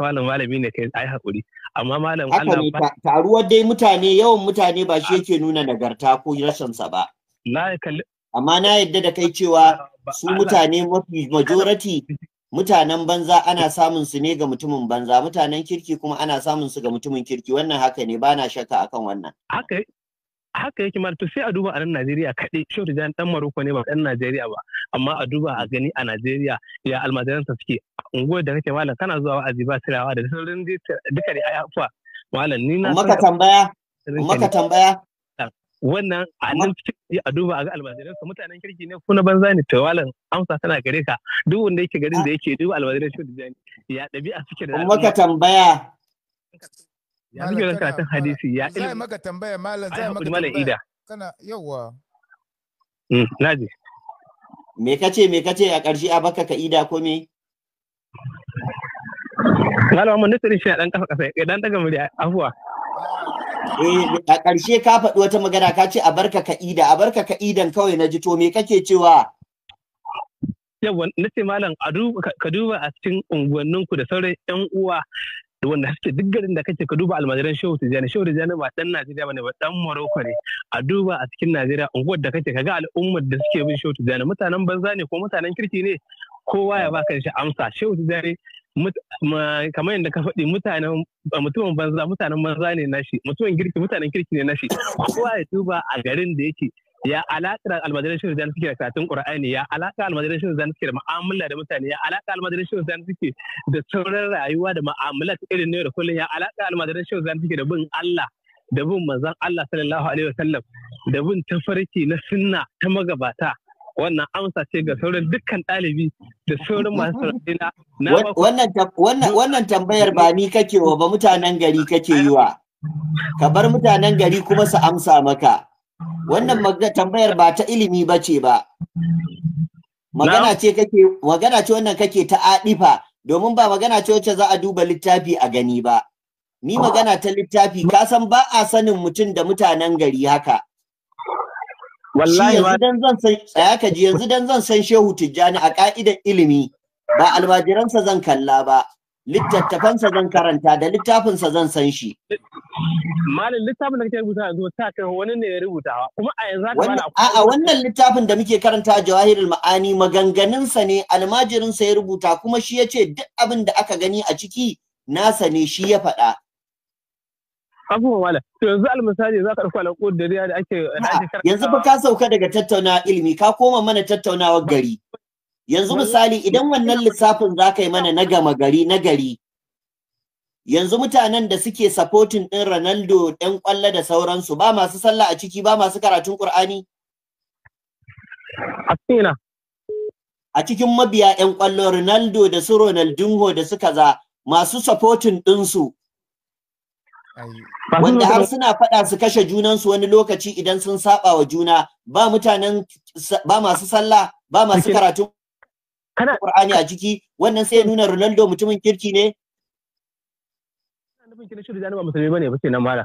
malam malami ne kai ai hakuri amma malam Allah ba taruwar dai mutane yawan mutane ba shi yake nuna nagarta ko rashin sa ba amma na yadda da kai cewa su mutane mafi majority mutanen banza ana samun su ne ga mutumin banza mutanen kirki kuma ana samun su ga mutumin kirki wannan haka ne bana shakka akan wannan haka haka yake ma to sai a duba a nan Najeriya kaɗai Shehu Tijjani ɗan Maroko ne ba ɗan Najeriya ba amma a duba a gani a Najeriya ya sa suke unguwar da kake malam kana zuwa wa'azi ba tirawa da sauran duka ne a yafuwa malam ni na maka tambaya maka tambaya wannan a nan cikin a duba a ga sa mutanen kirki ne ko na banza ne to malam amsa tana gare ka duk wanda yake garin da yake duba almajiran Shehu Tijjani ya ɗabi'a suke da maka tambaya ya muke ran karatun hadisi ya ilimi zai maka tambaya malam zai maka malam ida kana yawa mm naji me kace me kace a ƙarshe a baka ka ida ko me malam mun nasirin shi a dan kafa kasa ya dan daga murya afuwa Eh, a ƙarshe ka faɗi wata magana ka ce a barka ka ida a barka ka idan kawai na ji to me kake cewa yawa na ce malam ka duba a cikin unguwanninku da sauran ƴan uwa wanda suke duk garin da kake ka duba almajiran shehu tijjani shehu tijjani ba dan najeriya bane ba dan morocco ne a duba a cikin najeriya unguwar da kake kaga al'ummar da suke bin shehu tijjani mutanen banza ne ko mutanen kirki ne kowa ya baka shi amsa shehu tijjani kamar yadda ka faɗi mutanen mutumin banza mutanen banza ne nashi mutumin kirki mutanen kirki ne nashi kowa ya duba a garin da yake ya alaƙar almajiran shirin zan suke da karatun ƙura'ani ya alaƙar almajiran shirin zan suke da mu'amala da mutane ya alaƙar almajiran shirin zan suke da sauran rayuwa da ta irin ne da kullum ya alaƙar almajiran shirin zan suke da bin Allah da bin manzon Allah sallallahu alaihi wasallam da bin tafarki na sunna ta magabata wannan amsa ce ga sauran dukkan ɗalibi da sauran masu saurari na wannan tambayar ba ni kake wa ba mutanen gari kake yi wa ka bar mutanen gari kuma su amsa maka wannan tambayar ba ta ilimi ba ce ba magana ce kake magana ce wannan kake ta adifa domin ba magana ce wacce za a duba littafi a gani ba ni magana ta littafi ka san ba a sanin mutum da mutanen gari haka yanzu dan zan san tsaya ka yanzu dan zan san Shehu Tijjani a ka'idar ilimi ba almajiransa zan kalla ba littattafansa zan karanta da littafinsa zan san shi. Malam littafin da kake rubuta yanzu ta kai wani ne ya rubuta kuma a yanzu haka a a'a wannan littafin da muke karanta Jawahirul Ma'ani maganganunsa ne almajirinsa ya rubuta kuma shi ya ce duk abin da aka gani a ciki nasa ne shi ya faɗa. Abubuwa malam to yanzu almisali za ka ɗauko alaƙo da da ake yanzu fa ka sauka daga tattaunawa ilimi ka koma mana tattaunawar gari. yanzu misali idan wannan lissafin za ka yi mana na gama gari na gari yanzu mutanen da suke supporting ɗin Ronaldo ɗan ƙwallo da sauransu ba masu sallah a ciki ba masu karatun Ƙur'ani? A A cikin mabiya ɗan ƙwallo Ronaldo da su Ronaldinho da su kaza masu supporting ɗinsu. Wanda har suna faɗa su kashe junansu wani lokaci idan sun saba wa juna ba mutanen ba masu sallah ba masu karatun kana Qur'ani a jiki wannan sai ya nuna Ronaldo mutumin kirki ne nufin kira shirin ba musulmi bane ba kenan mala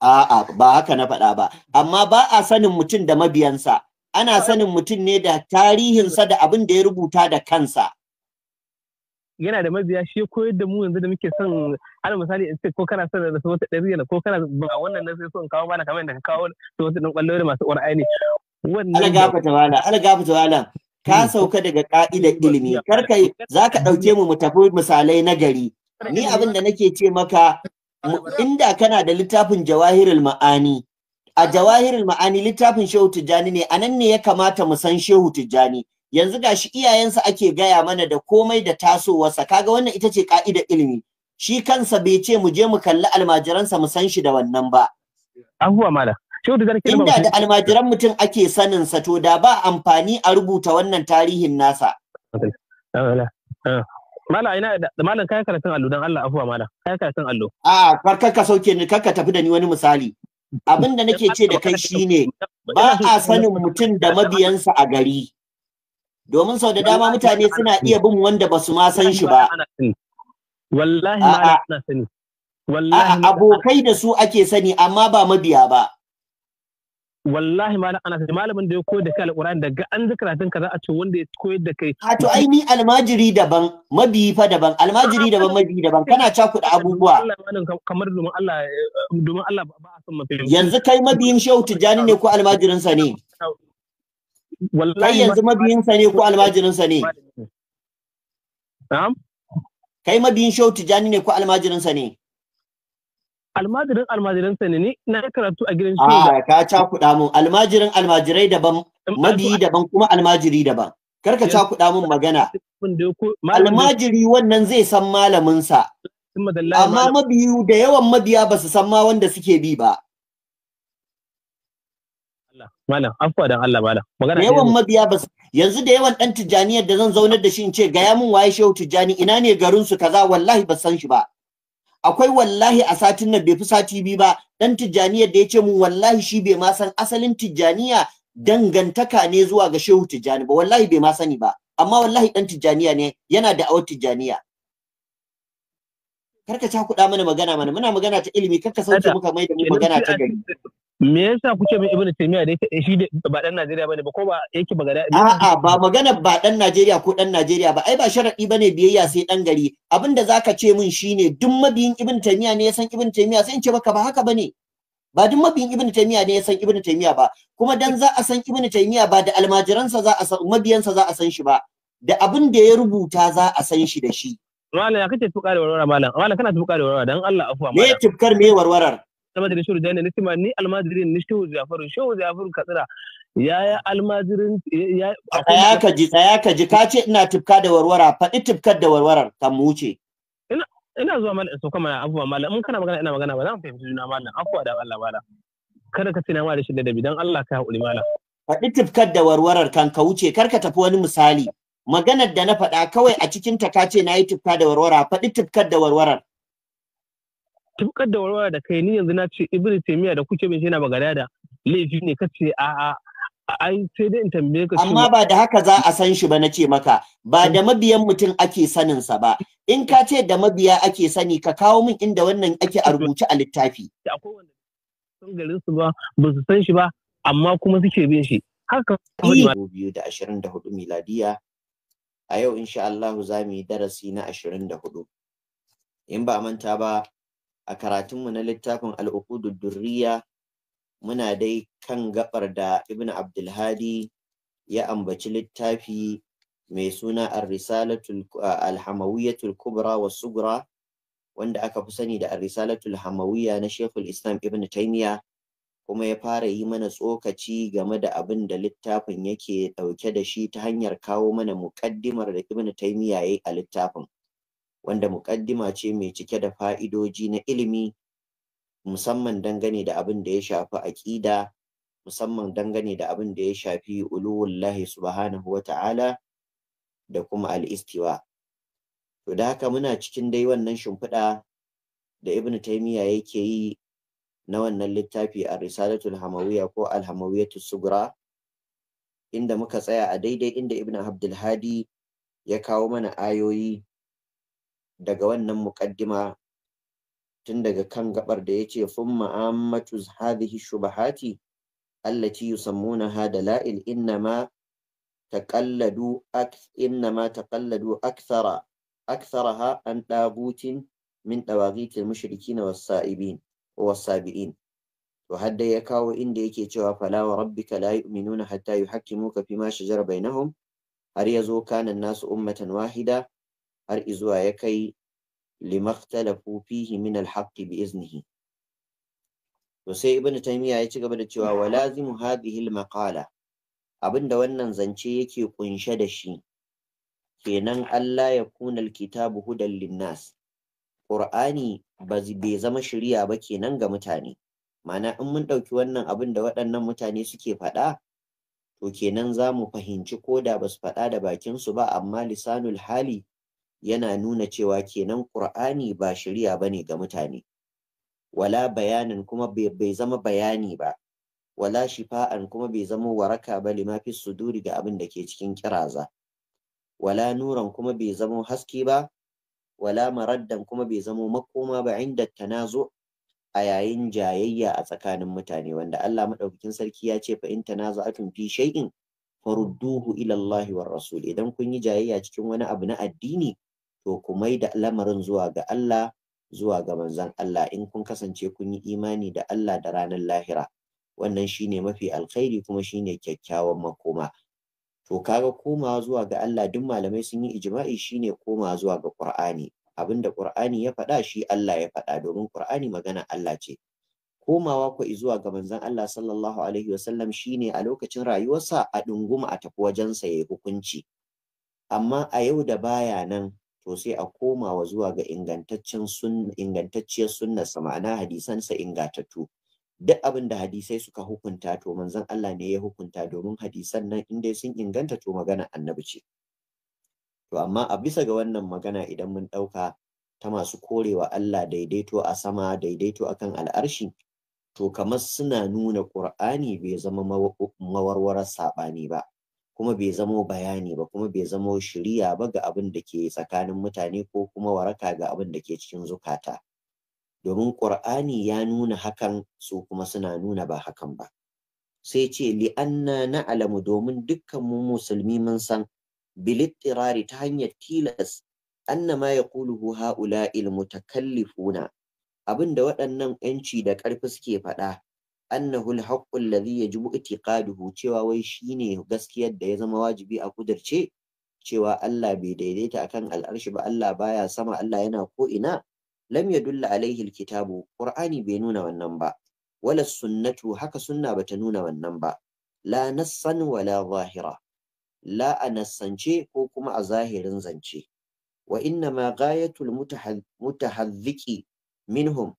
a'a ba haka na faɗa ba amma ba a sanin mutum da mabiyansa ana sanin mutum ne da tarihinsa da abin da ya rubuta da kansa yana da mabiya shi koyar da mu yanzu da muke son ana misali in ce ko kana son da wata ɗari ko kana ba wannan na sai son kawo mana kamar da ka kawo da wata ɗan ƙwallo da masu ƙwar'ani wannan ala gafa tawala ala gafa tawala ka sauka daga ka'idar ilimi karka za ka ɗauke mu mu tafi misalai na gari ni abin da nake ce maka inda kana da littafin jawahirul ma'ani a jawahirul ma'ani littafin shehu tijjani ne a nan ne ya kamata mu san shehu tijjani yanzu ga shi iyayensa ake gaya mana da komai da tasowarsa kaga wannan ita ce ka'idar ilimi shi kansa bai ce mu je mu kalli almajiransa mu san shi da wannan ba ahuwa mala Inda da almajiran mutum ake sanin sa to da ba amfani a rubuta wannan tarihin nasa. Mala ina da malam kai karatun allo dan Allah afuwa mala kai karatun allo. A'a farkar ka sauke ni karka tafi da ni wani misali. Abin da nake ce da kai shine ba a sanin mutum da mabiyansa a gari. Domin sau da dama mutane suna iya bin wanda ba su ma san shi ba. Wallahi malam ina sani. Wallahi abokai da su ake sani amma ba mabiya ba. wallahi ma ana sai malamin da ya koyar da kai alqur'ani daga an ji karatun ka za a ce wanda ya koyar da kai a to ai ni almajiri daban mabiyi fa daban almajiri daban mabiyi daban kana cakuɗa abubuwa kamar domin Allah domin Allah ba a son mafi yanzu kai mabiyin Shehu Tijjani ne ko almajirin sa ne wallahi yanzu mabiyin sa ne ko almajirin sa ne na'am kai mabiyin Shehu Tijjani ne ko almajirin sa ne almajirin almajiran sa ne na karatu a gidan shi a ah, ka cakuɗa mun almajirin almajirai daban mabiyi daban kuma almajiri daban kar ka cakuɗa mun magana almajiri wannan zai san malamin sa amma mabiyu da yawan mabiya ba su san ma wanda suke bi ba malam afwa dan Allah malam magana yawan mabiya ba yanzu da yawan dan tijaniyar da zan zaunar da shi in ce ga ya mun waye shehu tijani ina ne garin su kaza wallahi ba san shi ba akwai wallahi a satin nan bai fi sati biyu ba dan tijjaniyar da ya ce mun wallahi shi bai ma san asalin tijjaniya dangantaka ne zuwa ga shehu tijjani ba wallahi bai ma sani ba amma wallahi dan tijjaniya ne yana da awar tijjaniya karka kuɗa mana magana mana muna magana ta ilimi karka sauke muka mai da mu magana ta gari me yasa kuke min ibnu taymiya da shi ba dan najeriya bane ba ko ba yake bagada a'a ba magana ba dan najeriya ko dan najeriya ba ai ba sharadi bane biyayya sai dan gari abinda zaka ce min shine duk mabiyin ibnu taymiya ne ya san ibnu taymiya sai in ce maka ba haka bane ba duk mabiyin ibnu taymiya ne ya san ibnu taymiya ba kuma dan za a san ibnu taymiya ba da almajiransa za a san mabiyansa za a san shi ba da abin da ya rubuta za a san shi da shi malam ya kace tuka da warwara malam malam kana tuka da warwara dan Allah afuwa malam me tufkar me warwarar almajirin shehu jani nisima ni almajirin ni shehu jafaru shehu jafaru katsira ya yaya almajirin ya tsaya ka ji tsaya ka ji kace ina tifka da warwara faɗi tifkar da warwarar kan mu wuce ina zuwa malam so kuma abuwa malam in kana magana ina magana ba za mu fahimci juna malam afuwa da Allah malam kada ka tsina ma da shi da dabi dan Allah ka haƙuri malam faɗi tifkar da warwarar kan ka wuce kar ka tafi wani misali maganar da na faɗa kawai a cikin ta kace na yi tifka da warwara faɗi tifkar da warwarar tufkar da warwara da kai ni yanzu na ce ibnu taymiya da kuke bin shi yana magana da laifi ne kace a a ai sai dai in tambaye ka amma ba da haka za a san shi ba na ce maka ba da mabiyan mutum ake sanin sa ba in ka ce da mabiya ake sani ka kawo min inda wannan ake a rubuce a littafi akwai wanda sun garin su ba ba su san shi ba amma kuma suke bin shi haka 2024 miladiya a yau insha Allah za mu yi darasi na 24 in ba manta ba a karatunmu na littafin al'uqudud durriya muna dai kan gabar da ibn abdulhadi ya ambaci littafi mai suna ar kubra wa sugra wanda aka fi sani da ar-risalatul na Sheikhul Islam Ibn taimiya kuma ya fara yi mana tsokaci game da abin da littafin yake ɗauke da shi ta hanyar kawo mana muƙaddimar da Ibn taimiya ya yi a littafin. wanda muƙaddima ce mai cike da fa'idoji na ilimi musamman dangane da abin da ya shafi aƙida musamman dangane da abin da ya shafi uluwullahi subhanahu wa ta'ala da kuma al'istiwa. To da haka muna cikin dai wannan shimfiɗa da Ibn taymiya yake yi na wannan littafi a Risalatul Hamawiyya ko al Sugra inda muka tsaya a daidai inda Ibn Abdul Hadi ya kawo mana ayoyi daga wannan muqaddima tun daga kan gaɓar da yace thumma ammatu hadhihi shubahati allati yusammuna hada la'il innama taqalladu akth innama taqalladu an dagutin min dawaghit mushrikina mushrikin was-sa'ibin was-sabiin to hadda ya kawo inda yake cewa Falawa, fala wa rabbika la yu'minuna hatta yuhaqqimuka fima shajara bainahum har yazo kana nasu ummatan wahida har izuwa ya kai lima ikhtalafu fihi min al-haqq bi iznihi to sai ibnu taymiya ya ci gaba da cewa wa lazimu hadhihi al-maqala abinda wannan zance yake kunshe da shi kenan Allah ya kuna al-kitabu hudan linnas qur'ani bai zama shiriya ba kenan ga mutane Mana in mun ɗauki wannan abin da waɗannan mutane suke faɗa to kenan za mu fahimci ko da ba faɗa da bakinsu ba amma lisanul hali yana nuna cewa kenan Qur'ani ba shari'a bane ga mutane wala bayanin kuma bai zama bayani ba wala shifa'an kuma bai zama waraka ba lima fi suduri ga abin da ke cikin kiraza wala nuran kuma bai zama haske ba wala maraddan kuma bai zama makoma ba inda tanazo a yayin jayayya a tsakanin mutane wanda Allah madaukakin sarki ya ce fa in tanaza'atun fi shay'in farudduhu ila Allah war rasul idan kun yi jayayya cikin wani abu na addini to ku mai da lamarin zuwa ga Allah zuwa ga manzon Allah in kun kasance kun yi imani da Allah da ranar lahira wannan shine mafi alkhairi kuma shine kyakkyawan makoma to kaga komawa zuwa ga Allah duk malamai sun yi ijma'i shine koma zuwa ga Qur'ani abinda Qur'ani ya faɗa shi Allah ya faɗa domin Qur'ani magana Allah ce komawa ku zuwa ga manzon Allah sallallahu alaihi wasallam shine a lokacin rayuwarsa a dunguma a tafi wajensa ya hukunci amma a yau da baya nan to sai a komawa zuwa ga ingantaccen sun ingantacciyar sunna sa ma'ana hadisan sa ingatattu duk abin da hadisai suka hukunta to manzon Allah ne ya hukunta domin hadisan nan in dai sun inganta to magana annabi ce to amma a bisa ga wannan magana idan mun ɗauka ta masu korewa Allah daidaito a sama daidaito akan al'arshi to kamar suna nuna ƙur'ani bai zama mawarwarar saɓani ba kuma bai zamo bayani ba kuma bai zamo shiriya ba ga abin da ke tsakanin mutane ko kuma waraka ga abin da ke cikin zukata domin ƙur'ani ya nuna hakan su kuma suna nuna ba hakan ba sai ce li'anna na alamu domin dukkan mu musulmi mun san bilittirari ta hanyar tilas anna ma ya kuluhu ha'ula ilmutakallifuna abin da waɗannan ‘yanci da ƙarfi suke faɗa annahu al-haqqu alladhi yajibu i'tiqaduhu cewa wai shi ne gaskiyar da ya zama wajibi a kudirce cewa Allah bai daidaita akan al'arshi ba Allah baya sama Allah yana ko ina lam yadulla alaihi al-kitabu qur'ani bai nuna wannan ba wala sunnatu haka sunna bata nuna wannan ba la nassan wala zahira la a nassance ko kuma a zahirin zance wa inna ma gayatul ghayatul mutahadhiki minhum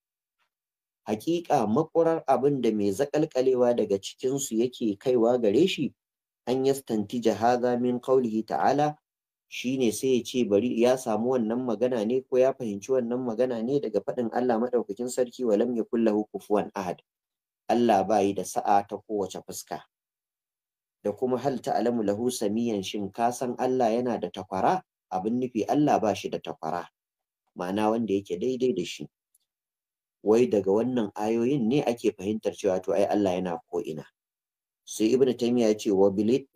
hakika makurar abin da mai zakalkalewa daga cikinsu yake kaiwa gare shi an yastanti jahaza min qaulihi ta'ala shine sai ya ce bari ya samu wannan magana ne ko ya fahimci wannan magana ne daga faɗin Allah madaukakin sarki wa walam ya lahu kufuwan ahad Allah bayi da sa'a ta kowace fuska da kuma hal ta'lamu lahu samiyan shin ka san Allah yana da takwara abin nufi Allah ba shi da takwara ma'ana wanda yake daidai da shi wai daga wannan ayoyin ne ake fahimtar cewa to ai Allah yana ko ina sai ibn taymiya ya ce wa bil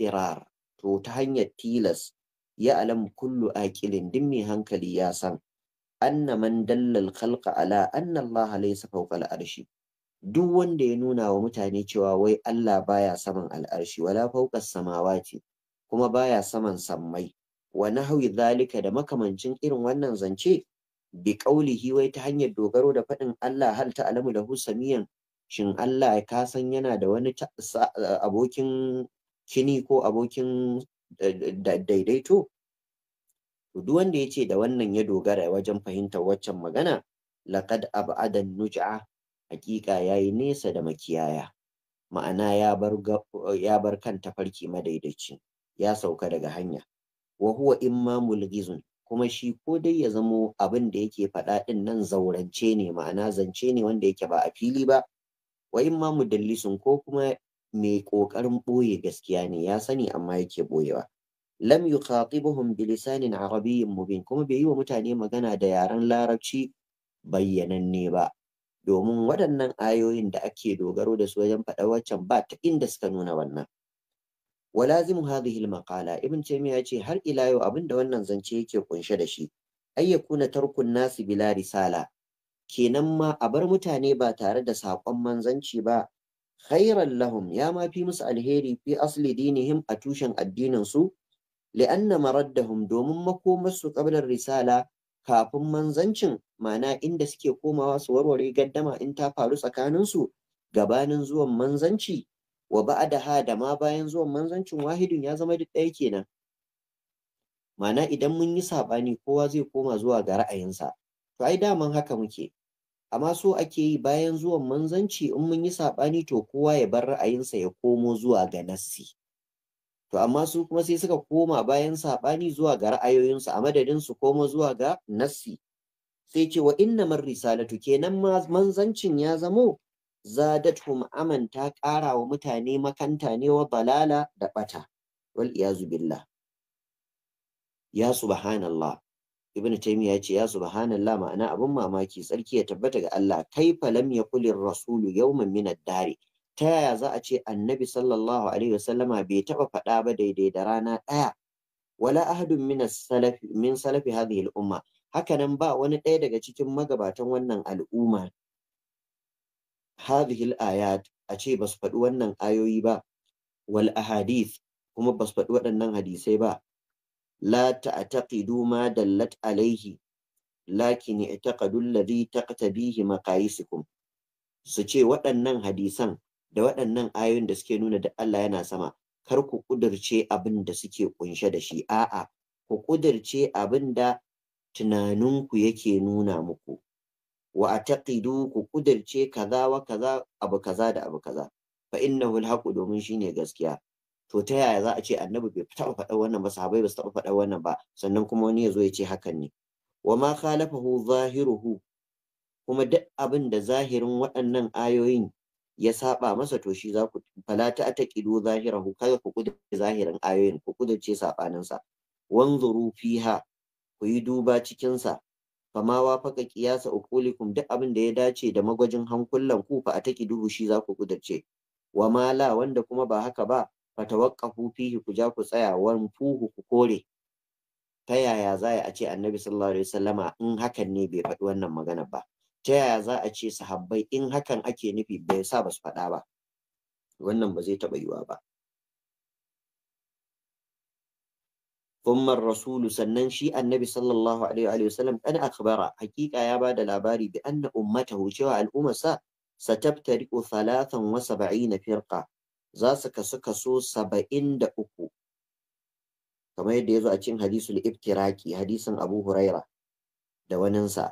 to ta hanyar tilas ya alam kullu aqilin din mai hankali ya san anna man dalla al khalqa ala anna Allah laysa fawqa al arshi duk wanda ya nuna wa mutane cewa wai Allah baya saman al'arshi wala fawqa samawati kuma baya saman sammai wa nahwi zalika da makamancin irin wannan zance bi qaulihi wai ta hanyar dogaro da faɗin Allah hal alamu lahu samiyan shin Allah ya ka san yana da wani abokin kini ko abokin eh, daidaito to duk wanda yace da wannan ya dogara wajen fahimtar waccan magana laqad ab'ada nuj'a hakika yayi nesa da makiyaya ma'ana ya bar ya bar kan tafarki madaidaici ya sauka daga hanya wa huwa imma mulghizun kuma shi ko dai ya zamo abin da yake faɗa ɗin nan zaurance ne ma'ana zance ne wanda yake ba a fili ba wa in ma mudallisun ko kuma mai ƙoƙarin ɓoye gaskiya ne ya sani amma yake ɓoyewa lam yukhatibuhum bilisanin arabiyyin mubin kuma bai yi wa mutane magana da yaren larabci bayyananne ba domin waɗannan ayoyin da ake dogaro da su wajen faɗa waccan ba ta inda suka nuna wannan ولازم هذه المقالة ابن تيمية يقول هل إلى يو abinda wannan zance yake قنش da shi. يكون ترك الناس بلا رسالة kenan ma a bar mutane ba tare da saƙon manzanci ba khairan lahum ya ma fi musu alheri fi asli dini dinihim a tushen addinin su li'anna maraddahum domin makomarsu qablar risala kafin manzancin mana inda suke komawa su warware gaddama in ta faru tsakaninsu su gabanin zuwan manzanci wa ba'daha da ma bayan zuwan manzancin wahidun ya zama duk ɗaya kenan ma'ana idan mun yi saɓani kowa zai koma zuwa ga ra'ayinsa to ai daman haka muke amma so ake yi bayan zuwan manzanci in mun yi saɓani to kowa ya bar ra'ayinsa ya komo zuwa ga nassi to amma su kuma sai suka koma bayan saɓani zuwa ga ra'ayoyinsu a madadin su koma zuwa ga nassi sai ce wa inna man risalatu kenan manzancin ya zamo zadatuhum aman ta ƙara wa mutane makanta ne wa balala da ɓata wal iyazu billah ya subhanallah ibn taymiya ce ya subhanallah ma'ana abun mamaki tsarki ya tabbata ga Allah kaifa lam yaqulir rasulu yawman min ad-dari ta yaya za a ce annabi sallallahu alaihi wasallama bai taba faɗa ba daidai da rana ɗaya wala ahadun min salafi min salafi hadhihi al-umma nan ba wani ɗaya daga cikin magabatan wannan al'umma hadhihi al-ayat a ce ba su faɗi wannan ayoyi ba wal ahadith kuma ba su faɗi waɗannan hadisai ba la ta'taqidu ma dallat alaihi lakin i'taqadu alladhi taqtabihi maqayisukum su ce waɗannan hadisan da waɗannan ayoyin da suke nuna da Allah yana sama kar ku kudirce abinda suke kunshe da shi a'a ku kudirce abinda tunaninku yake nuna muku wa taƙidu ku kudirce kaza wa kaza abu kaza da abu kaza fa innahu alhaqu domin shine gaskiya to ta yaya za a ce annabi bai taɓa faɗa wannan ba sahabbai ba su taɓa faɗar wannan ba sannan kuma wani ya zo ya ce hakan ne wa ma khalafahu zahiruhu kuma duk abin da zahirin waɗannan ayoyin ya saba masa to shi za ku fala ta ataqidu zahirahu ku kudu zahirin ayoyin ku kudace sabanin sa wanzuru fiha ku yi duba cikin sa fama wa faka kiyasa ukulikum duk abin da ya dace da magwajin hankulan ku fa ataki duhu shi za ku kudirce wa mala wanda kuma ba haka ba tawaqqafu fihi ku ja ku tsaya wan fuhu ku kore ta yaya za a ce annabi sallallahu alaihi wasallama in hakan ne bai faɗi wannan magana ba ta yaya za a ce sahabbai in hakan ake nufi bai sa ba su faɗa ba wannan ba zai taɓa yiwa ba ثم الرسول سنن شي النبي صلى الله عليه وآله وسلم أنا أخبر حقيقة يا بعد الأباري بأن أمته شوى الأمة ستبترئ ثلاثا وسبعين فرقة ذاسك سكسو سبعين دأكو كما يدعو أتين حديث الإبتراكي حديث أبو هريرة دوننسا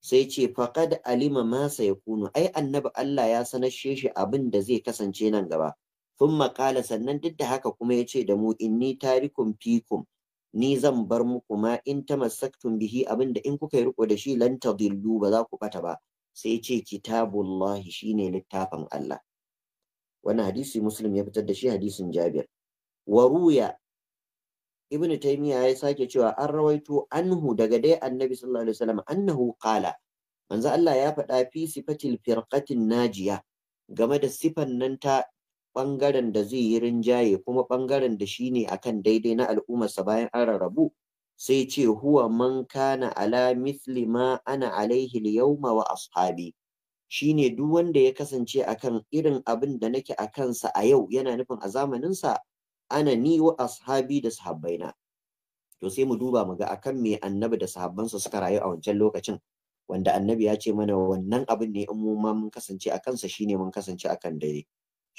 sai ce faqad alima ma sayakunu ai annabi Allah ya sanashe shi abin da zai kasance nan gaba thumma qala sannan duk da haka kuma yace da mu inni tarikum fikum ni zan bar muku ma in tamassaktum bihi abinda in kuka yi riko da shi lan tadillu ba za ku bata ba sai ce kitabullahi shine littafin Allah wannan hadisi muslim ya fitar da shi hadisin Jabir wa ruya ibnu taymiya ya sake cewa an rawaito anhu daga dai annabi sallallahu alaihi wasallam annahu qala manzo Allah ya faɗa fi sifatil firqatin najiya game da sifan nan ta ɓangaren da zai yi rinjaye kuma ɓangaren da shi ne akan daidai na sa bayan an rarrabu sai ce huwa man kana ala mithli ma ana alaihi yawma wa ashabi shine duk wanda ya kasance akan irin abin da nake a kansa a yau yana nufin a zamaninsa ana ni wa ashabi da sahabbaina to sai mu duba mu ga akan me annabi da sahabbansa suka rayu a wancan lokacin wanda annabi ya ce mana wannan abin ne in mu ma mun kasance a kansa shine mun kasance akan dare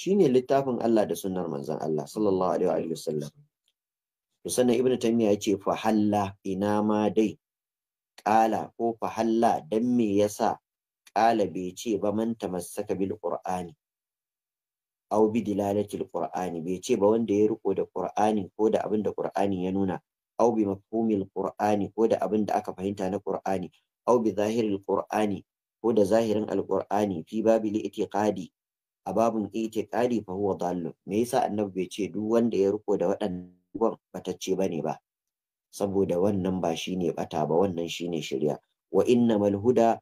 shine littafin Allah da sunnar manzon Allah sallallahu alaihi wa sallam to ibnu taymiya yace fa halla ina ma dai qala ko fa halla dan me yasa qala bai ce ba man tamassaka bil qur'ani aw bi al qur'ani bai ce ba wanda ya riko da qur'ani ko da abin da qur'ani ya nuna aw bi al qur'ani ko da abin da aka fahimta na qur'ani aw bi al qur'ani ko da zahirin al qur'ani fi babil itiqadi a babun itiqadi fa huwa dallu me yasa annabi bai ce duk wanda ya riko da waɗannan batacce bane ba saboda wannan ba shine bata ba wannan shine shari'a wa innamal huda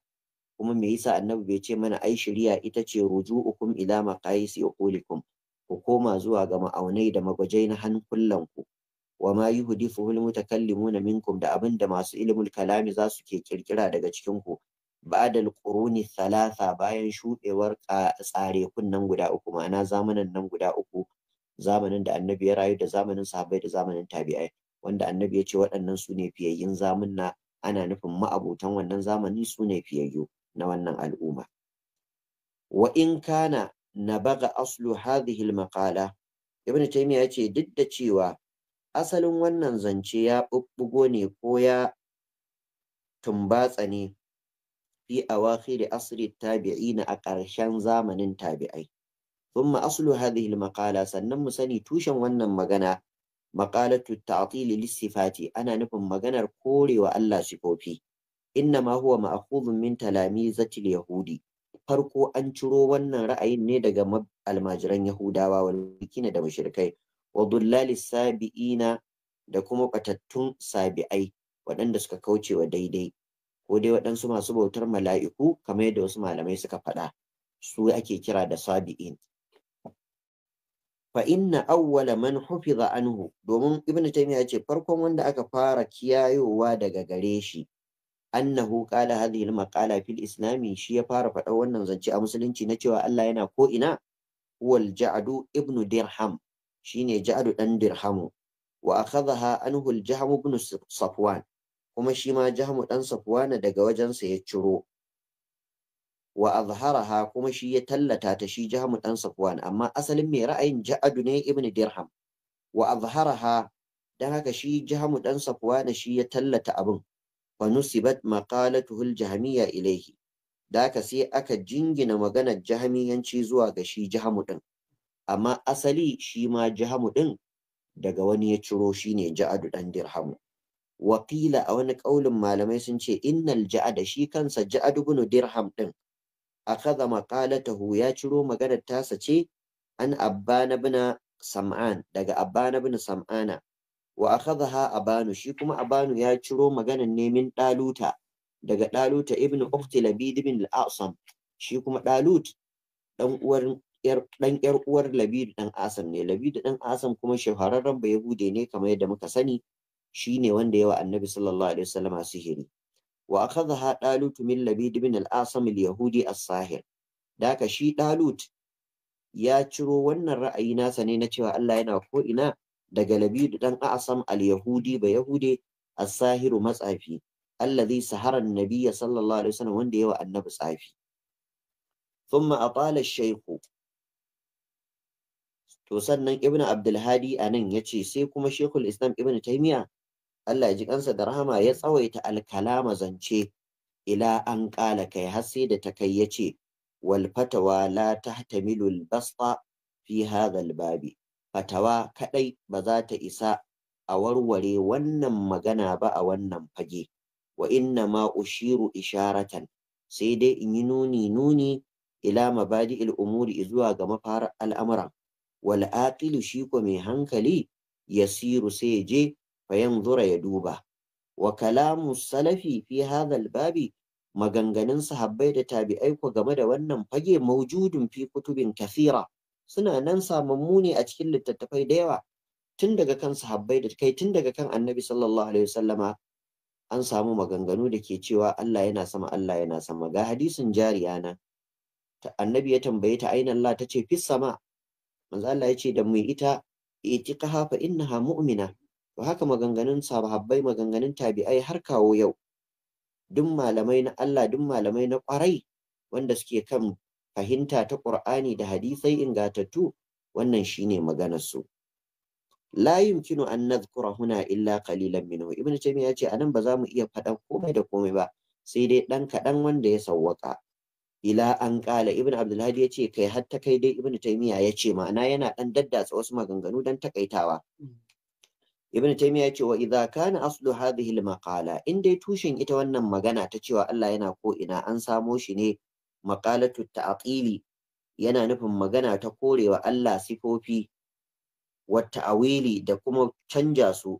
kuma me yasa annabi bai ce mana ai shari'a ita ce ruju'ukum ila maqais uqulikum ku koma zuwa ga ma'aunai da magwajai na hankulan ku wa ma al mutakallimuna minkum da abin da masu ilmul kalami zasu ke kirkira daga cikin ku ba'dal quruni talata bayan shuɗewar tsare kunnan guda uku ma'ana zamanin nan guda uku zamanin da annabi ya rayu da zamanin sahabbai da zamanin tabi'ai wanda annabi ya ce waɗannan su ne fiyayyin zamunna ana nufin ma'abotan wannan zamani su ne fiyayyu na wannan al'umma wa in kana nabaga aslu hadhihi al-maqala ibn taymiya ce duk da cewa asalin wannan zance ya bubbugo ne ko ya tumbatsa ne fi awakhir asri tabi'ina a ƙarshen zamanin tabi'ai thumma aslu hadhihi al-maqala sannan mu sani tushen wannan magana maqalatu ta'til lisifati ana nufin maganar korewa Allah sifofi inna ma huwa ma'khudun min talamizati yahudi farko an ciro wannan ra'ayin ne daga almajiran yahudawa rikina da mushrikai wa dullali sabi'ina da kuma batattun sabi'ai waɗanda suka kaucewa daidai ko dai waɗansu masu bautar mala'iku kamar yadda wasu malamai suka faɗa su ake kira da sabi'in fa inna awwala man hufiza anhu domin ibn taymiya ce farkon wanda aka fara kiyayowa daga gare shi annahu qala hadhihi al-maqala fil islami shi ya fara faɗa wannan zance a musulunci na cewa Allah yana ko ina wal ja'du ibn dirham shine ja'du dan dirhamu wa akhadha anhu al-jahm ibn safwan kuma shi ma Jahmu ɗan Safwana daga wajensa ya ciro wa azharaha kuma shi ya tallata ta shi Jahmu ɗan Safwan amma asalin mai ra'ayin Ja'adu ne ibn Dirham wa azharaha dan haka shi Jahmu ɗan na shi ya tallata abin fa nusibat maqalatuhu al-jahmiyya ilayhi da haka sai aka jingina maganar jahamiyanci zuwa ga shi Jahmu ɗin amma asali shi ma Jahmu ɗin daga wani ya ciro shi ne Ja'adu ɗan Dirhamu wakila a wani ƙaulin malamai sun ce innal da shi kansa ja'ad ibn dirham din akaza maqalatahu ya ciro maganar tasa ce an abbana bin sam'an daga abbana bin sam'ana wa akhadha abanu shi kuma abanu ya ciro maganar nemin daluta daga daluta ibn ukhti labid ibn al-asam shi kuma dalut dan uwar yar dan uwar labid dan asam ne labid dan asam kuma shahararren bayahude ne kamar yadda muka sani shine wanda yawa annabi sallallahu alaihi wasallam sihiri wa akhadha dalut min labid bin al-asam al-yahudi as-sahir daka shi dalut ya ciro wannan ra'ayi nasa ne na cewa Allah yana ko ina daga labid dan asam al-yahudi ba Yahudi as-sahiru matsafi alladhi sahara an-nabiy sallallahu alaihi wasallam wanda yawa annabi tsafi ثم أطال الشيخ to sannan ibnu abdulhadi a nan ya ce sai kuma shekul islam ibnu taimiya Allah ya ji kansa da rahama ya tsawaita alkalama zance ila an ƙala kai har sai da ta kai ya ce wal fatawa la tahtamilu al basta fi hadha al babi fatawa kadai ba za ta isa a warware wannan magana ba a wannan fage wa inna ma ushiru isharatan sai dai in yi nuni nuni ila mabadi'il umuri zuwa ga mafarar al'amuran wal aqilu shi ko mai hankali yasiru sai je fayanzura ya duba wa kalamu salafi fi hadha babi maganganun sahabbai da tabi'ai ko game da wannan fage maujudun fi kutubin kathira suna nan samammu ne a cikin littattafai da yawa tun daga kan sahabbai da kai tun daga kan annabi sallallahu alaihi wasallama an samu maganganu da ke cewa Allah yana sama Allah yana sama ga hadisin jariya na annabi ya tambaye ta aina Allah tace ce sama manzo Allah ya ce da mu ita itiqaha fa innaha mu'mina to haka maganganun sahabbai maganganun tabi'ai har kawo yau duk malamai na Allah duk malamai na ƙwarai wanda suke kan fahimta ta Qur'ani da hadisai ingatattu wannan shine maganar su la yumkinu an nadhkura huna illa qalilan minhu ibnu taymiya yace anan ba za mu iya faɗan komai da komai ba sai dai dan kaɗan wanda ya sawwaka ila an ibn abdulhadi ya ce kai hatta kai dai ibnu taymiya ya ce ma'ana yana ɗan daddatsa wasu maganganu don takaitawa hmm. ibn taymiya ya ce wa idza kana aslu hadhihi al in dai tushen ita wannan magana ta cewa Allah yana ko ina an samo shi ne maqalatu ta'qili yana nufin magana ta korewa Allah sifofi wa ta'wili da kuma canja su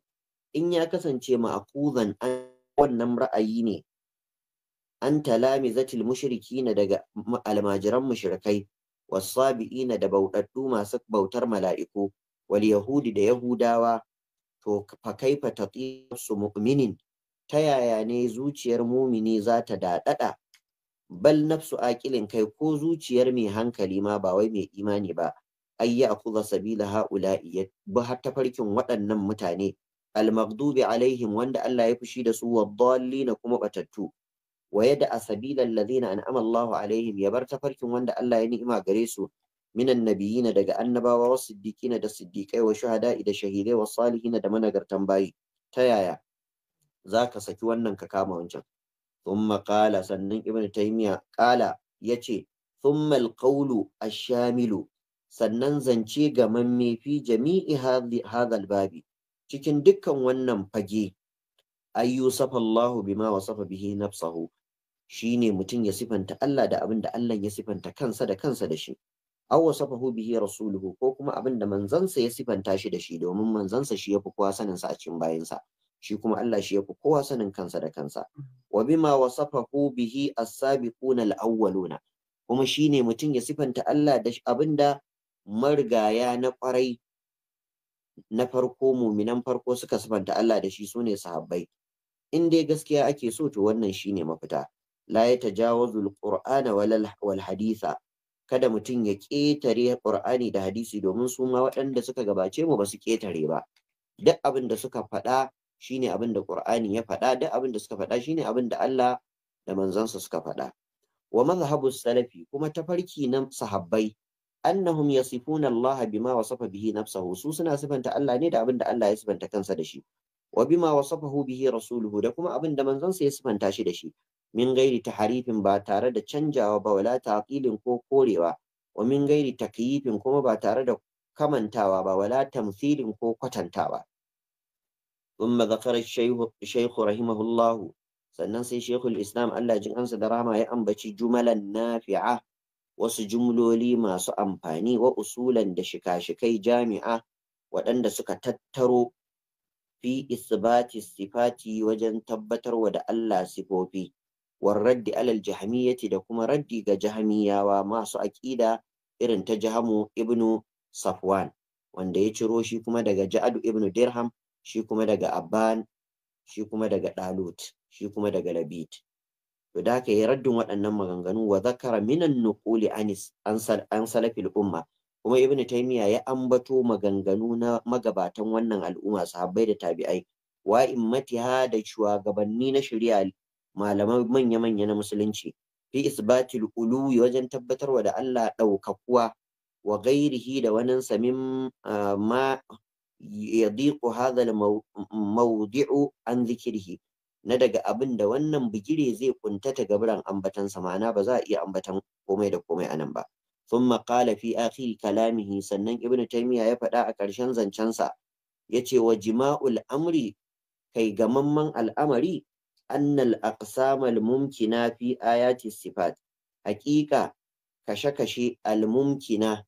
in ya kasance ma'quzan wannan ra'ayi ne an talamizatil mushrikina daga almajiran mushrikai wasabi'ina da bautattu masu bautar mala'iku wal yahudi da yahudawa to fa kaifa su mu'minin ta yaya ne zuciyar mumini za ta daɗaɗa bal nafsu aƙilin kai ko zuciyar mai hankali ma ba wai mai imani ba ai ya akuza sabila haula ya bi har tafarkin waɗannan mutane almaghdubi alaihim wanda Allah ya fushi da su wa dallina kuma batattu wa yada asabila alladhina an'ama Allahu alaihim ya bar tafarkin wanda Allah ya ni'ima gare su minan nabiyina daga annabawa wa siddiqina da siddiqai wa shuhada'i Ida shahidai wa na da managartan bayi ta yaya zaka saki wannan ka kama wancan thumma sannan ibnu taymiya qala yace thumma alqawlu ash-shamilu sannan zance ga mamme fi jami'i hadha al-babi cikin dukkan wannan fage ay yusafa Allah bima wasafa bihi nafsahu shine mutum ya sifanta Allah da abinda Allah ya sifanta kansa da kansa da shi aw wasafahu bihi rasuluhu ko kuma abinda da manzansa ya sifanta shi da shi domin manzansa shi yafi kowa sanin sa a cikin sa shi kuma Allah shi yafi kowa sanin kansa da kansa wa bima wasafahu bihi as-sabiquna al-awwaluna kuma shine mutum ya sifanta Allah da abin marigaya na kwarai na farko muminan farko suka sifanta Allah da shi sune sahabbai in dai gaskiya ake so to wannan shine mafita la yatajawazu al-qur'ana wal haditha kada mutum ya ƙetare Qur'ani da hadisi domin su ma waɗanda suka gabace mu ba su ƙetare ba duk abin da suka faɗa shine abin da Qur'ani ya faɗa duk abin da suka faɗa shine abin da Allah da manzansa suka faɗa wa mazhabu salafi kuma tafarki na sahabbai annahum yasifuna Allah bima wasafa bihi nafsahu su suna sifanta Allah ne da abin da Allah ya sifanta kansa da shi wa bima wasafahu bihi rasuluhu da kuma abin da manzansa ya sifanta shi da shi min gairi taharifin ba tare da canjawa ba wala taqilin ko korewa wa min gairi takyifin kuma ba tare da kamantawa ba wala tamthilin ko kwatantawa ثم ذكر الشيخ الشيخ sannan sai shekul islam Allah jin ansa da rama ya ambaci jumalan nafi'a wasu jumloli masu amfani wa usulan da shika-shikai jami'a waɗanda suka tattaro fi isbati sifati wajen tabbatarwa da Allah sifofi warraddi alal jahamiyyati da kuma raddi ga jahamiyawa masu aƙida irin ta jahamu ibnu safwan wanda ya ciro shi kuma daga ja'adu ibnu dirham shi kuma daga abban shi kuma daga dalut shi kuma daga labit to da ka yi raddin waɗannan maganganu wa zakara minan nuquli anis an salafil umma kuma ibnu taymiya ya ambato maganganu na magabatan wannan al'umma sahabbai da tabi'ai wa immatiha da shugabanni na shari'a malaman manya-manya na musulunci fi isbatil uluwi wajen tabbatarwa da Allah ɗaukakuwa wa gairihi da waninsa samin ma yadiqu hadha mawdi'u an zikirhi na daga abin da wannan bigire zai kuntata gaburan ambatan sa ba za a iya ambatan komai da komai anan ba Sun qala fi akhir kalamihi sannan ibnu taymiya ya faɗa a ƙarshen zancensa, sa yace wa jima'ul amri kai mamman al'amari annal aqsamal mumkina fi ayati sifat haƙiƙa kashe-kashe al-mumkina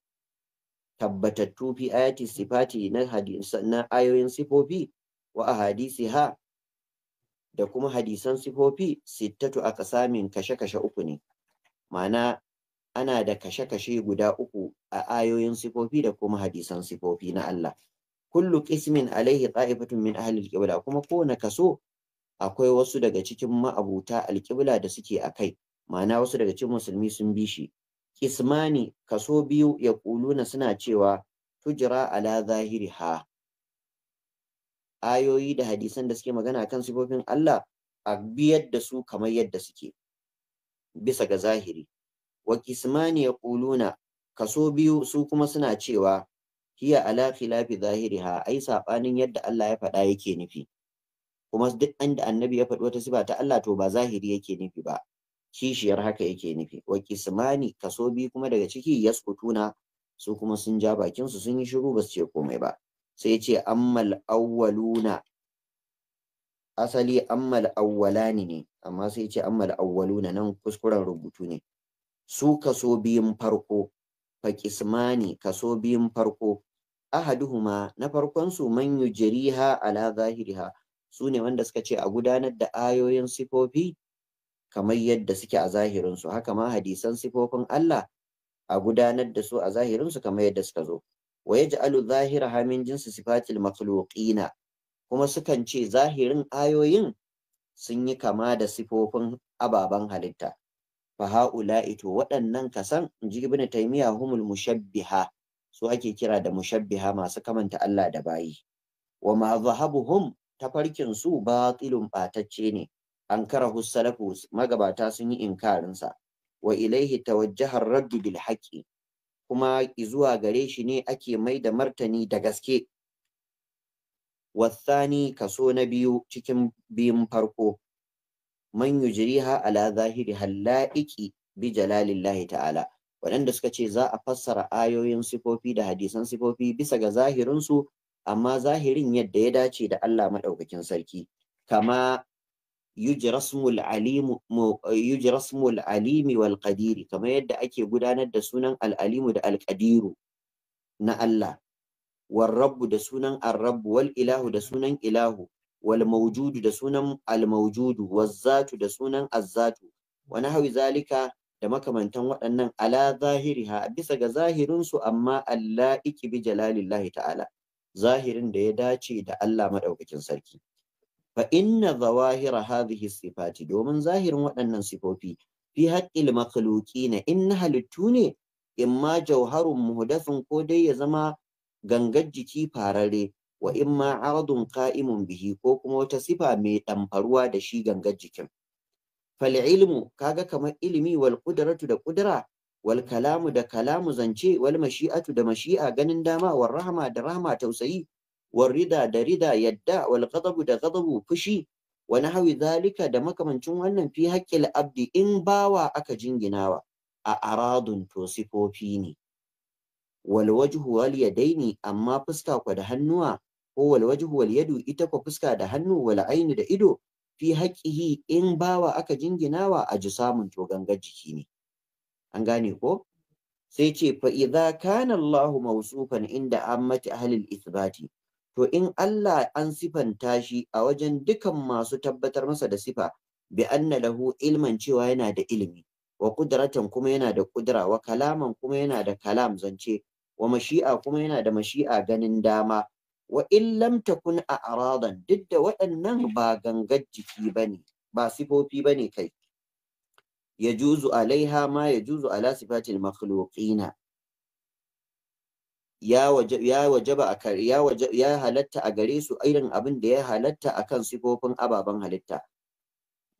tabbatattu fi ayati sifati na na ayoyin sifofi wa ahadisi ha da kuma hadisan sifofi sittatu aqsamin kashe-kashe uku ne mana ana da kashe-kashe guda uku a ayoyin sifofi da kuma hadisan sifofi na Allah kullu qismin alaihi qa'ifatun min ahli al-qibla kuma kowane kaso akwai wasu daga cikin ma'abuta alƙibla da suke a kai ma'ana wasu daga cikin musulmi sun bi shi kismani kaso biyu ya kuluna suna cewa tujra ala zahiriha ayoyi da hadisan da suke magana kan sifofin Allah a biyar da su kamar yadda suke bisa ga zahiri wa kismani ya kuluna kaso biyu su kuma suna cewa hiya ala khilafi zahiriha ai sabanin yadda Allah ya faɗa yake nufi kuma duk inda annabi ya faɗi wata siba ta Allah to ba zahiri yake nufi ba kishiyar haka yake nufi wa kismani kaso bi kuma daga ciki yaskutuna su kuma sun ja bakin su sun yi shiru ba su ce komai ba sai ce ammal awwaluna asali ammal awwalani ne amma sai ce ammal awwaluna nan kuskuren rubutu ne su kaso biyun farko fa kismani kaso biyun farko ahaduhuma na farkon su man yujriha ala zahiriha su ne wanda suka ce a gudanar da ayoyin sifofi kamar yadda suke a zahirinsu haka ma hadisan sifofin Allah a gudanar da su a zahirinsu kamar yadda suka zo wa yaj'alu zahira min jinsi sifatil makhluqina kuma sukan ce zahirin ayoyin sun yi kama da sifofin ababen halitta fa haula'i to waɗannan kasan inji ibnu taymiya humul mushabbiha su ake kira da mushabbiha masu kamanta Allah da bayi wa ma zahabuhum tafarkin su batilun batacce ne an kara hussalafu magabata sun yi inkarinsa wa ilaihi tawajjahar raddu bil haƙƙi. kuma zuwa gare shi ne ake mai da martani da gaske wasani kaso na biyu cikin biyun farko man yujriha ala zahiri halaiki bi jalalillahi ta'ala waɗanda suka ce za a fassara ayoyin sifofi da hadisan sifofi bisa ga zahirinsu amma zahirin yadda ya dace da Allah maɗaukakin sarki kama Yuji Rasmu yujrasmul alimi wal qadiri kamar yadda ake gudanar da sunan Al'alimu da Alƙadiru na Allah wal rabbu da sunan Arrabbu, rabbu wal ilahu da sunan ilahu wal maujudu da sunan al Wazzatu wal zatu da sunan Azzatu, zatu wani zalika da makamantan waɗannan ala zahiri ha bisa ga zahirinsu amma Allah iki bi jalalillahi ta'ala zahirin da ya dace da Allah maɗaukakin sarki fa inna zawahira hadhihi sifati domin zahirin waɗannan sifofi fi haqqil makhluqina in halittu ne imma jauharun muhdathun ko dai ya zama gangar jiki farare wa imma aradun qa'imun bihi ko kuma wata sifa mai ɗamfaruwa da shi gangar jikin fal ilmu kaga kamar ilimi wal qudratu da qudrah wal kalamu da kalamu zance wal mashi'atu da mashi'a ganin dama wal rahma da rahma tausayi wal rida da rida yadda wal ghadabu da ghadabu fushi wani nahwi zalika da makamancin wannan fi haqqil abdi in bawa aka jinginawa a aradun to sifofi ne wal wajhu wal amma fuska kwa da hannuwa ko wal wajhu wal yadu ita kwa fuska da hannu wal aini da ido fi haqqihi in bawa aka jinginawa a ji samun to gangar jiki ne an gane ko sai ce fa idza kana Allahu mawsufan inda ammati ahlil ithbati to in Allah an sifanta shi a wajen dukan masu tabbatar masa da sifa bi anna lahu ilman cewa yana da ilimi wa qudratan kuma yana da kudura wa kalaman kuma yana da kalam zance wa mashi'a kuma yana da mashi'a ganin dama wa in lam takun a aradan duk da waɗannan ba gangar jiki bane ba sifofi bane kai yajuzu alaiha ma yajuzu ala sifatil makhluqina ya wajaba a kare ya ya halatta a gare su irin abin da ya halatta akan sifofin ababen halitta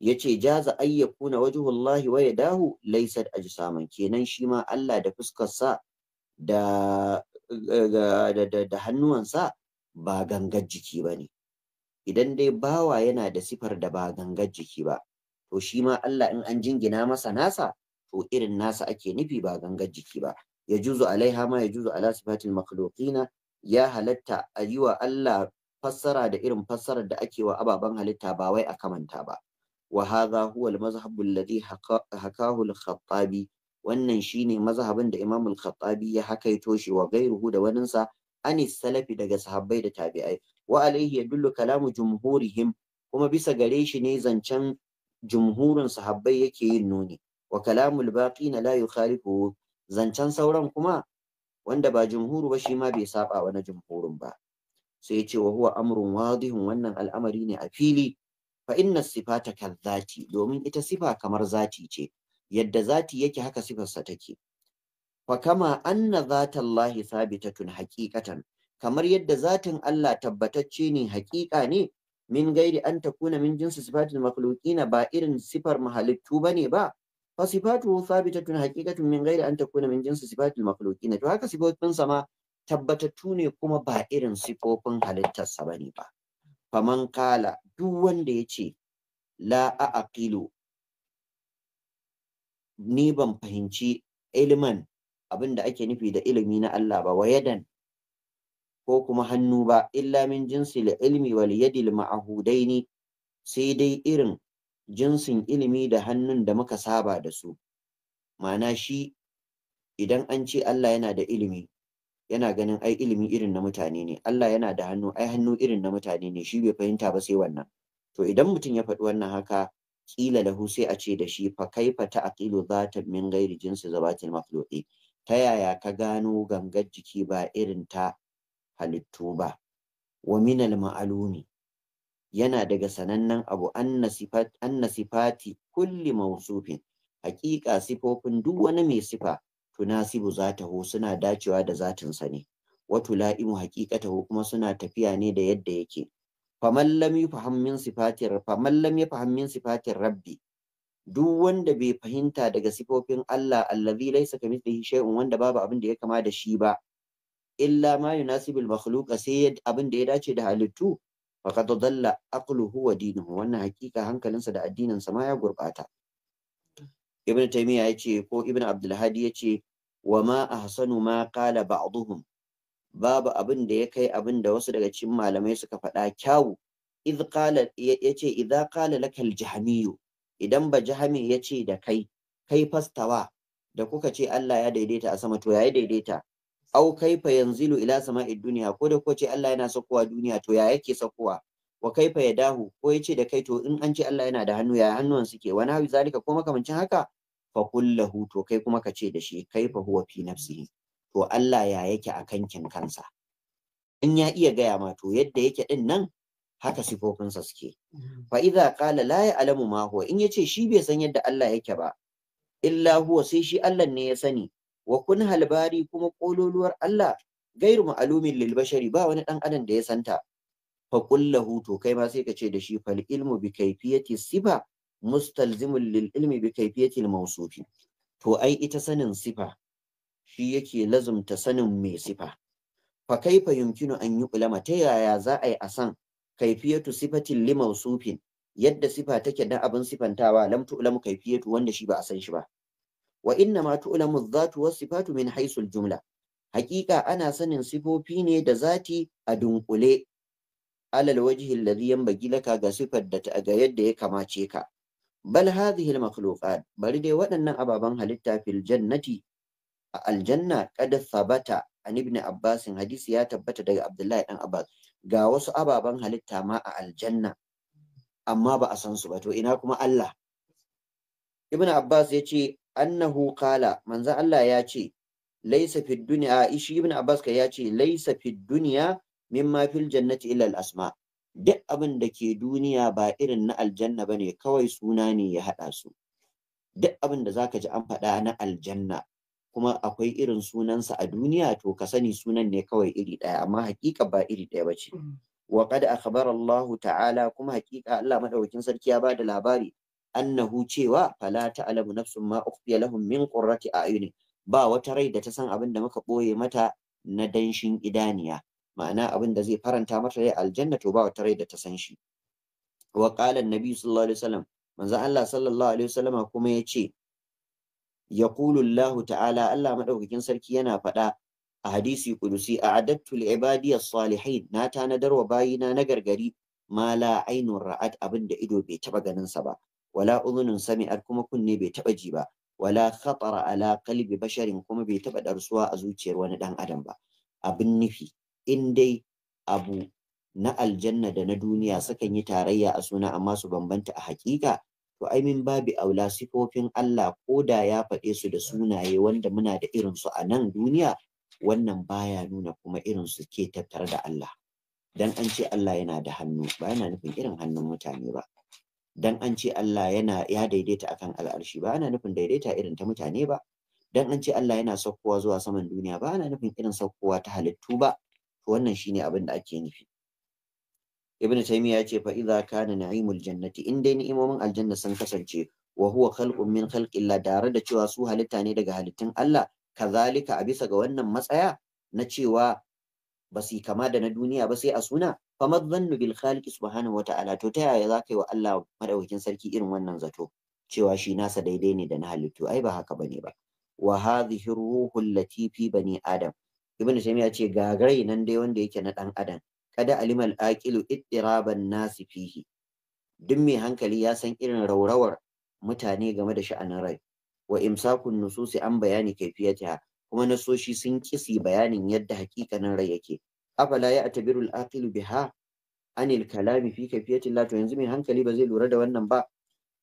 yace jaza ayyakuna wajhullahi wa yadahu laysat ajsaman kenan shi ma Allah da fuskarsa da da hannuwansa ba gangar jiki bane idan dai bawa yana da sifar da ba gangar jiki ba to shi ma Allah in an jingina masa nasa to irin nasa ake nufi ba gangar jiki ba ya juzu alaiha ma ya juzu ala sifatil makhluqina ya halatta a yi wa Allah fassara da irin fassarar da ake wa ababen halitta ba wai a kamanta ba wa hadha huwa al mazhab alladhi hakahu al khattabi wannan shine mazhabin da Imam al khattabi ya hakaito shi wa gairuhu da waninsa anis salafi daga sahabbai da tabi'ai wa alaihi yadullu kalamu jumhurihim kuma bisa gare shi ne zancen jumhurin sahabbai yake yin nuni wa kalamul na layu yukhalifu zancen sauran kuma wanda ba jumhuru ba shi ma bai saba wa na jumhurin ba sai ya ce wa huwa amrun wadihun wannan al'amari ne a fili fa inna sifata kal zati domin ita sifa kamar zati ce yadda zati yake haka sifarsa take fa kama anna zatallahi tun haqiqatan kamar yadda zatin Allah tabbatacce ne haƙiƙa ne min gairi an takuna min jinsi sifatil makhluqina ba irin sifar mahalittu bane ba fa sifatuhu thabitatun haqiqatun min gairi an takuna min jinsi sifatil makhluqina to haka sifofin sama tabbatattu ne kuma ba irin sifofin halittarsa bane ba man kala duk wanda ya ce la a'qilu ni ban fahimci ilman abin da ake nufi da ilimi na Allah ba wayadan ko kuma hannu ba illa min jinsi ilmi wal yadi ma'ahudaini sai dai irin jinsin ilimi da hannun da muka saba da su ma'ana shi idan an ce Allah yana da ilimi yana ganin ai ilimi irin na mutane ne Allah yana da hannu ai hannu irin na mutane ne shi bai fahimta ba sai wannan to idan mutum ya faɗi wannan haka kila lahu sai a ce da shi fa kaifa ta'qilu zata min ghairi jinsi zabatil makhluqi ta yaya ka gano gangar jiki ba irin ta halittu ba wa minal ma'alumi yana daga sanannen abu anna sifati kulli mausufin hakika sifofin duk wani mai sifa tunasibu zatahu suna dacewa da zatinsa ne watu la'imu ho kuma suna tafiya ne da yadda yake faman lam yafham min sifatir faman lam yafham sifatir rabbi duk wanda bai fahimta daga sifofin Allah allazi laysa kamithlihi shay'un wanda babu abin da ya kama da shi ba illa ma al-makhluq sai abin da ya dace da halittu faqad dalla aqluhu wa dinuhu wannan hakika hankalinsa da addininsa ma ya gurbata ibnu taymiya yace ko ibnu abdul hadi yace wa ma ahsanu ma qala ba'dhum babu abin da ya kai abin da wasu daga cikin malamai suka faɗa kyawu idh qala yace idza qala lakal jahmiyu idan ba jahmi yace da kai kai fastawa da kuka ce Allah ya daidaita a sama to yayi daidaita au kaifa yanzilu ila sama'id duniya ko da ko ce Allah yana sakowa duniya to ya yake sakowa wa kaifa ya dahu ko yace da kai to in an ce Allah yana da hannu ya hannuwan suke wani hawi zalika ko makamancin haka fa kullahu to kai kuma ka ce da shi kaifa huwa fi nafsihi to Allah ya yake a kankin kansa in ya iya gaya ma to yadda yake din nan haka sifofinsa suke mm. fa idza qala la ya'lamu ma huwa in yace shi bai san yadda Allah yake ba illa huwa sai shi Allah ne ya sani wa kun halbari kuma kololuwar Allah gairu ma'alumin lil bashari ba wani dan adam da ya santa fa hutu to kai ma sai ka ce da shi fal ilmu bi kayfiyati sifa mustalzimun lil ilmi bi kayfiyati al mawsufi to ai ita sanin sifa shi yake lazumta sanin mai sifa fa kaifa yumkinu an yuqlama ta yaya za a yi a san kaifiyatu sifatin li mawsufin yadda sifa take da abin sifantawa lam tu'lamu kaifiyatu wanda shi ba a san shi ba wa inna ma tu'lamu zatu dhatu wa sifatu min haythu al-jumla haqiqa ana sanin sifofi ne da zati a dunkule alal wajhi alladhi yanbaghi laka ga sifar da ga yadda ya kamace ka bal hadhihi al-makhluqat bari dai waɗannan ababan halitta fil jannati a aljanna qad thabata an ibn abbas hadisi ya tabbata daga abdullahi dan abbas ga wasu ababan halitta ma a aljanna amma ba a san su ba to ina kuma Allah ibn abbas ya ce annahu qala manzan Allah ya ce laisa fid dunya ishi ibn abbas ya ce laisa duniya min ma fil jannati illa al asma duk abin da ke duniya ba irin na aljanna bane kawai suna ne ya hada su duk abin da zaka ji an faɗa na aljanna kuma akwai irin sunansa a duniya to ka sani sunan ne kawai iri ɗaya amma hakika ba iri ɗaya ba ce mm. wa qad akhbara Allah ta'ala kuma hakika Allah madaukakin sarki ya bada labari annahu cewa fala ta'lamu nafsun ma ukhfiya lahum min qurrati a'yuni ba wata rai da ta san abin da muka boye mata na danshin idaniya ma'ana abin da zai faranta mata rai aljanna to ba wata rai da ta san shi wa qala annabi sallallahu alaihi wasallam manzo Allah sallallahu alaihi wasallama kuma yace yaqulu Allah ta'ala Allah madaukakin sarki yana faɗa a hadisi kudusi a'adattu li'ibadi as-salihin na tanadar wa bayina na gargari ma la ainun ra'at abin da ido bai taba ganin sa ba wala udhunun sami'ar kuma kunne bai taba ji ba wala khatara ala qalbi basharin kuma bai taba darsuwa a zuciyar wani dan adam ba abin nufi in dai abu na aljanna da na duniya sukan yi tarayya a suna amma su bambanta a hakika to ai min babi aula sifofin Allah ko da ya faɗe su da sunaye wanda muna da irin su a nan duniya wannan baya nuna kuma irin su ke tattare da Allah dan an ce Allah yana da hannu ba yana nufin irin hannun mutane ba dan an ce Allah yana ya daidaita akan al'arshi ba ana nufin daidaita irin ta mutane ba dan an ce Allah yana saukowa zuwa saman duniya ba ana nufin irin saukowa ta halittu ba to wannan shine abin da ake nufi ibn taymiya ya ce fa idza kana na'imul jannati in dai ni'imomin aljanna sun kasance wa huwa khalqun min khalqillah tare da cewa su halitta ne daga halittun Allah kazalika a bisa ga wannan matsaya na cewa ba su kama da na duniya ba sai a suna fa madhannu bil khaliq subhanahu wata'ala to ta yaya za ka yi wa Allah madaukakin sarki irin wannan zato cewa shi nasa daidai ne da na halittu ai ba haka bane ba wa hadhihi allati latifi bani adam ibnu taymiya ce gagarai nan dai wanda yake na dan adam kada alimal aqilu ittiraban nasi fihi duk mai hankali ya san irin raurawar mutane game da sha'anin rai wa imsakun nususi an bayani kaifiyata kuma nasoshi sun kisi bayanin yadda hakikanin rai yake afala ya atabiru al-aqilu biha anil kalami fi kafiyati la to yanzu mai hankali ba zai lura da wannan ba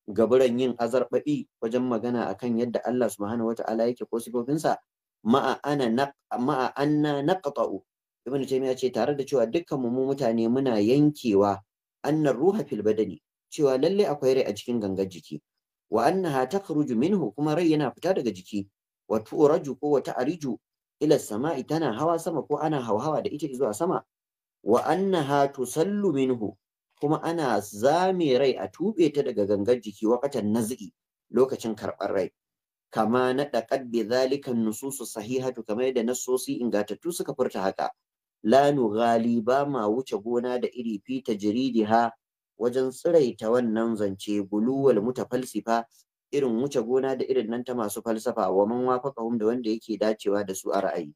gaburan yin azarbabi wajen magana akan yadda Allah subhanahu wata'ala yake ko sa ma'a ana ma'a anna naqta'u ibnu taymiya ce tare da cewa dukkan mu mutane muna yankewa annar ruha fil badani cewa lalle akwai rai a cikin gangar jiki wa annaha takhruju minhu kuma rai yana fita daga jiki wa turaju ko wa ariju ila sama'i tana hawa sama ko ana hauhawa da ita a sama wa annaha sallu minhu kuma ana zame rai a tube ta daga gangar jiki wakatan naz'i lokacin karɓar rai kama na ɗaƙad bi nususu sahihatu kamar na nassosi ingantattu suka furta haka lanu nughali ba ma wuce gona da iri fita tajridiha wajen tsiraita wannan zance buluwal mutafalsifa irin wuce gona da irin nan ta masu falsafa wa man wafaqahum da wanda yake dacewa da su a ra'ayi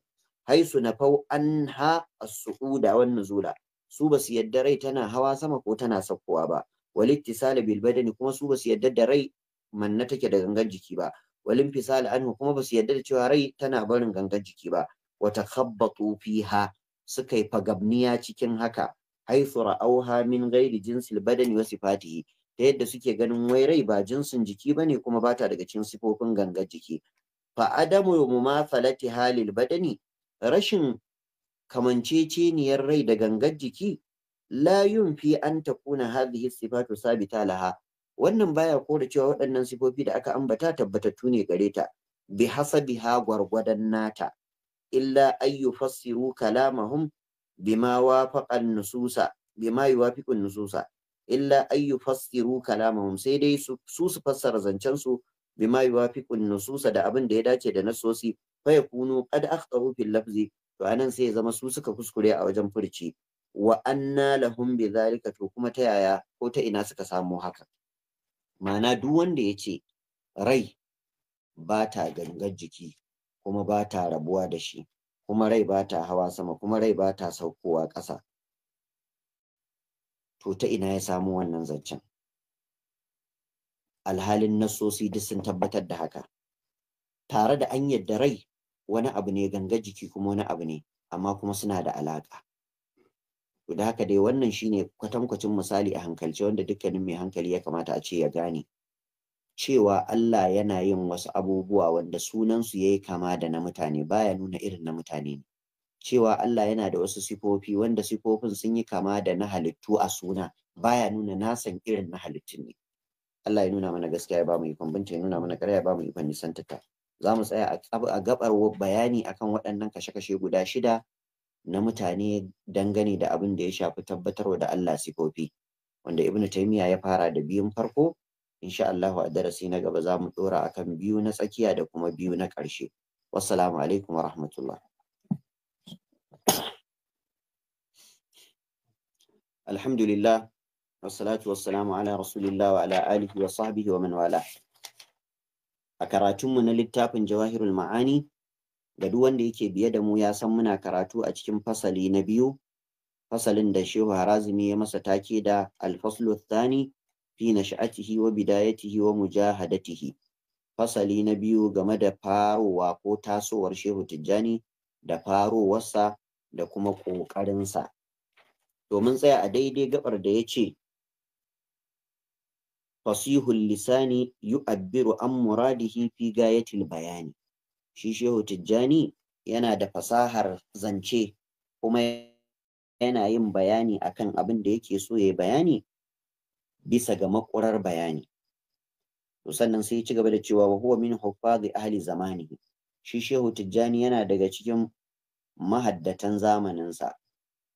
haisu 'an anha as-su'uda wan nuzula su basu yadda rai tana hawa sama ko tana sakkowa ba wal ittisal bil badani kuma su basu yadda da rai manna take da gangan jiki ba wal infisal anhu kuma basu yadda da cewa rai tana barin gangan jiki ba wa takhabbatu fiha suka yi fagabniya cikin haka haisu ra'auha min ghairi jinsil badani wa sifatihi ta yadda suke ganin wai rai ba jinsin jiki ba ne kuma bata daga cikin sifofin gangar jiki fa adamu ma falati halil badani rashin kamanceceniyar rai da gangar jiki la yunfi an takuna hadhihi sifatu sabita laha wannan baya kore cewa waɗannan sifofi da aka ambata tabbatattu ne gare ta bi hasabiha gwargwadon nata illa ayyu fassiru kalamahum bima wafaqan nususa bima yuwafiqun nususa illa ayyu fassiru kalamahum sai dai su su fassara zancen su bima yuwafiqun nususa da abin da ya dace da nasosi fa yakunu qad akhtaru fil lafzi to anan sai ya zama su suka kuskure a wajen furci wa anna lahum bidhalika to kuma ta yaya ko ta ina suka samu haka ma'ana duk wanda ya ce rai ba ta gangar jiki kuma ba ta rabuwa da shi kuma rai ba ta hawa sama kuma rai ba ta saukowa ƙasa to ta ina ya samu wannan zancen alhalin nasosi duk sun tabbatar da haka tare da an yadda rai wani abu ne ganga jiki kuma wani abu ne amma kuma suna da alaƙa. to da haka dai wannan shine kwatankwacin misali a hankalce wanda dukkanin mai hankali ya kamata a ce ya gane cewa Allah yana yin wasu abubuwa wanda sunansu ya yi kama da na mutane baya nuna irin na mutane ne cewa Allah yana da wasu sifofi wanda sifofin sun yi kama da na halittu a suna baya nuna nasan irin na halittun ne Allah ya nuna mana gaskiya ya ba mu ikon binta ya nuna mana ƙarya ya ba mu ikon nisantata za mu tsaya a gabar bayani akan waɗannan kashe-kashe guda shida na mutane dangane da abin da ya shafi tabbatarwa da Allah sifofi wanda Ibn Taymiyyah ya fara da biyun farko insha Allahu a darasi na gaba za mu dora akan biyu na tsakiya da kuma biyu na ƙarshe wassalamu alaikum wa rahmatullah alhamdulillah wassalatu wassalamu ala rasulillah wa ala alihi wa sahbihi wa man wala a karatunmu na littafin jawahirul ma'ani ga duk wanda yake biye da mu ya san muna karatu a cikin fasali na biyu fasalin da shehu harazimi ya masa take da alfaslu thani fi nash'atihi wa bidayatihi wa mujahadatihi fasali na biyu game da farowa ko tasowar shehu tijjani da farowarsa da kuma ƙoƙarinsa Domin tsaya a daidai gabar da ya ce fasihul lisani yu'abbiru an muradihi fi gayatil bayani shi shehu tijjani yana da fasahar zance kuma yana yin bayani akan abin da yake so ya bayani bisa ga makurar bayani to sannan sai ya ci gaba da cewa wa huwa min huffazi ahli zamani shi shehu tijjani yana daga cikin mahaddatan zamaninsa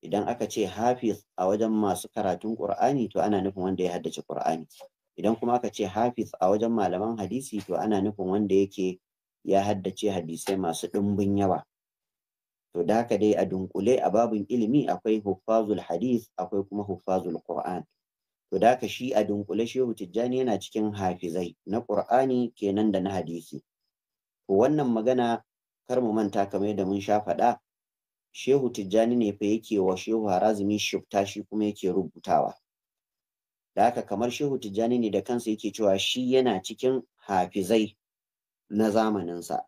idan aka ce hafiz a wajen masu karatun qur'ani to ana nufin wanda ya haddace qur'ani idan kuma aka ce hafiz a wajen malaman hadisi to ana nufin wanda yake ya haddace hadisai masu ɗumbin yawa to da haka dai a dunkule a babin ilimi akwai huffazul hadis akwai kuma huffazul qur'an to da haka shi a dunkule shehu tijjani yana cikin hafizai na qur'ani kenan da na hadisi to wannan magana kar mu manta kamar yadda mun sha faɗa shehu tijjani ne fa yake wa shehu harazimi shifta shi kuma yake rubutawa da haka kamar shehu tijjani ne da kansa yake cewa shi yana cikin hafizai na zamaninsa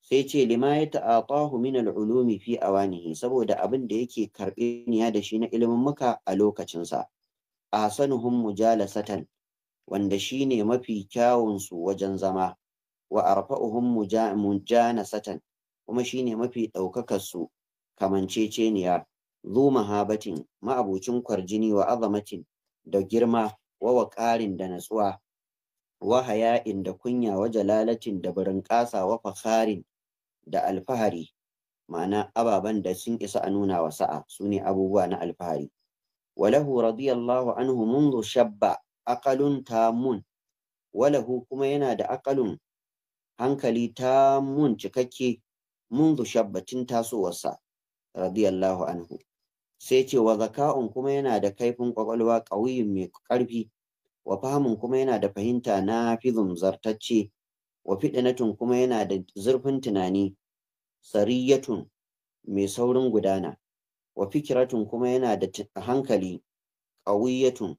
sai ce lima ya ta'atahu min al'ulumi ulumi fi awanihi saboda abin da yake karbe niya da shi na ilimin muka a lokacinsa Asanuhum mujalasatan wanda shi ne mafi su wajen zama wa arfa'uhum mujanasatan kuma shi ne mafi su kamanceceniya zu mahabatin ma'abucin kwarjini wa azamatin da girma wa waƙarin da natsuwa wa haya'in da kunya wa jalalatin da barin ƙasa wa fakharin da alfahari ma'ana ababen da sun isa a nuna wa sa'a su ne abubuwa na alfahari walahu radiyallahu anhu mundu shabba aqalun tamun walahu kuma yana da aqalun hankali tamun cikakke mundu shabbatin tasowarsa radiyallahu anhu sai ce wa zaka'un kuma yana da kaifin kwakwalwa ƙauyin mai ƙarfi wa fahimun kuma yana da fahimta na fizum zartacce wa fiɗinatun kuma yana da zurfin tunani sariyatun mai saurin gudana wa fikiratun kuma yana da hankali ƙawiyatun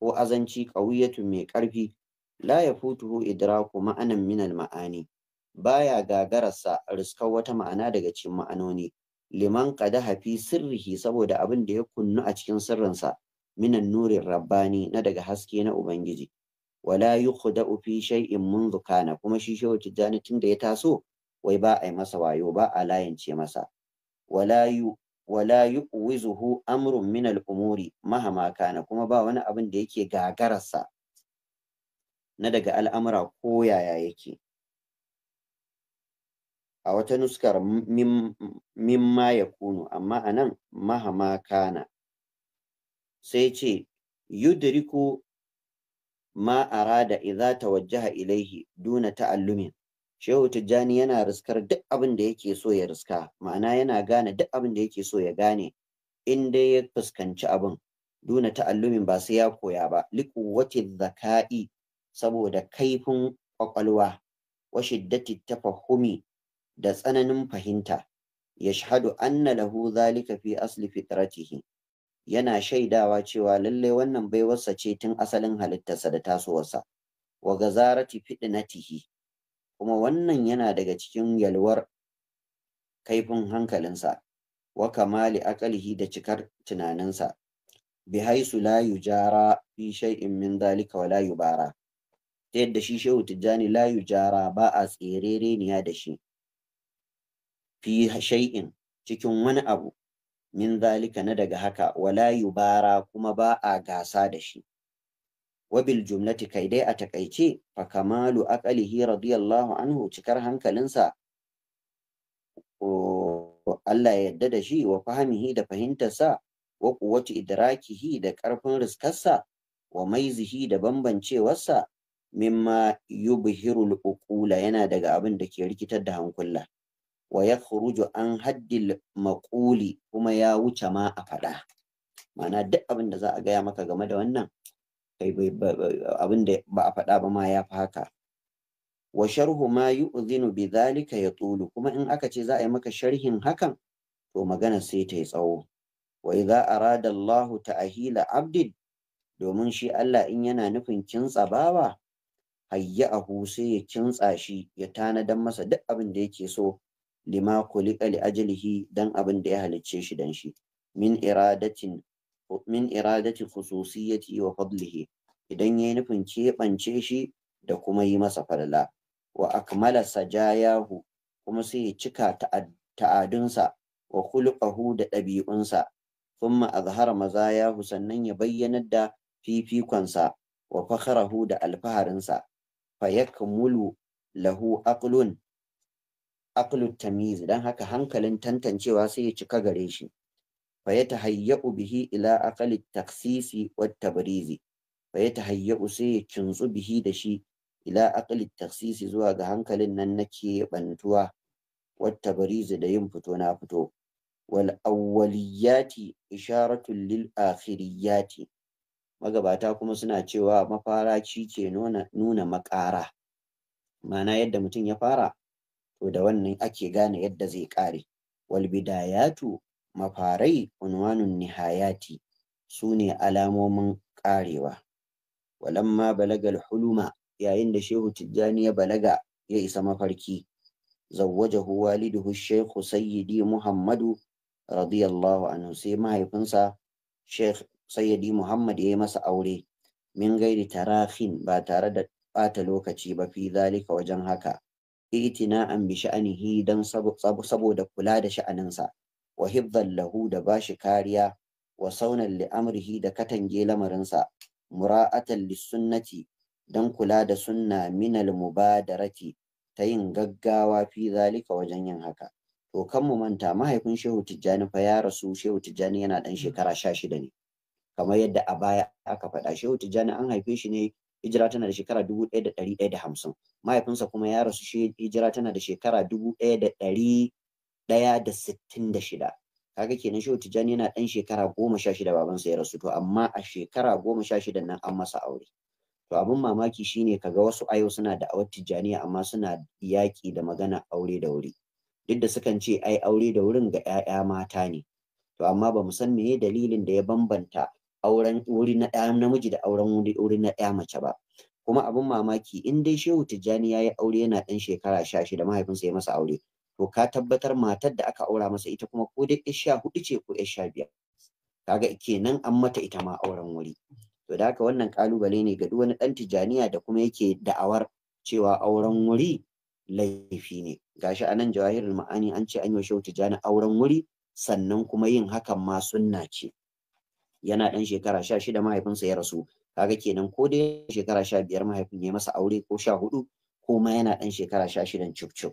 ko azanci ƙawiyatun mai ƙarfi la ya futuhu idraku ma'anan minal ma'ani baya gagararsa riskar wata ma'ana daga cikin ma'anoni liman qadaha hafi sirrihi saboda abin da ya kunnu a cikin sirrinsa minan nurin rabbani na daga haske na ubangiji wala yukhda fi shay'in منذ kana kuma shi shehu tijjani tun da ya taso wai ba a yi masa wayo ba a layince masa wala yu wala yuwizuhu amrun min al-umuri mahama kana kuma ba wani abin da yake gagararsa na daga al'amura ko yaya yake a wata nuskar mimma ya kunu amma a nan mahama kana sai ce yudriku ma arada idza tawajjaha ilaihi duna ta'allumin shehu tijjani yana riskar duk abin da yake so ya riska ma'ana yana gane duk abin da yake so ya gane in dai ya fuskanci abin duna ta'allumin ba sai ya koya ba liquwwati zaka'i saboda kaifin kwakwalwa wa shiddati tafahumi da tsananin fahimta Ya yashhadu anna lahu zalika fi asli fitratihi yana shaidawa cewa lalle wannan baiwarsa ce tun asalin halittarsa da tasowarsa wa gazarati tihi. kuma wannan yana daga cikin yalwar kaifin hankalinsa wa kamali akalihi da cikar tunaninsa bi haisu la yujara fi shay'in min zalika wa la yubara ta yadda shi shehu tijjani la yujara ba a tserereniya da shi fi shay'in cikin wani abu min zalika na daga haka wala yubara kuma ba a gasa da shi wabil jumlati kai dai a takaice fa kamalu aqalihi radiyallahu anhu cikar hankalinsa Allah ya yarda da shi wa fahimihi da fahimtarsa wa quwwati idrakihi da karfin riskarsa wa maizihi da bambancewarsa mimma yubhirul uqula yana daga abin da ke rikitar da hankula wa ya an haddil maƙuli kuma ya wuce ma a faɗa ma'ana duk abin da za a gaya maka game da wannan abin da ba a faɗa ba ma ya fi haka wa sharhu ma yu'zinu bi zalika ya tsulu kuma in aka ce za a yi maka sharhin hakan to magana sai ta yi tsawo wa idza arada Allah ta'ahila Abdi? domin shi Allah in yana nufin kintsa bawa hayya'ahu sai ya kintsa shi ya tanadan masa duk abin da yake so lima khuliqa li ajlihi dan abin da ya halicce shi dan shi min iradatin min iradati khususiyati wa fadlihi idan yayi nufin keɓance shi da kuma yi masa farla wa akmala sajayahu kuma sai ya cika ta'adunsa wa khuluqahu da ɗabi'unsa thumma azhara mazayahu sannan ya bayyanar da fifikonsa wa fakharahu da alfaharinsa fa lahu aqlun aqlut tamiz dan haka hankalin tantancewa sai ya cika gare shi fa yatahayyau bihi ila aqli taksisi wat tabrizi fa yatahayyau sai ya kinzu bihi da shi ila aqli taksisi zuwa ga hankalin nan nake bantuwa wat tabrizi da yin fito na fito wal awwaliyati isharatun lil akhiriyati magabata kuma suna cewa mafaraci ce nuna makara mana yadda mutum ya fara to da wannan ake gane yadda zai ƙare Walbidayatu mafarai unwanun nihayati su ne alamomin ƙarewa walamma balagal huluma yayin da shehu tijjani ya balaga ya isa mafarki zawwajahu waliduhu shaykhu sayyidi muhammadu radiyallahu anhu sai mahaifinsa Shekh sayyidi muhammad ya yi masa aure min gairi tarahin ba tare da ɓata lokaci ba fi zalika wajen haka an bi sha'anihi dan saboda kula da sha'aninsa wa hibdan lahu da bashi kariya wa saunan li amrihi da katange lamarinsa mura'atan li sunnati dan kula da sunna minal mubadarati ta yin gaggawa fi zalika wajen yin haka to kan mu manta mahaifin shehu tijjani fa ya rasu shehu tijjani yana dan shekara sha shida ne kamar yadda a baya aka faɗa shehu tijjani an haife shi ne hijira tana da shekara dubu ɗaya da ɗari ɗaya da hamsin mahaifinsa kuma ya rasu shi hijira tana da shekara dubu ɗaya da ɗari ɗaya da sittin da shida kaga kenan shehu tijjani yana ɗan shekara goma sha shida babansa ya rasu to amma a shekara goma sha shida nan an masa aure to abin mamaki shine kaga wasu ayo suna da awar tijjani amma suna yaƙi da magana aure da wuri duk da sukan ce ai aure da wurin ga 'ya'ya mata ne to amma bamu san meye dalilin da ya bambanta auren wuri na ɗaya namiji da auren wuri na ɗaya mace ba kuma abin mamaki in dai shehu tijjani ya yi aure yana ɗan shekara sha shida mahaifinsa ya masa aure to ka tabbatar matar da aka aura masa ita kuma ko dai sha hudu ce ko sha biyar kaga kenan an mata ita ma auren wuri to da haka wannan kalubale ne ga duk wani ɗan tijjaniya da kuma yake da'awar cewa auren wuri laifi ne gashi a nan jawahirul ma'ani an ce an yi wa shehu tijjani auren wuri sannan kuma yin hakan ma sunna ce yana ɗan shekara sha shida mahaifinsa ya rasu kaga kenan ko dai shekara sha biyar mahaifin ya masa aure ko sha hudu ko ma yana ɗan shekara sha shidan cif to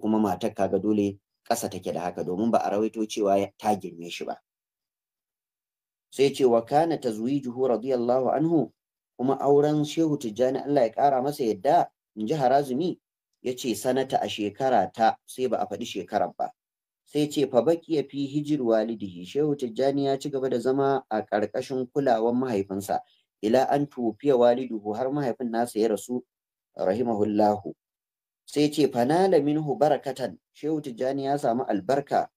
kuma matar kaga dole ƙasa take da haka domin ba a rawaito cewa ta girme shi ba sai ce wa kana tazwijuhu radiyallahu anhu kuma auren shehu tijjani Allah ya ƙara masa yadda in ji harazumi ya ce sanata a shekara ta sai ba a faɗi shekarar ba sai ce fa ya fi hijir walidihi shehu tijjani ya ci gaba da zama a ƙarƙashin kulawan mahaifinsa ila an tufiya waliduhu har mahaifin nasa ya rasu rahimahullahu sai ce fanala minhu barakatan shehu tijjani ya samu albarka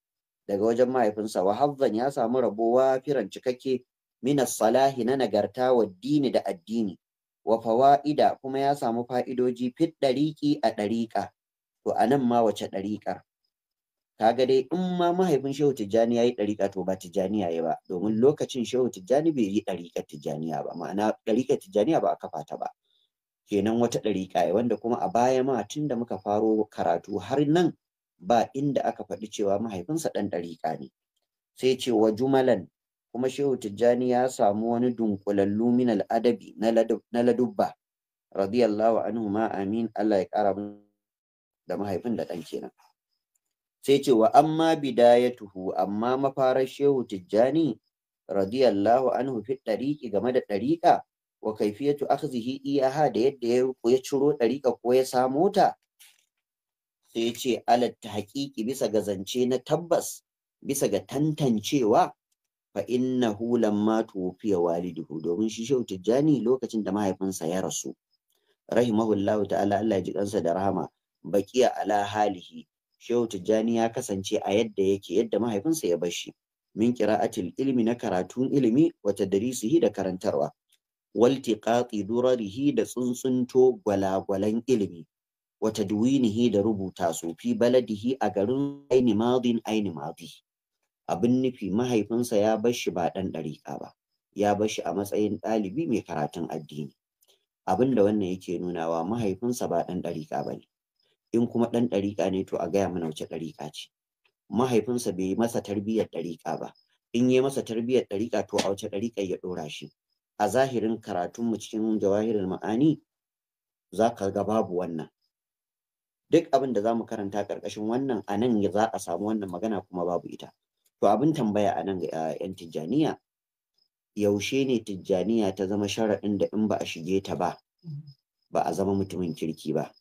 daga wajen mahaifinsa wa hazzan ya samu rabowa firan cikakke minas salahi na nagarta wa dini da addini wa fawa'ida kuma ya samu fa'idoji fit ɗariƙi a ɗariƙa to anan ma wace ɗariƙar kaga dai in ma mahaifin shehu tijjani ya yi ɗariƙa to ba tijjani ya yi ba domin lokacin shehu tijjani bai yi ɗariƙar tijjaniya ba ma'ana ɗariƙar tijjaniya ba a kafa ta ba kenan wata ɗariƙa ya wanda kuma a baya ma tun da muka faro karatu har nan ba inda aka faɗi cewa mahaifinsa ɗan ɗariƙa ne sai ce wa jumalan kuma shehu tijjani ya samu wani dunƙulallu min al'adabi na ladubba radiyallahu anhu ma amin Allah ya ƙara da mahaifin da ɗan kenan sai ce wa amma tuhu amma mafarar shehu tijjani radiyallahu anhu fi ɗariƙi game da ɗariƙa wa kaifiyatu akhzihi iyaha da yadda ya ciro ɗariƙa ko ya samo ta sai ce ta haƙiƙi bisa ga zance na tabbas bisa ga tantancewa fa innahu lamma wali walidihu domin shi shehu tijjani lokacin da mahaifinsa ya rasu rahimahullahu ta'ala Allah ya ji kansa da rahama baqiya ala halihi Shehu Tijjani ya kasance a yadda yake yadda mahaifinsa ya bashi min qira'atil ilmi na karatun ilimi wa tadrisihi da karantarwa tiqati durarihi da tsuntsunto gwalagwalan ilimi wa tadwinihi da rubuta su fi baladihi a garin aini madin aini madi abin nufi mahaifinsa ya bashi ba ɗan ɗariƙa ba ya bashi a matsayin ɗalibi mai karatun addini Abinda da wannan yake nunawa mahaifinsa ba ɗan ɗariƙa bane. in kuma ɗan ɗariƙa ne to a gaya mana wace ɗariƙa ce mahaifinsa bai yi masa tarbiyyar ɗariƙa ba in yi masa tarbiyyar ɗariƙa to a wace ɗariƙa ya ɗora shi a zahirin karatunmu cikin jawahirin ma'ani za ka ga babu wannan duk abin da za mu karanta ƙarƙashin wannan a nan za a samu wannan magana kuma babu ita to abin tambaya a nan ga 'yan tijjaniya yaushe ne tijjaniya ta zama sharaɗin da in ba a shige ta ba ba a zama mutumin kirki ba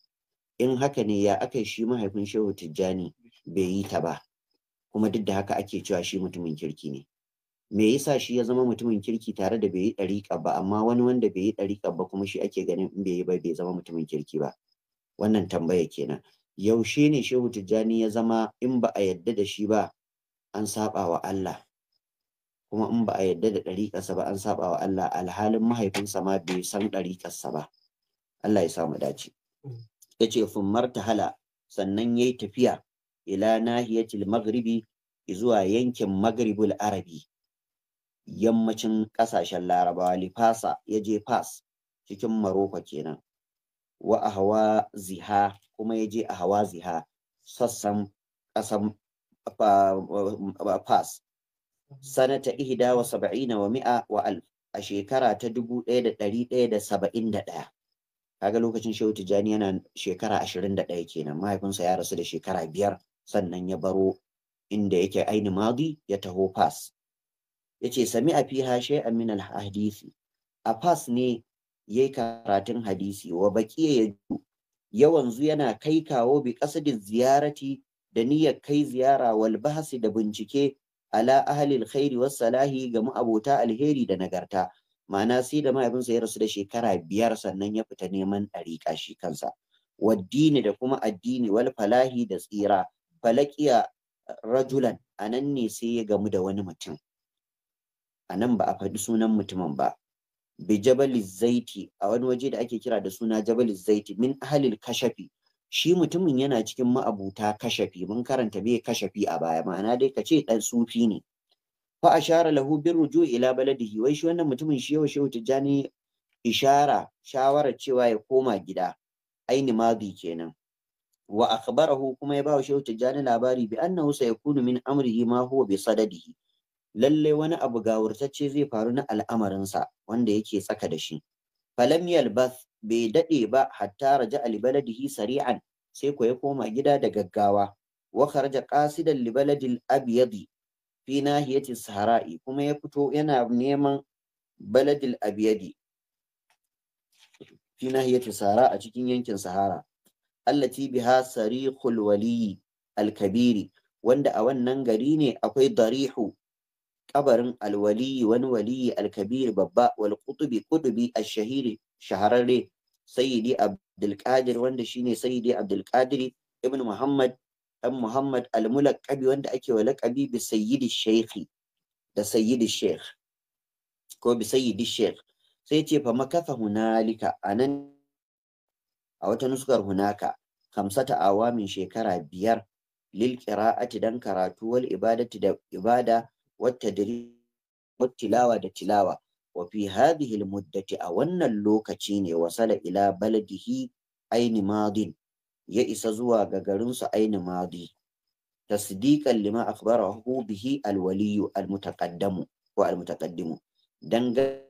in haka ne ya aka shi mahaifin shehu tijjani bai yi ta ba kuma duk da haka ake cewa shi mutumin kirki ne me yasa shi ya zama mutumin kirki tare da bai yi ɗariƙa ba amma wani wanda bai yi ɗariƙa ba kuma shi ake ganin in bai yi ba bai zama mutumin kirki ba wannan tambaya kenan yaushe ne shehu tijjani ya zama in ba a yadda da shi ba an saba wa Allah kuma in ba a yadda da ɗariƙarsa ba an saba wa Allah alhalin mahaifinsa ma bai san ɗariƙarsa ba Allah ya samu mu dace mm. yace ta hala sannan yayi tafiya ila nahiyatil maghribi zuwa yankin maghribul arabi yammacin kasashen larabawa lifasa ya je fas cikin maroko kenan wa ahwa ziha kuma ya je ahwa ziha sassan kasan fas sanata ihda wa saba'ina wa mi'a wa a shekara ta dubu ɗaya da ɗari ɗaya da saba'in da ɗaya kaga lokacin shehu tijjani yana shekara ashirin da ɗaya kenan mahaifinsa ya rasu da shekara biyar sannan ya baro inda yake aini madi ya taho fas ya ce sami a fi hashe amin hadisi a fas ne ya yi karatun hadisi wa baƙiya ya ju yawanzu yana kai kawo bi ƙasadin ziyarati da niyyar kai ziyara wal bahasi da bincike ala ahalil khairi wasu salahi ga ma'abota alheri da nagarta ma'ana sai da mahaifinsa ya rasu da shekara biyar sannan ya fita neman ɗariƙa shi kansa waddini da kuma addini wal falahi da tsira falakiya rajulan anan ne sai ya gamu da wani mutum Anan ba a faɗi sunan mutumin ba bi jabali zaiti a wani waje da ake kira da suna jabali zaiti min ahalil kashafi shi mutumin yana cikin ma'abuta kashafi mun karanta bai kashafi a baya ma'ana dai ka ce ɗan sufi ne fa ashara lahu bin ruju ila baladihi wai shi wannan mutumin shi yau shehu tijjani ishara shawara cewa ya koma gida aini madi kenan wa akhbarahu kuma ya ba shehu tijjani labari bi annahu sayakunu min amrihi ma huwa bi sadadihi lalle wani abu gawurtacce zai faru na al'amarinsa wanda yake tsaka da shi falam yalbath bai dade ba hatta raja li baladihi sari'an sai ko ya koma gida da gaggawa wa kharaja qasidan li baladil abyadi fi nahiyati sahara'i kuma ya fito yana neman baladil abiyadi fi nahiyati sahara a cikin yankin sahara allati biha sariqul waliyi alkabiri wanda a wannan gari ne akwai darihu kabarin alwaliyi wani waliyi alkabiri babba wal kutubi kutubi ashahiri shahararre sayyidi Qadir, wanda shine sayyidi Qadir ibn muhammad dan Muhammad al-Mulaqabi wanda ake wa lakabi bi sayyidi shaykhi da sayyidi shaykh ko bi sayyidi shaykh sai ce fa makafa hunalika anan a wata nuskar hunaka kamsata awamin shekara biyar lil qira'ati dan karatu wal ibadati da ibada wat tadri wat tilawa da tilawa wa fi hadhihi al muddati a wannan lokaci ne wasala ila baladihi aini madin ya isa zuwa ga garinsu aini madi tasdiqan lima akhbarahu bihi alwaliyu almutaqaddamu ko almutaqaddimu dangane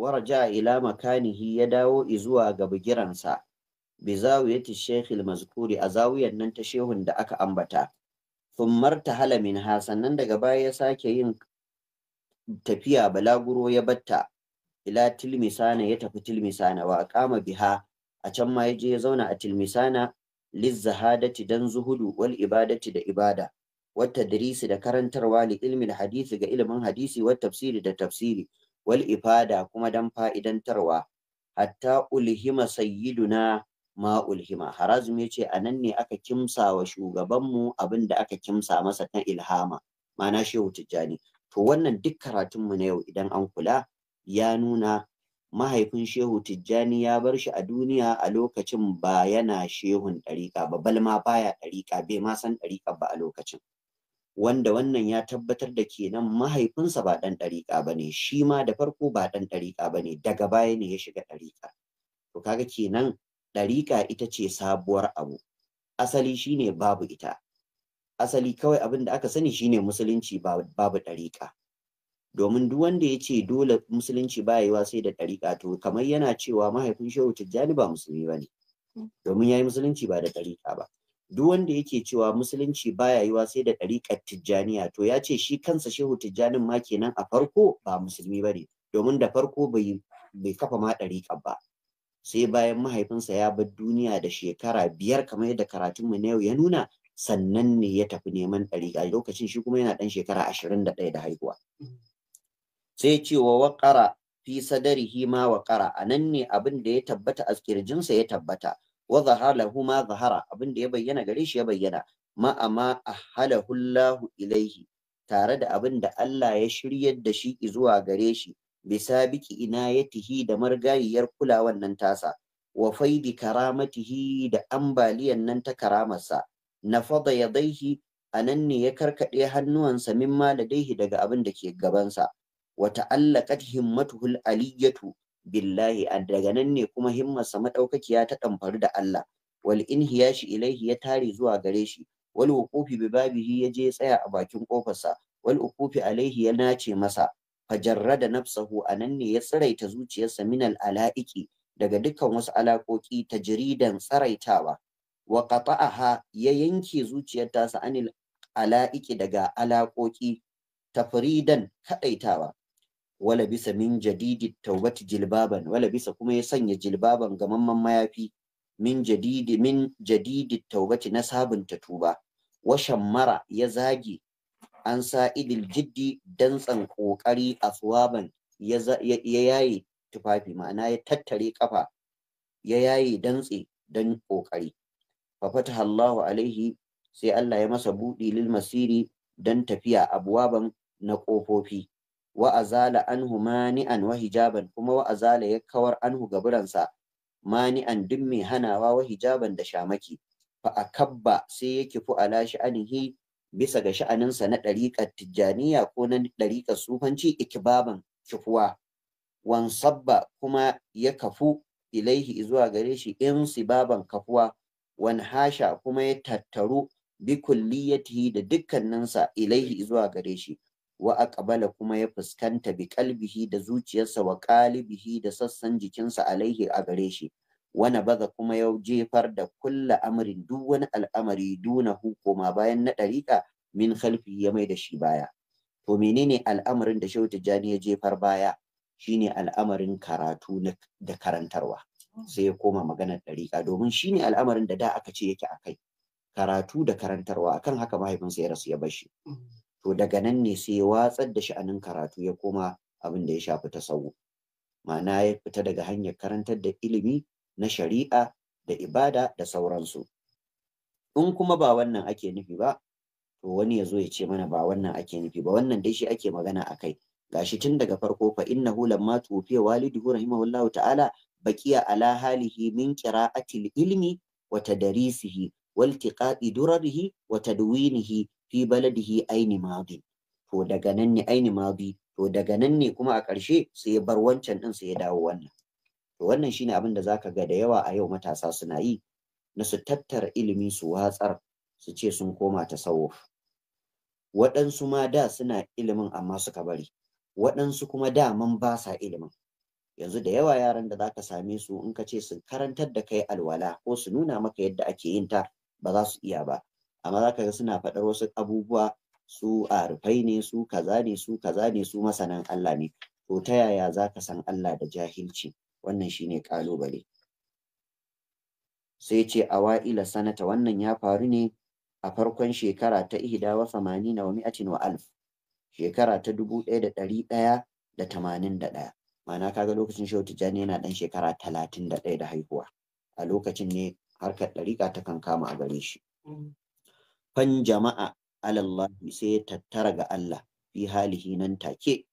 waraja ila makanihi ya dawo izuwa ga bigiransa bi zawiyati shaykh al-mazkuri a zawiyan nan ta shehun da aka ambata thummar tahala minha sannan daga baya ya sake yin tafiya balaguro ya batta ila tilmisana ya tafi tilmisana wa aqama biha a can ma yaje ya zauna a tilmisana lizzahadati dan zuhudu wal ibadati da ibada wata darisi da karantarwa li ilmi hadisi ga ilimin hadisi wa tafsiri da tafsiri wal ifada kuma dan fa'idantarwa hatta ulhima sayyiduna ma ulhima harazum ce anan ne aka kimsa wa shugabanmu abin da aka kimsa masa ta ilhama ma'ana shehu tijjani to wannan duk karatunmu na yau idan an kula ya nuna mahaifin shehu tijjani ya bar shi a duniya a lokacin ba yana shehun ɗariƙa ba balma baya ɗariƙa bai ma san ɗariƙa ba a lokacin wanda wannan ya tabbatar da kenan mahaifinsa ba ɗan ɗariƙa ba ne shi ma da farko ba ɗan ɗariƙa ba ne daga baya ne ya shiga ɗariƙa to kaga kenan ɗariƙa ita ce sabuwar abu asali shine babu ita asali kawai abin da aka sani shine musulunci babu ɗariƙa domin duk wanda ya ce dole musulunci ba yiwa sai da ɗariƙa to kamar yana cewa mahaifin shehu tijjani ba musulmi ba ne hmm. domin ya yi musulunci ba da ɗariƙa ba duk wanda yake cewa musulunci baya yiwa sai da ɗariƙar tijjaniya to ya ce shi kansa shehu tijjanin ma kenan a farko ba musulmi ba ne domin da farko bai bai kafa ma ɗariƙar ba sai bayan mahaifinsa ya bar duniya da shekara biyar kamar yadda karatunmu na yau ya nuna sannan ne ya tafi neman ɗariƙa lokacin shi kuma yana ɗan shekara ashirin da ɗaya da haihuwa sai cewa waƙara fi sadarihi ma waƙara a nan ne abin da ya tabbata a ƙirjinsa ya tabbata wa zahara lahu ma zahara abinda ya bayyana gare shi ya bayyana ma'ama ahhalahu Allahu ilaihi tare da abin da Allah ya shiryar da shi zuwa gare shi bisa biki ina inayatihi da margayiyar kulawan nan tasa wa faidi karamatihi da ambaliyan nan ta karamarsa na ya yadaihi a nan ne ya karkaɗe hannuwansa min maladaihi daga abin da ke gabansa wa ta'allaqat himmatuhul aliyatu billahi a daga nan ne kuma himmarsa madaukakiya ta ɗamfari da Allah wal inhiyashi ilaihi ya tare zuwa gare shi wal wuqufi bi babihi ya je tsaya a bakin kofarsa wal wuqufi alaihi ya nace masa fajarrada nafsahu nan ne ya tsiraita zuciyarsa minal ala'iki daga dukkan wasu alaƙoƙi ta jaridan tsaraitawa wa qata'aha ya yanke zuciyar tasa anil ala'iki daga alaƙoƙi tafridan kaɗaitawa. wala bisa min jadidi taubati jilbaban wala bisa kuma ya sanya jilbaban mamman mayafi min jadidi min jadidi taubati na sabunta tuba wa shammara ya zagi an sa idil jiddi dantsan kokari aswaban ya yayi tufafi ma'ana ya tattare kafa ya yayi dantse dan kokari fa fataha Allahu alaihi sai Allah ya masa budi lil masiri dan tafiya abwaban na kofofi wa azala anhu mani'an wa hijaban kuma wa azala ya kawar anhu gaburansa mani'an duk mai hanawa wa hijaban da shamaki fa akabba sai yake fu ala sha'anihi bisa ga sha'aninsa na dariqat tijjaniya ko na dariqat sufanci ikibaban kifuwa wansabba kuma ya kafu ilaihi zuwa gare shi in sibaban kafuwa wan hasha kuma ya tattaru bi kulliyatihi da dukkaninsa ilaihi zuwa gare shi wa aqbala kuma ya fuskanta bi kalbihi da zuciyarsa wa qalibihi da sassan jikinsa alaihi a gare shi wani baza kuma ya jefar da kulla amrin duk wani al'amari duna hukuma bayan na ɗarika min khalfi ya mai da shi baya to menene al'amarin da shehu tijjani ya jefar baya shine al'amarin karatu da karantarwa sai ya koma maganar ɗarika? domin shine al'amarin da da aka ce yake akai karatu da karantarwa akan haka mahaifinsa ya rasu ya bar shi mm. to daga nan ne sai ya watsar da sha'anin karatu ya koma abin da ya shafi tasawuf ma'ana ya fita daga hanyar karantar da ilimi na shari'a da ibada da sauransu in kuma ba wannan ake nufi ba to wani ya zo ya ce mana ba wannan ake nufi ba wannan dai shi ake magana a kai gashi tun daga farko fa hu lamma tufiya walidihu rahimahullahu ta'ala baqiya ala halihi min qira'atil ilmi wa tadrisihi durarihi wa tadwinihi fi baladihi aini madi to daga nan ne aini madi to daga nan ne kuma a ƙarshe sai ya bar wancan din sai ya dawo wannan to wannan shine abin da zaka ga da yawa a yau matasa suna yi na su tattara ilimi su watsar su ce sun koma ta tasawuf waɗansu ma da suna ilimin amma suka bari waɗansu kuma daman ba sa ilimin yanzu da yawa yaran da zaka same su in ka ce su karantar da kai alwala ko su nuna maka yadda ake yin ta ba za su iya ba amma za ka ga suna faɗar wasu abubuwa su a rufai ne su kaza ne su kaza ne su masanan Allah ne to ta yaya za ka san Allah da jahilci wannan shine kalubale sai ce awa'ila sanata wannan ya faru ne a farkon shekara ta ihda wa na wa mi'atin wa alf shekara ta dubu ɗaya da ɗari ɗaya da tamanin da ɗaya ma'ana kaga lokacin shehu tijjani yana ɗan shekara talatin da ɗaya da haihuwa a lokacin ne harkar ɗarika ta kan kama a gare shi mm. fan jama'a alallahi sai tattara ga Allah fi halihi nan take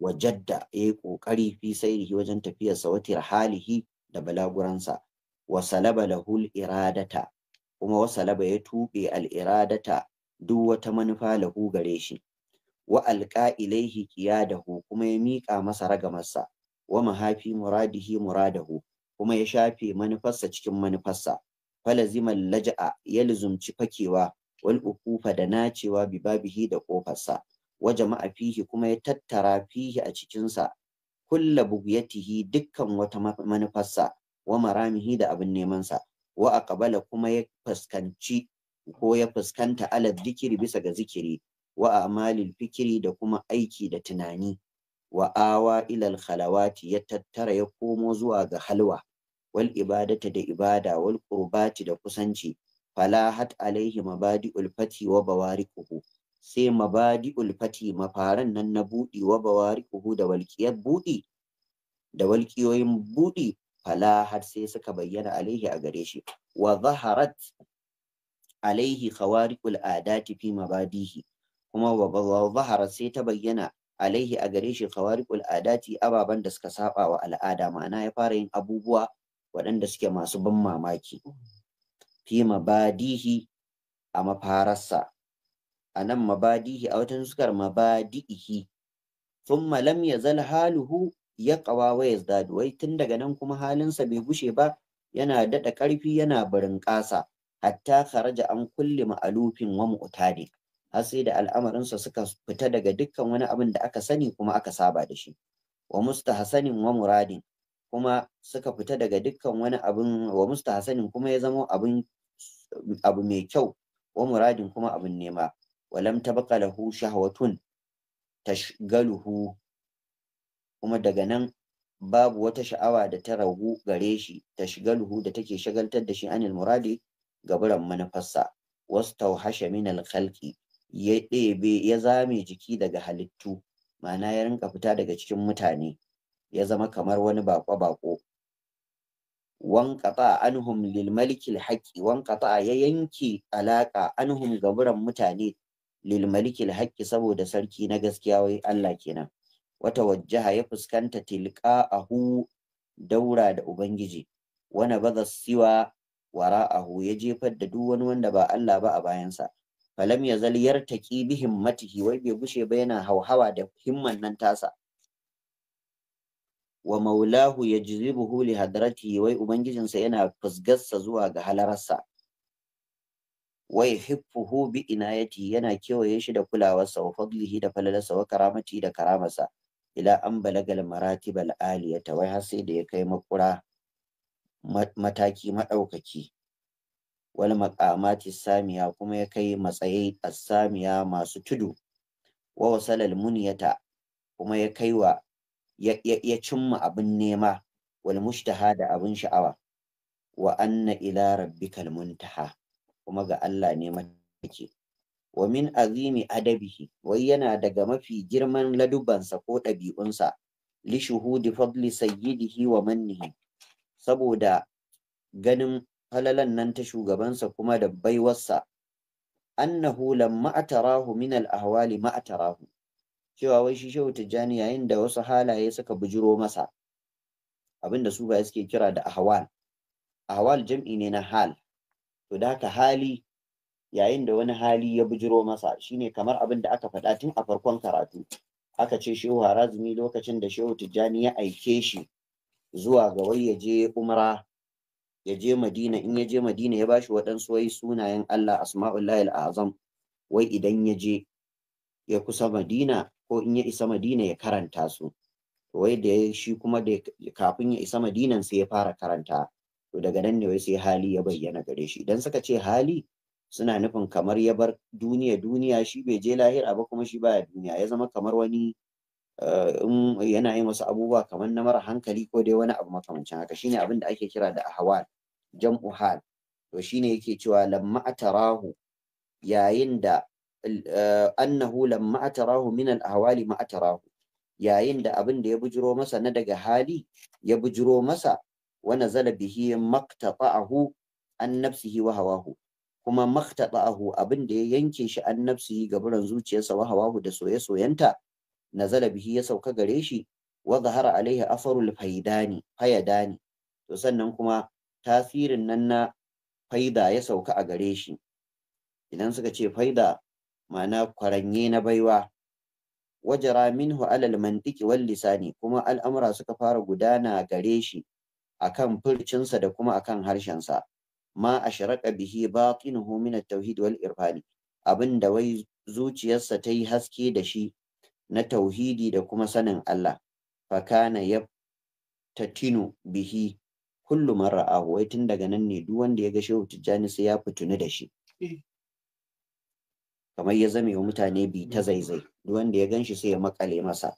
wa jadda ya yi ƙoƙari fi sairihi wajen tafiyarsa wata halihi da balaguransa wa salaba lahul iradata kuma wa salaba ya tuɓe al'iradata duk wata manufa lahu gare shi wa alƙa ilaihi kiyadahu kuma ya miƙa masa ragamarsa wa mahafi muradihi muradahu kuma ya shafe manufarsa cikin manufarsa falazimal laja'a ya lizumci fakewa wal ukufa da nacewa bi babihi da kofarsa wa jama'a fihi kuma ya tattara fihi a cikinsa kulla tihi dukkan wata manufarsa wa maramihi da abin nemansa wa aqbala kuma ya fuskanci ko ya fuskanta ala zikiri bisa ga zikiri wa amalil fikiri da kuma aiki da tunani wa awa ilal khalawati ya tattara ya komo zuwa ga halwa wal ibadata da ibada wal qurbati da kusanci falahat alaihi mabadi ulfati wa kuhu, sai mabadi ulfati mafaran nan na buɗi wa bawarikuhu da walƙiyar buɗi da walƙiyoyin buɗi falahat sai suka bayyana alaihi a gare shi wa zaharat alaihi khawariqul adati fi mabadihi kuma wa zaharat sai ta bayyana alaihi a gare shi khawariqul adati ababan da suka saba wa al'ada ma'ana ya fara yin abubuwa waɗanda suke masu ban mamaki fi badihi a mafararsa a nan mabadihi a wata nuskar mabadihi malam ya yazal haluhu ya kawa wa yazdadu wai tun daga nan kuma halinsa bai bushe ba yana daɗa ƙarfi yana barin ƙasa hatta kharaja an kulli ma'alufin wa mu'tadi har sai da al'amarinsa suka fita daga dukkan wani abin da aka sani kuma aka saba da shi wa mustahsanin wa muradin kuma suka fita daga dukkan wani abin wa mustahsanin kuma ya zama abin abu mai kyau wa muradin kuma abin nema walam tabqa lahu shahwatun tashgaluhu kuma daga nan babu wata sha'awa da ta ragu gare shi tashgaluhu da take shagaltar da shi anil muradi gaburan manufarsa wastauhasha min al-khalqi ya ɗebe ya zame jiki daga halittu ma'ana ya rinka fita daga cikin mutane ya zama kamar wani bako-bako wankata anhum lil malikil haqqi wankata ya yanke alaka anhum gaburan mutane lil malikil haqqi saboda sarki na gaskiya wai Allah kenan wata wajjaha ya fuskanta ahu daura da ubangiji wana baza siwa wara'ahu ya jefar da duk wani wanda ba Allah ba a bayansa falam ya yartaki bi himmatihi wai bai gushe ba yana hauhawa da himman nan tasa wa maulahu ya jiri li hadarati wai ubangijinsa yana fusgarsa zuwa ga halararsa wai hifuhu bi inayati yana kewaye shi da kulawarsa wa fadlihi da falalarsa wa karamati da karamarsa ila an balagal maratibal aliyata wai har sai da ya kai makura mataki madaukaki wal maqamati samiya kuma ya kai matsayi as-samiya masu tudu wa wasalal muniyata kuma ya kai wa ya cimma abin nema wal mushtaha da abin sha'awa wa anna ila rabbikal muntaha kuma ga Allah ne matake wa min azimi adabihi wai yana daga mafi girman ladubansa ko ɗabi'unsa li shuhudi fadli sayyidihi wa mannihi saboda ganin falalan nan ta shugabansa kuma da baiwarsa annahu lamma atarahu min al ahwali ma atarahu cewa wai shi shehu tijjani yayin da wasu halaye suka bujiro masa abinda su ba suke kira da ahwal ahwal jam'i ne na hal to da haka hali yayin da wani hali ya bujiro masa shine kamar abin da aka faɗa tun a farkon karatu aka ce shehu harazumi lokacin da shehu tijjani ya aike shi zuwa ga wai ya je umra ya je madina in ya je madina ya bashi waɗansu wai sunayen allah asma'ullahi al'azam wai idan ya je ya kusa madina ko in ya isa madina ya karanta su wai da shi kuma da kafin ya isa madinan sai ya fara karanta to daga nan ne wai sai hali ya bayyana gare shi idan suka ce hali suna nufin kamar ya bar duniya duniya shi bai je lahira ba kuma shi baya duniya ya zama kamar wani eh, in yana yin wasu abubuwa kamar na mara hankali ko dai wani abu makamancin haka shine abin da ake kira da ahwal jam'u hal to shine yake cewa lamma atarahu yayin da annahu lamma atarahu min al-ahwali ma yayin da abin da ya bujiro masa na daga hali ya bujiro masa wa nazala bihi maqtata'ahu an nafsihi wa kuma maqtata'ahu abinda ya yanke shi an nafsihi gaburan zuciyarsa wahawahu da soye-soyenta na bihi ya sauka gare shi wa zahara alaihi asarul faidani fayadani to sannan kuma tasirin nan na faida ya sauka a gare shi idan suka ce faida ma'ana kwaranye na baiwa wajara minhu alal mantiki wal lisani kuma al'amura suka fara gudana gare shi akan furcinsa da kuma akan harshensa ma ashraka bihi batinuhu min at-tauhid wal irfani abinda wai zuciyarsa ta yi haske da shi na tauhidi da kuma sanin Allah fakana ya tatinu bihi kullu man wai tun daga nan ne duk wanda ya ga Shehu Tijjani sai ya fitunu da shi eh. kamar ya zame wa mutane bi ta mm. zaizai duk wanda ya gan shi sai ya makale masa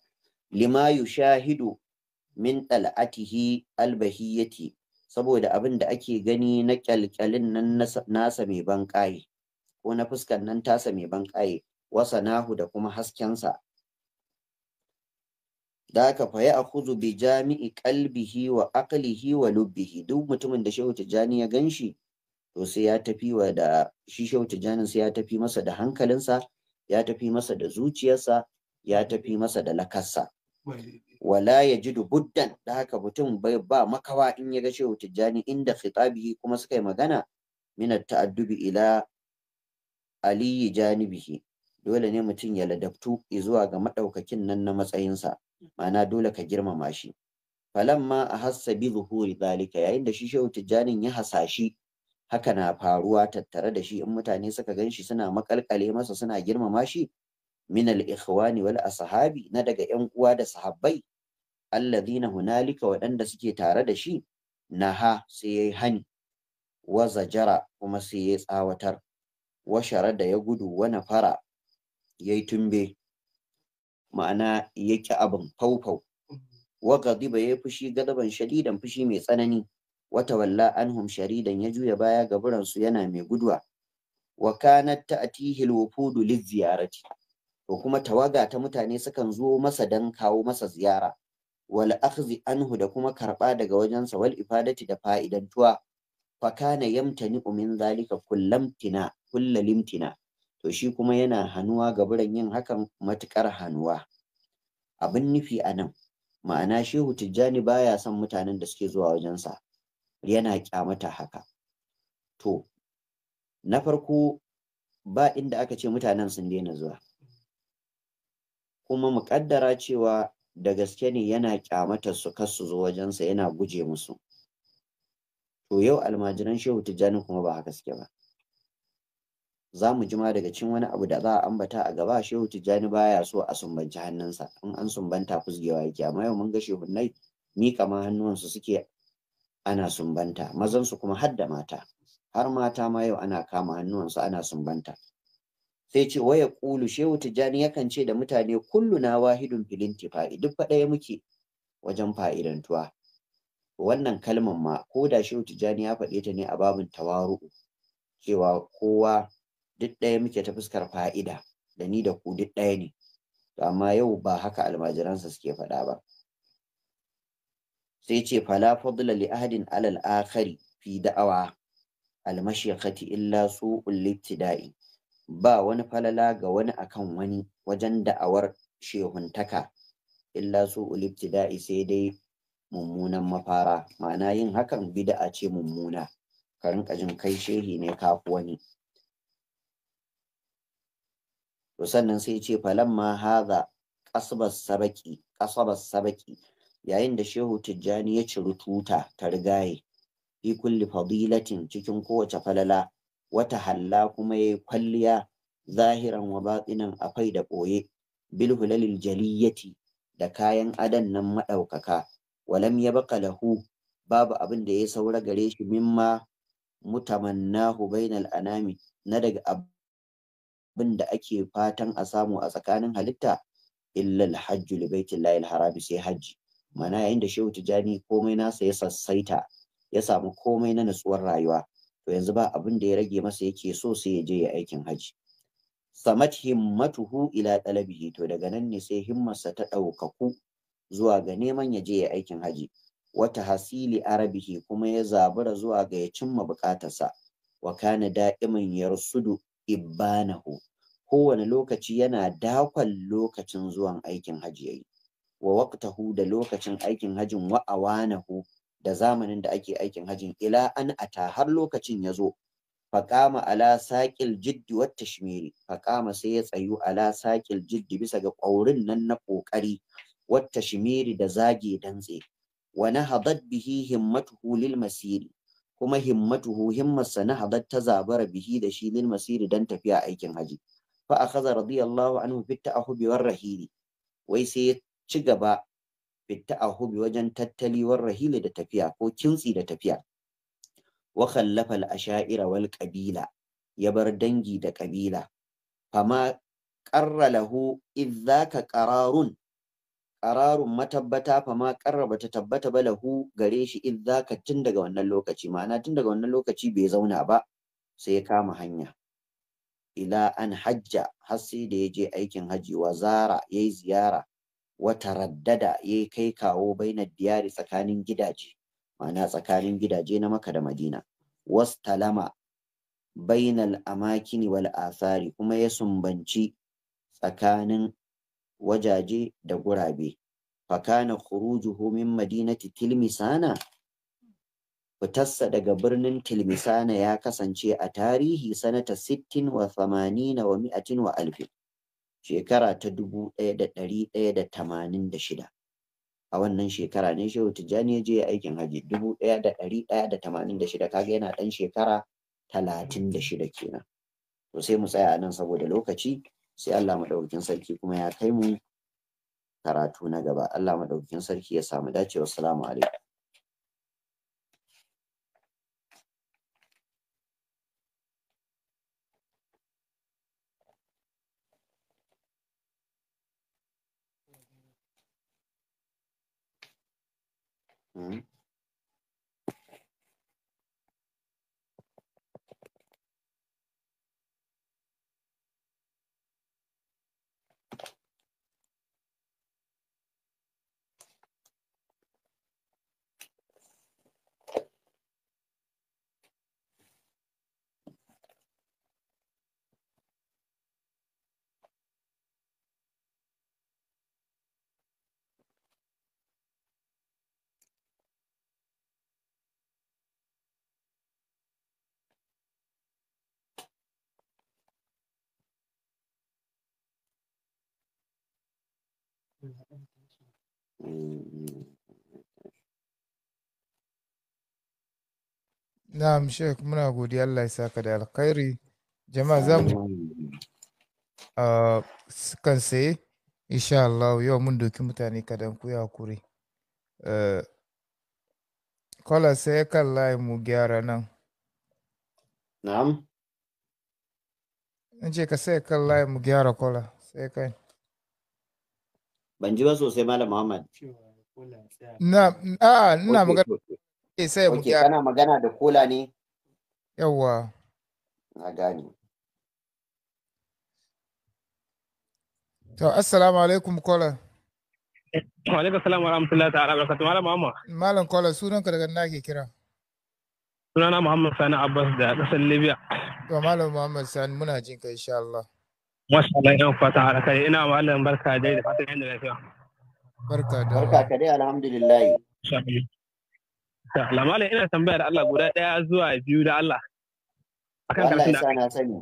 lima yushahidu min tal'atihi albahiyati saboda abin da ake gani na kyalkyalin nan nasa mai banƙaye ko na fuskan nan tasa mai bankaye wasa nahu da kuma haskensa da aka faya a kuzu bi jami'i kalbihi wa aqlihi wa lubbihi duk mutumin da shehu tijjani ya ganshi to sai ya tafi wa da shi shehu sai ya tafi masa da hankalinsa ya tafi masa da zuciyarsa ya tafi masa da lakarsa wala ya ji dubuddan da haka mutum bai ba makawa in ya ga shehu tijjani inda khitabi kuma suka yi magana min ta'addubi ila aliyi janibihi dole ne mutum ya ladabtu zuwa ga madaukakin nan na matsayinsa ma'ana dole ka girmama shi falamma a hassa bi zuhuri zalika yayin da shi shehu tijjanin ya hasashi haka na faruwa tattare da shi in mutane suka gan shi suna makalkale masa suna girmama shi min al-ikhwani wal ashabi na daga yan uwa da sahabbai alladhina hunalika waɗanda suke tare da shi naha sai yayi hani wa zajara kuma sai yayi tsawatar wa shara da ya gudu wa nafara yayi tumbe ma'ana yaki abin faufau wa gadiba yayi fushi gadaban shadidan fushi mai tsanani wata walla anhum sharidan ya juya baya ga buransu yana mai guduwa wa kanat ta'tihi alwufudu liziyarati to kuma tawaga ta mutane sukan zo masa dan kawo masa ziyara wal akhzi anhu da kuma karba daga wajensa wal ifadati da fa'idantuwa fa kana yamtani min zalika kullamtina kullalimtina to shi kuma yana hanuwa ga buran yin hakan matukar hanuwa abin nufi anan ma'ana shehu tijjani baya son mutanen da suke zuwa wajensa yana kyamata haka to na farko ba inda aka ce mutanen sun daina zuwa kuma mu cewa da gaske ne yana kyamata su kasu su zo wajensa yana guje musu to yau almajiran shehu tijjani kuma ba haka suke ba za mu jima daga cin wani abu da za a ambata a gaba shehu tijjani baya so a sumbanci hannunsa in an sumbanta fusgewa yake amma yau mun ga shehu nai mika ma hannuwansu suke ana sumbanta mazan su kuma hadda mata har mata ma yau ana kama hannuwansu ana sumbanta sai ce waya Kulu, shehu tijjani yakan ce da mutane kullu na wahidun filin tifa'i duk fa ɗaya muke wajen fa'idantuwa wannan kalman ma ko da shehu tijjani ya faɗe ta ne a babin tawaru'u cewa kowa duk ɗaya muke ta fuskar fa'ida da ni da ku duk ɗaya ne to amma yau ba haka almajiransa suke faɗa ba sai ce fala fadla li ahadin alal akhari fi da'awa almashiqati illa su'ul littida'i ba wani falala ga wani akan wani wajen da'awar shehuntaka illa su'ul littida'i sai dai mummunan mafara ma'ana yin hakan bid'a ce mummuna ka rinka jin kai shehi ne kafi wani to sannan sai ce falamma hadha qasbas sabaki qasabas sabaki yayin da shehu tijjani ya ciri tuta ta rigaye fi kulli fadilatin cikin kowace falala wata halla kuma yayi kwalliya zahiran wa batinan afai da ɓoye bil hulalil jaliyati da kayan adan nan maɗaukaka walam ya baka lahu babu abin da ya saura gare shi mimma mutamannahu bainal anami na daga abin da ake fatan a samu a tsakanin halitta illal hajju li baitillahi harami sai hajji mana yayin da shehu tijani komai nasa ya sassaita ya samu komai na nutsuwar rayuwa to yanzu ba abin da ya rage masa yake so sai ya je ya aikin haji samat himmatuhu ila talabihi to daga nan ne sai himmarsa ta ɗaukaku zuwa ga neman ya je ya aikin haji wata hasili arabihi kuma ya zabura zuwa ga ya cimma bukatarsa wa kana da'iman yarsudu ibanahu kowane lokaci yana dakon lokacin zuwan aikin haji yayi wa waqtahu da lokacin aikin hajin wa awanahu da zamanin da ake aikin hajin ila an ata har lokacin ya zo faƙama ala saƙil jiddi wat tashmiri faƙama sai ya tsayu ala saƙil jiddi bisa ga ƙaurin nan na ƙoƙari wat tashmiri da zage dantse wa hadad bihi himmatuhu lil masiri kuma himmatuhu himmarsa hadad ta zabara bihi da shi lil masiri dan tafiya aikin haji fa akhadha radiyallahu anhu fit ta'ahubi war rahili wai sai ci gaba fita a hubi wajen tattali rahila da tafiya ko kintsi da tafiya wa khallafa al-asha'ira wal qabila ya bar dangi da kabila fama qarra lahu idzaka qararun qararun matabbata fama qarra bata tabbata ba lahu gare shi idzaka tun daga wannan lokaci ma'ana tun daga wannan lokaci bai zauna ba sai ya kama hanya ila an hajja har sai da ya je aikin haji wa zara yayi ziyara wata raddada ya kai kawo bainar diyari tsakanin gidaje ma'ana tsakanin gidaje na maka da madina wastalama bainal amakini wal asari kuma ya sumbanci tsakanin wajaje da gurabe fakana khurujuhu min madinati tilmisana fitarsa daga birnin tilmisana ya kasance a tarihi sanata sittin wa thamanina wa mi'atin wa alfin shekara ta dubu ɗaya da ɗari ɗaya da tamanin da shida a wannan shekara ne shehu tijjani ya je ya aikin hajji dubu ɗaya da ɗari ɗaya da tamanin da shida kaga yana ɗan shekara talatin da shida kenan to sai mu tsaya nan saboda lokaci sai Allah maɗaukakin sarki kuma ya kai mu karatu na gaba Allah maɗaukakin sarki ya samu dacewa salamu alaikum Mm-hmm. Na'am Sheikh muna godiya Allah ya saka da alkhairi. Jama'a za mu kan saye insha Allah yau mun doki mutane kadan ku ya kure. Kola sai kan layi mu gyara nan. Na'am. In ce ka sai kan layi mu gyara kola sai kai. ban ji ba sosai malam muhammad na a ina magana eh sai mu kana magana da kola ne yawa na gani to assalamu alaikum kola wa alaikum wa rahmatullahi ta'ala barakatuh malam muhammad malam kola sunan ka daga ina ke kira sunana muhammad sani abbas da kasar libya to malam muhammad sani muna jin ka insha Allah Masha Allah ina fata haraka ina malam barka dai da fatan yanda lafiya. Barka da. Barka ka dai alhamdulillah. Allah malam ina tambayar da Allah guda ɗaya zuwa biyu da Allah. Akan karatun da na sani.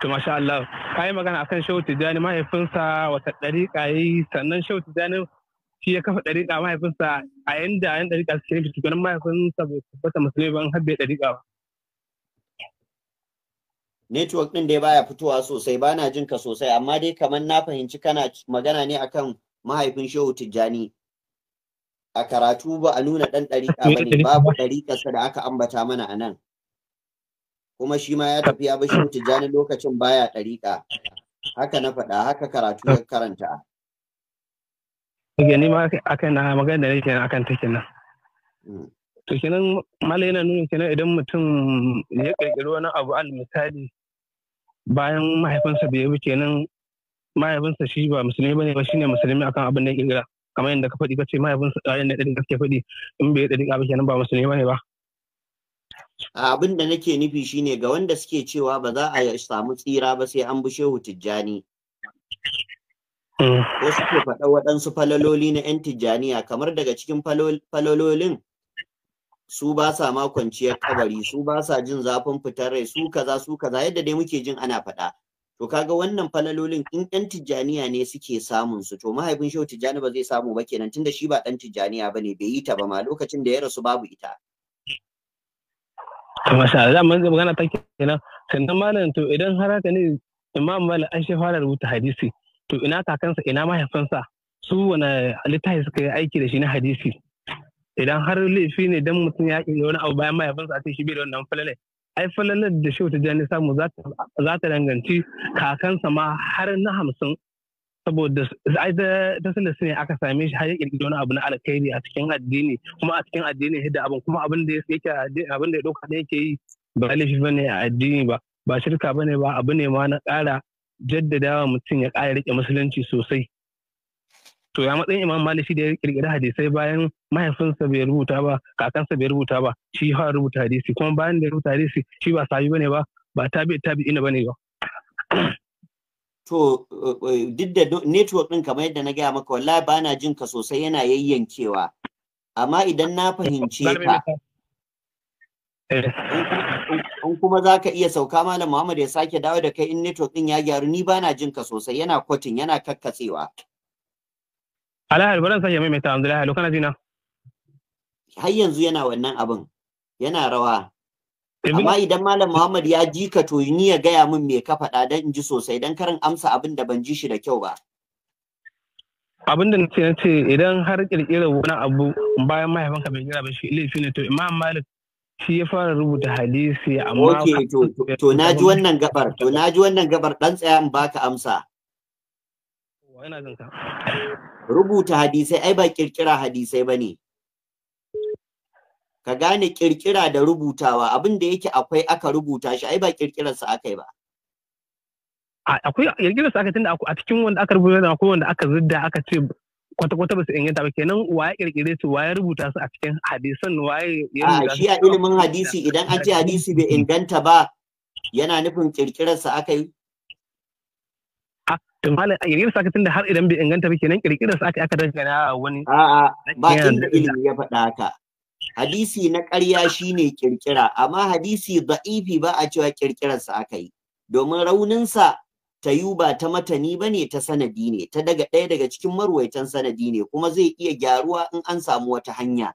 To masha Allah ka yi magana akan Shehu Tijjani mahaifinsa wata ɗariƙa yi sannan Shehu Tijjani shi ya kafa ɗariƙa mahaifinsa a yanda yan ɗariƙa suke nufi tukunan mahaifinsa bai tabbata musulmi ban habbe ɗariƙa ba. network din dai baya fitowa sosai na jin ka sosai amma dai kamar na fahimci kana magana ne akan mahaifin Shehu Tijjani a karatu ba a nuna ɗan ɗariƙa ba ne babu ɗariƙa da aka ambata mana a nan kuma shi ma ya tafi ya bashi tijjani lokacin baya ɗariƙa haka na faɗa haka karatu ya karanta Oke, ni ma aka na magana da nake akan ta kenan. Mm. To kenan mala yana nuna kenan idan mutum ya ƙirƙiri wani abu al misali bayan mahaifinsa da ya bi kenan mahaifinsa shi ba musulmi bane ba shine musulmi akan abin da ya kirkira kamar yadda ka faɗi ka ce mahaifinsa da yadda ɗariƙa gaske faɗi in bai ɗariƙa ba kenan ba musulmi bane ba abin da nake nufi shine ga wanda suke cewa ba za a samu tsira ba sai an bushe shehu tijjani wasu mm. ke faɗa waɗansu falaloli na 'yan tijjaniya kamar daga cikin falololin su ba sa ma kwanciyar kabari su ba sa jin zafin fitar rai su kaza su kaza yadda dai muke jin ana faɗa to kaga wannan falalolin in ɗan tijjaniya ne suke samun su to mahaifin shehu tijjani ba zai samu ba kenan tunda shi ba ɗan tijjaniya bane bai yi ta ba ma lokacin da ya rasu babu ita to masha Allah mun magana ta kenan sannan malam to idan har haka ne imam malam an shi fara rubuta hadisi to ina kakansa ina mahaifinsa su wani littafi suka yi aiki da shi na hadisi idan har laifi ne dan mutum ya ƙi wani abu bayan mahaifinsa a ce shi bai da wannan falalai ai falalar da wata jani samu za ta danganci kakansa ma har na hamsin saboda ai da ta sanar ne aka same shi har ya kirkiri wani abu na alkhairi a cikin addini kuma a cikin addini hidda abin kuma abin da yake abin da ya dauka da yake yi ba laifi bane a addini ba ba shirka bane ba abu ne ma na ƙara jaddadawa mutum ya ƙara rike musulunci sosai to ya matsayin imam malik shi da ya kirkiri hadisai bayan mahaifinsa bai rubuta ba kakansa bai rubuta ba shi ha rubuta hadisi kuma bayan da rubuta hadisi shi ba sabi bane ba ba tabi ina bane ba to duk da network din kamar yadda na gaya maka wallahi ba na jin ka sosai yana yayyankewa amma idan na fahimce ka in kuma za ka iya sauka malam Muhammad ya sake dawo da kai in network din ya gyaru ni ba na jin ka sosai yana kwatin yana kakkatsewa. alahal baran sanya mai ta alhamdulillah lokana jina har yanzu yana wannan abin yana rawa amma idan malam muhammad ya ji ka to ni ya gaya min me ka faɗa dan in ji sosai dan karin amsa abin da ban ji shi da kyau ba abin da nace nace idan har kirkira wani abu bayan mahaifinka bai kira ba shi laifi ne to imam malik shi ya fara rubuta hadisi amma okay to to naji wannan gabar to naji wannan gabar dan tsaya in baka amsa ina ka rubuta hadisai ai ba kirkira hadisai bane ka gane kirkira da rubutawa abin da yake akwai aka rubuta shi ai ba kirkirarsa aka yi ba akwai kirkirarsa aka tunda a cikin wanda aka rubuta akwai wanda aka zidda aka ce kwata-kwata ba su inganta ba kenan waye kirkire su waye rubuta su a cikin hadisan waye ya rubuta shi a ilimin hadisi idan an ce hadisi bai inganta ba yana nufin kirkirarsa aka yi malam irin sakacin da har idan bai inganta ba kenan kirkirar sa aka aka a wani a'a ba inda ilimi ya faɗa haka hadisi na ƙarya shine kirkira amma hadisi da'ifi ba a cewa kirkirar sa aka yi domin raunin sa yi ba ta matani bane ta sanadi ne ta daga ɗaya daga cikin marwaitan sanadi ne kuma zai iya gyaruwa in an samu wata hanya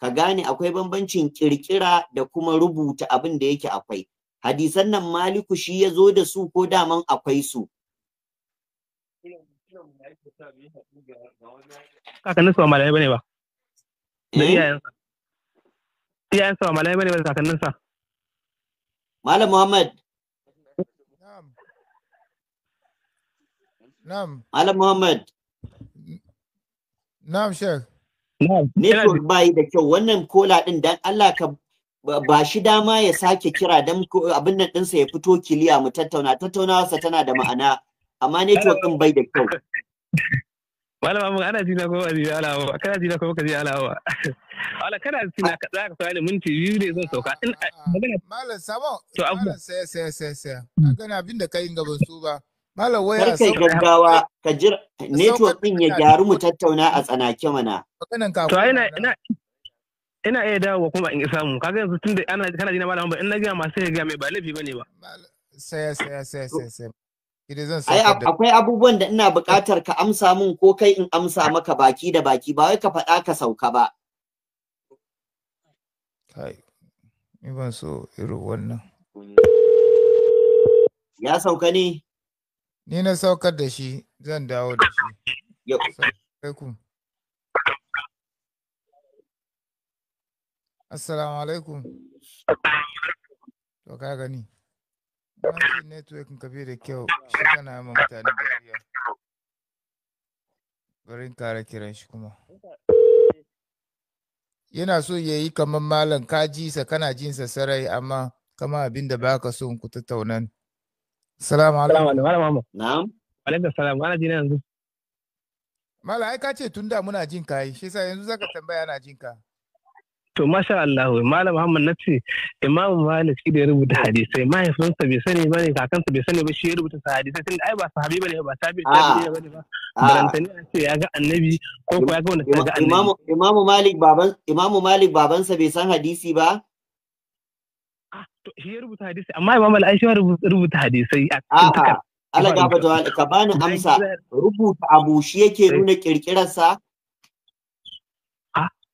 ka gane akwai bambancin kirkira da kuma rubuta abin da yake akwai hadisan nan maliku shi ya zo da su ko daman akwai su kakannin malamai bane ba da eh? iyayensa iyayensa ba malamai bane ba malam muhammad Na'am. Malam Muhammad. Na'am Sheikh. Network bayi da kyau wannan kola din dan Allah ka ba shi dama ya sake kira dan abin nan ɗinsa ya fito kiliya mu tattauna tattaunawarsa tana da ma'ana amma network din bai da kyau. malama mun ana jina ko wani alawa kana jina ko baka ji alawa ala kana jina ka za ka sani minti biyu ne zan sauka in ah, magana malam sabo to abu sai sai sai sai magana abin da kai ga su ba malam waya sai gaggawa ka jira network din ya gyaru mu tattauna a tsanake mana to ina ina ina iya dawo kuma in isa mu kaga yanzu tunda ana kana jina malam ba in na ga masu ga mai ba lafi bane ba sai sai sai sai sai akwai abubuwan da ina buƙatar ka amsa min ko kai in amsa maka baki da baki ba wai ka faɗa ka sauka ba kai ban so irin wannan ya sauka ne ni na saukar da shi zan dawo da shi alaikum assalamu alaikum to ka gani Mashi networkin ka bai da kyau shi kana ma mutane dariya. Bari in kara kiran shi kuma. Yana so ya yi kamar malam ka ji sa kana jin sa sarai amma kama abin da baka so ku tattauna. Salamu alaikum. Malam Na'am. Alaikum salam. Ana jin yanzu. Malam ai ka ce tunda muna jin ka yi shi yasa yanzu zaka tambaya ana jin ka. To masha Allah Malam Muhammad na ce Imam Malik shi da ya rubuta hadisai mahaifinsa bai sani bane kakansa bai sani ba shi ya rubuta hadisai tun ai ba sahabi bane ba tabi ah. tabi'i bane ba ah. barantani a ce ya ga annabi ko ko ya ga wanda ga annabi Imam Malik baban Imam Malik babansa bai san hadisi ba ah, to shi ya rubuta hadisi amma Imam Malik shi ya rubuta hadisai a cikin takar Allah da ka bani amsa rubuta abu shi yake nuna kirkirarsa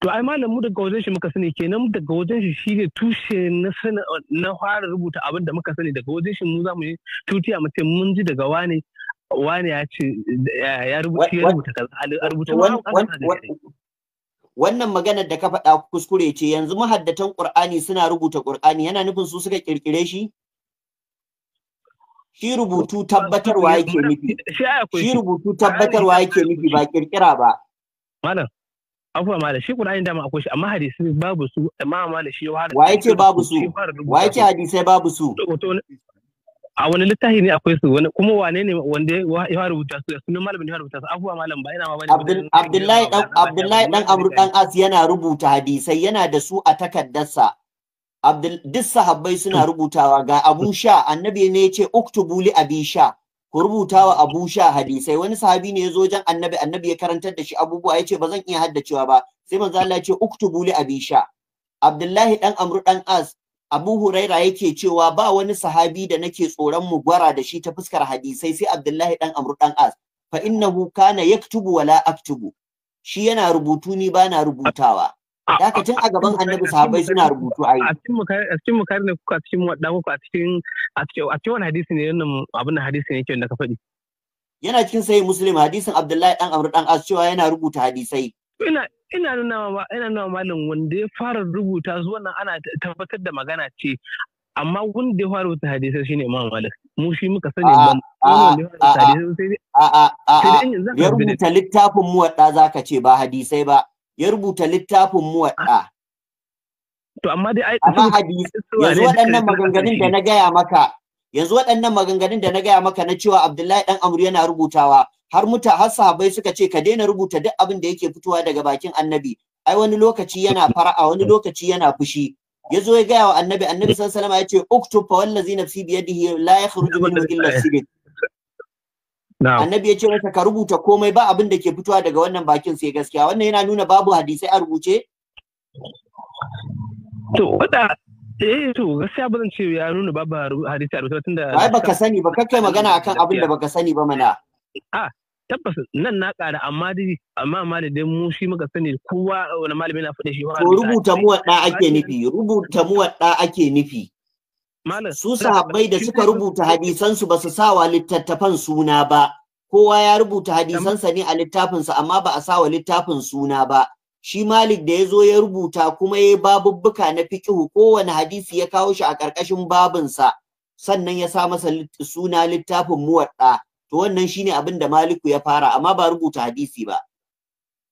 to ai malam mu daga wajen shi muka sani kenan daga wajen shi shine tushe na sana na fara rubuta abin da muka sani daga wajen shi mu zamu yi tutiya mu ce mun ji daga wane wane ya ce ya rubuta ya rubuta kaza a rubuta wannan maganar da ka faɗa kuskure ce yanzu mahaddatan Qur'ani suna rubuta Qur'ani yana nufin su suka kirkire shi shi rubutu tabbatarwa yake nufi shi rubutu tabbatarwa yake nufi ba kirkira ba malam afuwa malam shi qur'ani dama akwai shi amma hadisi babu su amma malam shi wa wa yake babu su wa yake hadisai babu su a wani littafi ne akwai su wani kuma wane ne wanda ya rubuta su sunan malam ne ya rubuta su abubuwa malam ba ina ma bane Abdullahi dan Abdullahi dan Amr dan As yana rubuta hadisai yana da su a takaddarsa Abdul duk sahabbai suna rubutawa ga Abu Sha annabi ne ya ce uktubu li Abi Sha ku rubuta wa Abu Sha hadisai wani sahabi ne ya zo Jan Annabi Annabi ya karantar da shi abubuwa ya ce ba zan iya haddacewa ba sai manzo Allah ya ce uktubu li Abi Sha Abdullahi dan Amru dan As Abu Huraira yake cewa ba wani sahabi da nake tsoron mu gwara da shi ta fuskar hadisai sai Abdullahi dan Amru dan As fa innahu kana yaktubu wala aktubu shi yana rubutu ni bana rubutawa Da ka a gaban annabi sahabai suna rubutu a yi. A cikin mukari ne kuka a cikin wadda kuka a cikin a cikin wani hadisi ne abin da hadisi ne kyau da ka faɗi. Yana cikin sai Muslim hadisin Abdullahi ɗan Amr ɗan As cewa yana rubuta hadisai. Ina ina nuna ma ina nuna malam wanda ya fara rubuta su wannan ana tabbatar da magana ce amma wanda ya fara rubuta hadisai shine Imam Malik. Mu shi muka sani ban a a a a a a a a a littafin a zaka ce ba hadisai ba. ya rubuta littafin muwaɗa. to amma dai amma hadisi yanzu waɗannan maganganun da na gaya maka yanzu waɗannan maganganun da na gaya maka na cewa Abdullahi dan amru yana rubutawa har muta har sahabai suka ce ka daina rubuta duk abin da yake fitowa daga bakin Annabi ai wani lokaci yana fara'a wani lokaci yana fushi Ya zo ya gaya wa Annabi Annabi sallallahu alaihi wasallam ya ce uktub fa wallazi nafsi biyadihi la yakhruju minhu illa sibit. annabi ya ce masa ka rubuta komai ba abin da ke fitowa daga wannan bakin sai gaskiya wannan yana nuna babu hadisai a rubuce to wada eh to gaskiya ba zan ce ya nuna babu hadisi a rubuce tunda ai baka sani ba kai magana akan abin da baka sani ba mana a tabbas nan na ƙara amma dai amma amma da mu shi muka sani kowa wani malami na faɗe shi to rubuta mu wadda ake nufi rubuta mu wadda ake nufi su sahabbai da suka rubuta hadisansu ba su sawa littattafan suna ba kowa ya rubuta hadisansa ne a littafinsa amma ba a sawa littafin suna ba shi malik da ya zo ya rubuta kuma ya babubbuka na fikihu kowane hadisi ya kawo shi a ƙarƙashin babinsa sannan ya sa masa suna littafin muwadda to wannan shine abin da maliku ya fara amma ba rubuta hadisi ba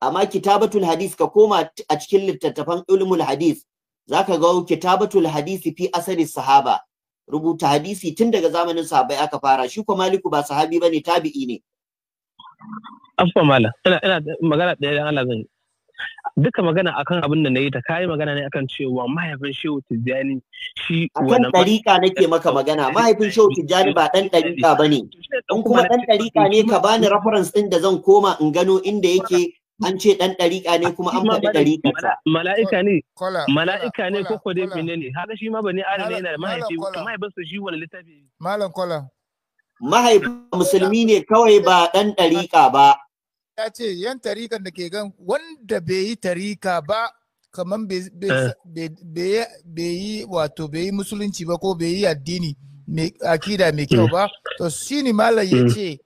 amma kitabatul hadis ka koma a cikin littattafan ilmul hadis zaka ga kitabatul hadisi fi asali sahaba rubuta hadisi tun daga zamanin sahabai aka fara shi ko maliku ba sahabi bane tabi'i ne afwa mala ina ina magana da dan Allah zan duka magana akan abin da nayi ta kai magana ne akan cewa mahaifin Shehu Tijjani shi akan dariƙa nake maka magana mahaifin Shehu Tijjani ba dan dariƙa bane in kuma dan dariƙa ne ka bani reference din da zan koma in gano inda yake an ce ɗan ɗariƙa ne kuma an faɗi ɗariƙa. Mala'ika ne, mala'ika ne ko ko dai ne, haka shi ma bane ari ne yana da mahaifi, mahaifinsa shi wani littafi. Malam Kola. Mahaifi musulmi ne kawai ba ɗan ɗariƙa ba. Ya ce yan tarikan da ke gan wanda bai yi tariƙa ba kamar eh. bai yi wato bai yi musulunci ba ko bai yi addini akida mai kyau ba mm. to shi ne malam ya mm. ce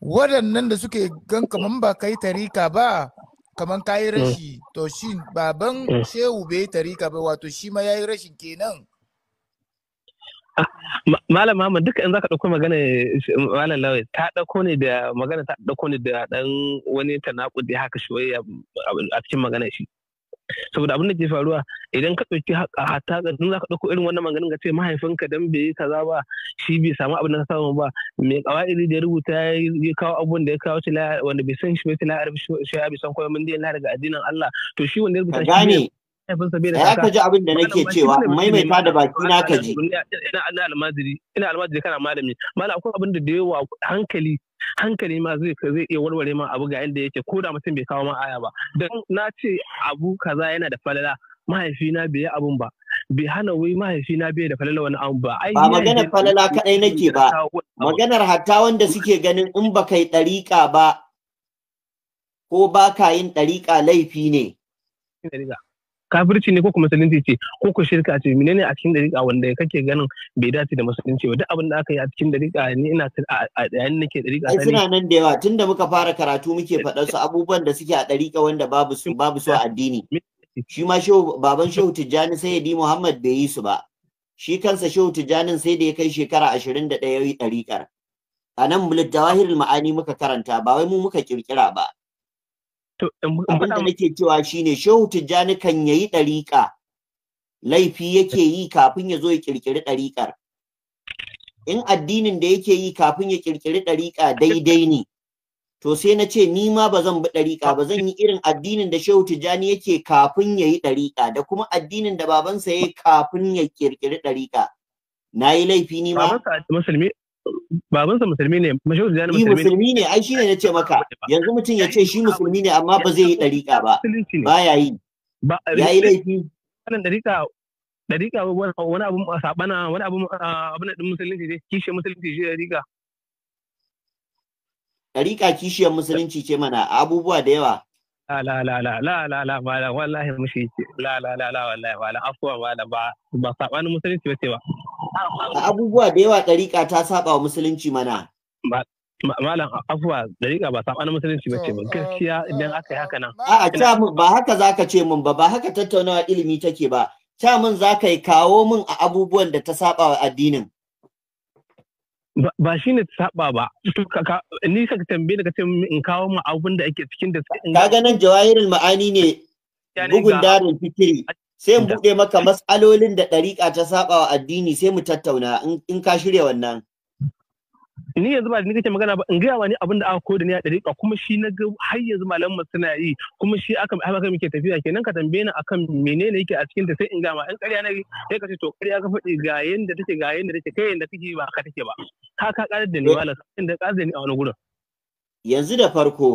waɗannan da suke gan kaman ba kai tarika ba kaman ka yi eh. rashi to shi baban eh. shehu bai tarika ba wato shi ma ya yi rashin kenan ah, Malam Muhammad duka in zaka ɗauko magana Malam Lawai ta ɗauko ne da magana ta ɗauko ne da ɗan wani tanakudi haka shi a cikin magana shi. saboda abin da ke faruwa idan ka ɗauki hatta tun za ka ɗauko irin wannan maganin ka ce mahaifinka dan bai yi kaza ba shi bai samu abin da ka samu ba mai kawai da ya rubuta ya kawo abubuwan da ya kawo shi wanda bai san shi bai tana arabi shi ya bai san kowa mun dai daga addinin Allah to shi wanda ya rubuta shi ne ya ka ji abin da nake cewa maimaita da baki na ka ji ina almajiri ina almajiri kana malami malam akwai abin da da yawa hankali hankali ma zai zai iya warware ma abu ga yadda yake ko mutum bai kawo ma aya ba dan na ce abu kaza yana da falala mahaifina bai yi abun ba bai hana wai mahaifina bai da falala wani abu ba ai ba maganar falala kadai nake ba maganar hatta wanda suke ganin in ba kai dariƙa ba ko ba ka yin dariƙa laifi ne kafirci ne ko kuma musulunci ce ko ku shirka ce menene a cikin dariƙa wanda kake ganin bai dace da musulunci ba duk abin da aka yi a cikin dariƙa ni ina a yayin nake dariƙa sai suna nan da yawa tunda muka fara karatu muke eh, faɗa su eh. abubuwan da suke a dariƙa wanda babu su babu su a addini shi ma shehu baban shehu tijjani sayyidi muhammad bai yi su ba shi kansa shehu tijjanin sai da ya kai shekara ashirin da ɗaya ya yi ɗariƙar a nan ma'ani muka karanta ba wai mu muka kirkira ba abin da nake cewa shine shehu tijjani kan yayi ɗariƙa laifi yake yi kafin ya zo ya ƙirƙiri ɗariƙar in addinin da yake yi kafin ya ƙirƙiri ɗariƙa daidai ne to sai na ce ni ma ba zan bi ɗariƙa ba zan yi irin addinin da shehu tijjani yake kafin yayi yi ɗariƙa da kuma addinin da babansa ya kafin ya ƙirƙiri ɗariƙa na yi laifi ni ma musulmi sa musulmi ne mashahur da musulmi ne musulmi ne ai shine ne ce maka yanzu mutum ya ce shi musulmi ne amma ba zai yi dariƙa ba baya yi ba yayi eh, laifi wannan dariƙa dariƙa wani abu sabana wani abu abin din musulunci ne kishi musulunci shi dariƙa dariƙa kishi musulunci ce mana abubuwa da yawa لا لا لا لا لا لا malam wallahi mushi la la la la wallahi malam afuwa malam ba ba sabanin musulunci bace ba abubuwa da yawa ɗariƙa ta saba wa musulunci mana malam afuwa dariƙa ba sabanin musulunci bace ba gaskiya eh, idan aka yi haka nan a'a ta ba haka za ka ce min ba ba haka tattaunawa ilimi take ba ta min zaka yi kawo min a abubuwan da ta saba wa addinin ba shi ne saba ba ni ka tambaye ka ce in kawo mu abin da ake cikin da ka ganin jawahirin ma'ani ne bugun darin fikiri sai mu bude maka masalolin da dariƙa ta saba wa addini sai mu tattauna in ka shirya wannan ni yanzu ba da ni kake magana ba in gaya wa ni abin da aka koda ni a dariƙa kuma shi na ga har yanzu malaman suna yi kuma shi aka haka muke tafiya kenan ka tambaye ni akan menene yake a cikin ta sai in ma in ƙarya na sai ka ce to ƙarya ka faɗi ga yanda take ga yanda take kai yanda kake ba ka take ba ka ka ƙarar da ni wala sai da ƙarar da ni a wani gurin yanzu da farko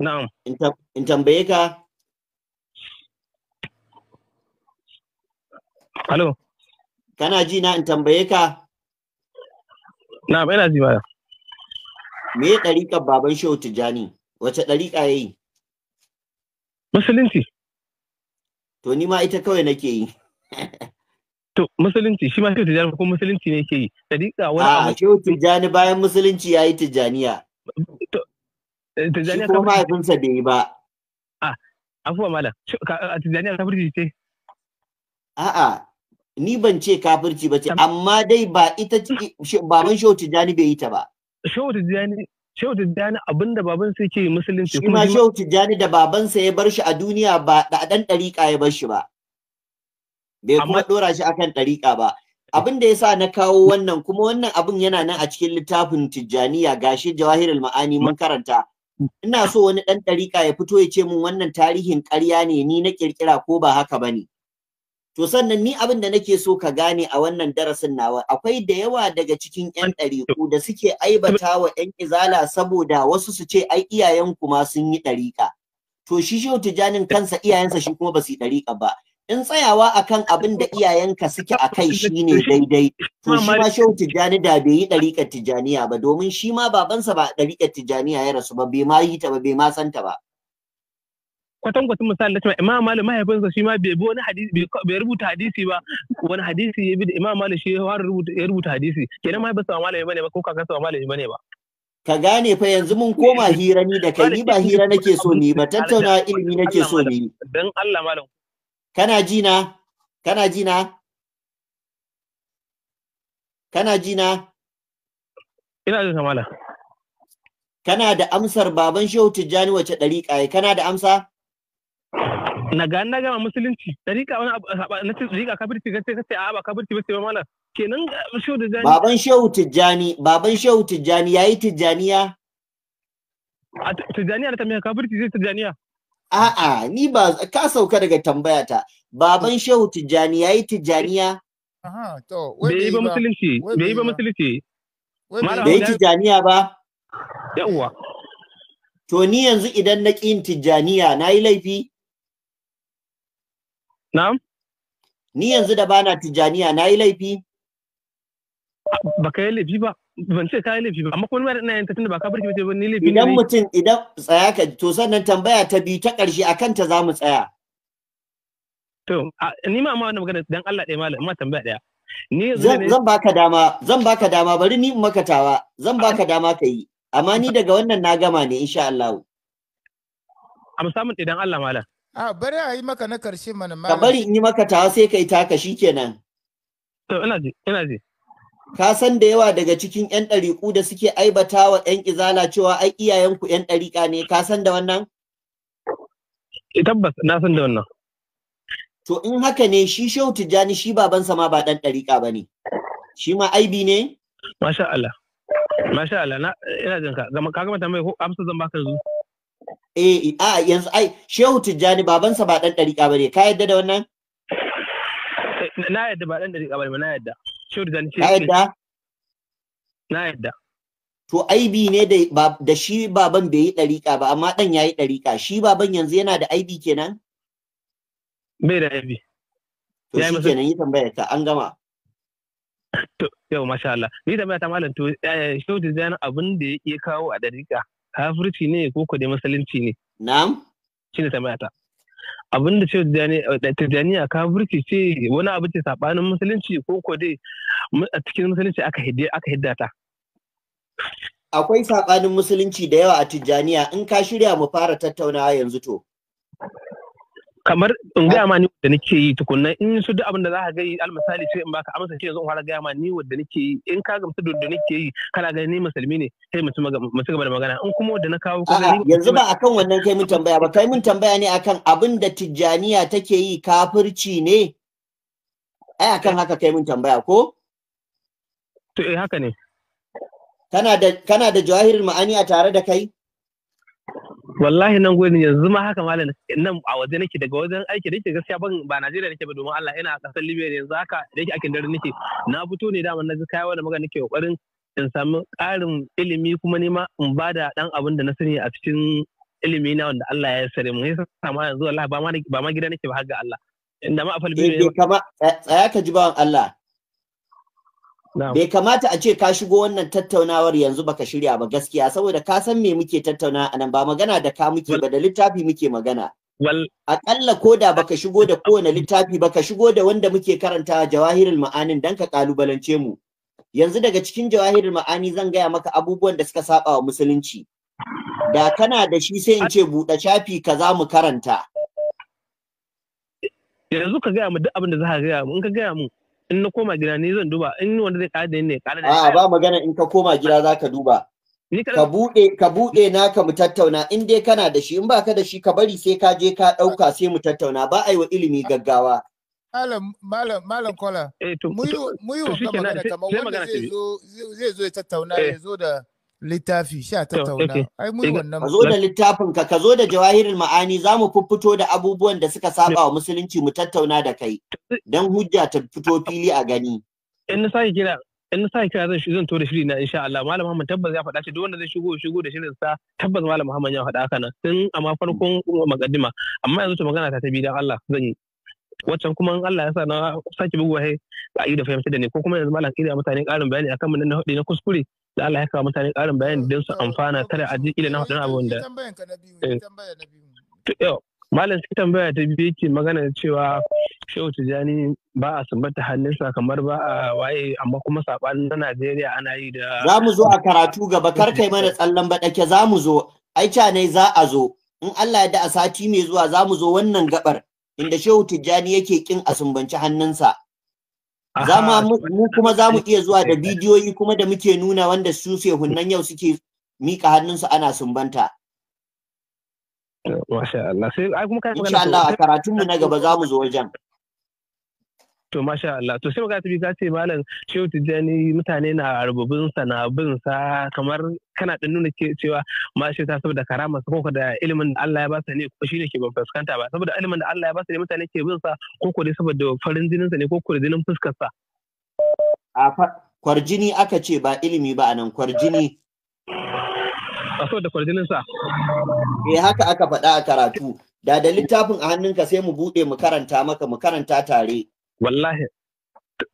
na'am in tambaye ka Hello. Kana ji na in tambaye ka? na bai na zima me ya ɗariƙar baban shehu tijjani wace ɗariƙa ya yi musulunci to ni ma ita kawai nake yi to musulunci shi ma shehu tijjani ko musulunci ne yake yi ɗariƙa wani a shehu tijjani bayan musulunci ya yi tijjaniya eh, tijjaniya ko ma bai yi ba a ah, afuwa malam, tijjaniya fi ce a'a ni ban ce kafirci ba ce amma dai ba ita baban shehu tijjani bai yi ta ba shehu tijjani abinda baban sai ke musulunci shi ma shehu tijjani da babansa ya bar shi a duniya ba da dan ɗariƙa ya bar shi ba bai kuma dora shi akan ɗariƙa ba abin da sa na kawo wannan kuma wannan abin yana nan a cikin littafin tijjaniya gashi jawahirul ma'ani mun karanta ina so wani ɗan ɗariƙa ya fito ya ce min wannan tarihin ƙarya ne ni na ƙirƙira ko ba haka bane To sannan ni abin da nake so ka gane a wannan darasin nawa akwai da yawa daga cikin 'yan ɗariku da suke aibata wa 'yan izala saboda wasu su ce ai iyayen ma sun yi ɗarika. To shi shi tijanin kansa iyayensa shi kuma ba su yi ɗariƙa ba. In tsayawa akan abin da iyayenka suke a kai shi ne daidai. To shi ma shi tijani da bai yi ɗariƙar tijaniya ba domin shi ma babansa ba ɗarikar tijaniya ya rasu ba bai ma yi ta ba bai ma santa ba. Kwatan-kwatan, misali na cewa imam malik mahaifinsa shi ma bai wani hadisi bai rubuta hadisi ba wani hadisi ya bi da imam malik shi ya rubuta hadisi kenan mahaifinsa ba malami bane ba ko kakansa ba malami bane ba ka gane fa yanzu mun koma hira ni da kai ni ba hira nake so ni ba tattauna ilimi nake so ni dan Allah malam kana ji na kana ji na kana ji na ina jin malam kana da amsar baban shehu tijjani wace dariƙa kana da amsa na ga na gama musulunci dariƙa wani na ce dariƙa kafirci kace kace a ba kafirci ba ce ba malam kenan shehu tijjani baban shehu tijjani baban shehu tijjani yayi tijjaniya a tijjaniya da tambaya kafirci zai tijjaniya a'a ni ba ka sauka daga tambaya ta baban shehu tijjani yayi tijjaniya aha to wai ba musulunci bai ba musulunci bai tijjaniya ba yawwa to ni yanzu idan na ƙin tijjaniya na yi laifi Na'am? Ni yanzu da bana tijaniya na yi laifi? Ba ka yi laifi ba, ban ce ka yi laifi ba, amma kuma ina yin tunda ba ka barki ba ni laifi. Idan mutum idan tsaya ka to sannan tambaya ta bi ta ƙarshe a kanta za mu tsaya. To, ni ma amma wani magana don Allah ɗaya malam, amma tambaya ɗaya. Ni zan baka dama, zan baka dama, bari ni makatawa, maka tawa, zan baka dama ka yi. Amma ni daga wannan na gama ne insha Allah. A samun idan Allah malam. A bari a yi maka na karshe mana ma. Ka bari in yi maka tawa sai kai taka kenan. To ina ji ina ji. Ka san da yawa daga cikin ƴan ɗariƙu da suke aibata wa ƴan izala cewa ai iyayenku ƴan ɗariƙa ne ka san da wannan? Eh, tabbas na san da wannan. To in haka ne shi Shehu Tijjani shi baban ma ba ɗan ɗariƙa ba ne. Shi ma aibi ne? Masha Allah. Masha Allah, ina jin ka, ka gama tambaye ko amsa zan baka yanzu. eh a yanzu ai Shehu Tijjani babansa ba dan dariƙa bane ka yadda da wannan na yadda ba dan dariƙa bane na yadda Shehu Tijjani ce na yadda na yadda to aibi ne da da shi baban bai yi dariƙa ba amma dan yayi dariƙa shi baban yanzu yana da aibi kenan bai da aibi to shi kenan yi tambaya ta an gama to yau masha Allah ni tambaya ta malam to eh, Shehu Tijjani abin da ya kawo a dariƙa kafirci ne ko kwade masalinci ne na'am Shi ne ta abin da ce tijjaniya eh, kafirci ce wani abu ce saɓanin musulunci ko kwade a cikin musulunci aka hidde hidda ta akwai saɓanin musulunci da yawa a tijjaniya in ka shirya mu fara tattaunawa yanzu to kamar in gaya ma ni wadda nake yi tukunna in su duk abin da za ka gani almisali sai in baka amsa shi yanzu in fara gaya ma ni wadda nake yi in ka gamsu da nake yi kana gani ni musulmi ne sai mu ci gaba da magana in kuma wadda na kawo ka gani yanzu ba akan wannan kai mun tambaya ba kai mun tambaya ne akan abin da tijjaniya take yi kafirci ne ai akan haka kai mun tambaya ko to eh haka ne kana da kana da jawahirul ma'ani a tare da kai wallahi nan gurin yanzu ma haka malam nan a waje nake daga wajen aiki da yake gaskiya ban ba Najeriya nake ba domin Allah ina a kasar Libya yanzu haka da yake akin dare nake na fito ne da na ji kai wani magana nake kokarin in samu ƙarin ilimi kuma nema in bada dan abin da na sani a cikin ilimi na wanda Allah ya sare mu yasa sama yanzu wallahi ba ma ba ma gida nake ba har ga Allah inda ma afal ne eh, kama tsaya ka ji ba Allah Bai kamata a ce ka shigo wannan tattaunawar yanzu baka shirya ba gaskiya saboda ka san me muke tattauna a nan ba magana da ka muke ba da littafi muke magana. akalla ko da baka shigo da kowane littafi baka shigo da wanda muke karanta jawahirul ma'anin dan ka kalubalance mu. Yanzu daga cikin jawahirul ma'ani zan gaya maka abubuwan da suka saba wa musulunci. Da kana da shi sai in ce buɗe shafi ka za mu karanta. yanzu ka gaya mu duk abin da za ka gaya mu in ka gaya mu in na koma gida ni zan duba in wanda zai kada ne kada da a'a ba magana in ka koma gida za ka duba ka bude ka bude naka mu tattauna in dai kana da shi in baka da shi ka bari sai ka je ka dauka sai mu tattauna ba a yi wa ilimi gaggawa Malam, malam, malam kola. Eh, mu yi wa magana kamar wanda zai zo zai zo ya tattauna eh. ya zo da littafi sha tattauna ai mun wannan ka zo da littafin ka ka zo da jawahirul ma'ani za mu fito da abubuwan da suka saba wa musulunci mu tattauna da kai dan hujja ta fito fili a gani in na sai kira in sai kira zan zan to shiri na insha Allah malam Muhammad tabbas ya faɗa shi duk wanda zai shigo shigo da shirin sa tabbas malam Muhammad ya faɗa haka nan tun amma farkon mm. muqaddima amma yanzu to magana ta ta bi dan Allah zan yi wancan kuma in Allah ya sa na sake bugu wahai ba yi da fahimci da ne ko kuma yanzu malam kida mutane karin bayani akan mun na hudu na kuskure da Allah ya kawo mutane karin bayani don su amfana kada a ji na hudun abu wanda malam suke tambaya ta biyu ke magana cewa shehu tijjani ba a sumbata hannunsa kamar ba a waye amma kuma saɓanin na najeriya ana yi da za mu zo a karatu gaba kar kai mana tsallan baɗake za mu zo aica ne za a zo in allah ya da a sati mai zuwa za mu zo wannan gabar inda shehu tijjani yake kin a sumbanci hannunsa Za mu kuma za mu iya zuwa da bidiyoyi kuma da muke nuna wanda su hunnan yau suke mika hannunsu ana sumbanta Masha Allah Insha Allah a karatunmu na gaba za mu zo wajen To masha Allah. To sai magana ta biyu ka ce malam Shehu Tijjani mutane na rububin sa na bin sa kamar kana dan nuna cewa ma shi ta saboda karama ko ko da ilimin da Allah ya ba sa ne ko shine ke ban fuskanta ba saboda ilimin da Allah ya ba sa ne mutane ke bin sa ko ko dai saboda farin jinin sa ne ko ko jinin fuskar sa. A kwarjini aka ce ba ilimi ba anan kwarjini a saboda kwarjinin sa. Eh haka aka faɗa a karatu. Da da littafin a hannunka sai mu buɗe mu karanta maka mu karanta tare. wallahi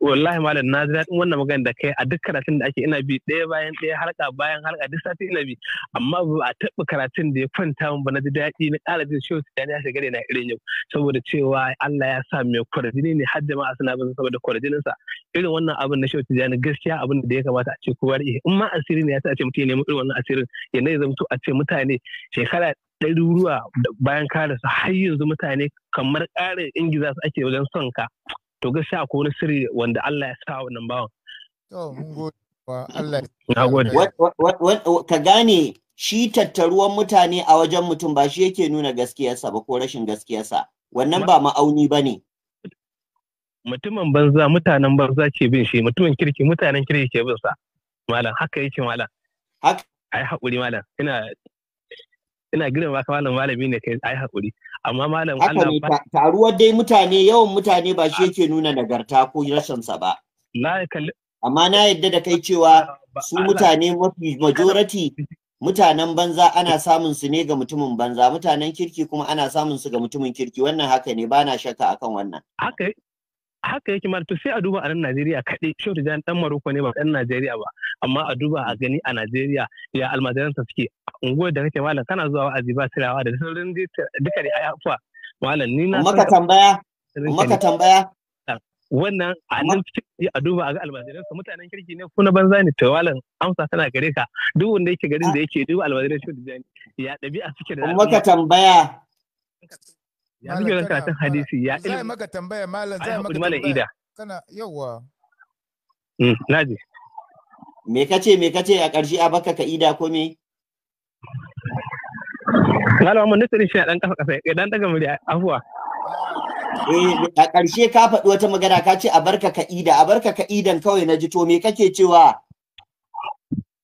wallahi malam na ji daɗin wannan magana da kai a duk karatun da ake ina bi ɗaya bayan ɗaya harka bayan harka duk sati ina bi amma ba a taɓa karatun da ya kwanta min ba na ji daɗi na ƙara jin shi wata gani a shiga na irin yau saboda cewa Allah ya sa mai kwarjini ne har jama'a suna bin saboda kwarjinin sa irin wannan abin na shi gani gaskiya abin da ya kamata a ce kowa in ma asiri ne ya sa a ce mutum ya nemi irin wannan asirin ya ne zamto a ce mutane shekara ɗaruruwa bayan karasa har yanzu mutane kamar ƙarin ingiza su ake wajen son ka to gaskiya akwai wani sirri wanda Allah ya sa wannan bawan to mun gode Allah gode oh, ka gane shi tattaruwan mutane a wajen mutum ba shi yake nuna gaskiyarsa ba ko rashin gaskiyarsa wannan ba ma'auni ba ne mutumin banza mutanen banza ke bin shi mutumin kirki mutanen kirki ke bin sa malam haka yake malam haka ai haƙuri malam ina ina girin malam malami ne kai ai hakuri amma malam Allah taruwar dai mutane yawan mutane ba shi yake nuna nagarta ko rashin sa ba amma na yadda da kai cewa su mutane mafi majority mutanen banza ana samun su ne ga mutumin banza mutanen kirki kuma ana samun su ga mutumin kirki wannan haka ne ba na shakka akan wannan haka haka yake ma to sai a duba a nan Najeriya kaɗai da Tijjani ɗan Maroko ne ba ɗan Najeriya ba amma a duba a gani a Najeriya ya sa suke unguwar da kake malam kana zuwa wa'azi ba tirawa da sauran duka ne a yafuwa malam ni na maka tambaya maka tambaya wannan a nan a duba a ga sa mutanen kirki ne ko na banza ne to malam amsa tana gare ka duk wanda yake garin da yake duba almajiran da Tijjani ya ɗabi'a suke da maka tambaya ya muke kan karatun hadisi ya ilimi maka tambaya malam zai maka tambaya kana yawa hmm, naji me kace me kace a ƙarshe a baka ka ida ko me Malam mun nutsi shi dan kafa kafa ya ɗan daga murya afuwa Eh a ƙarshe ka faɗi wata magana ka ce a barka ka ida a barka ka idan kawai na ji to me kake cewa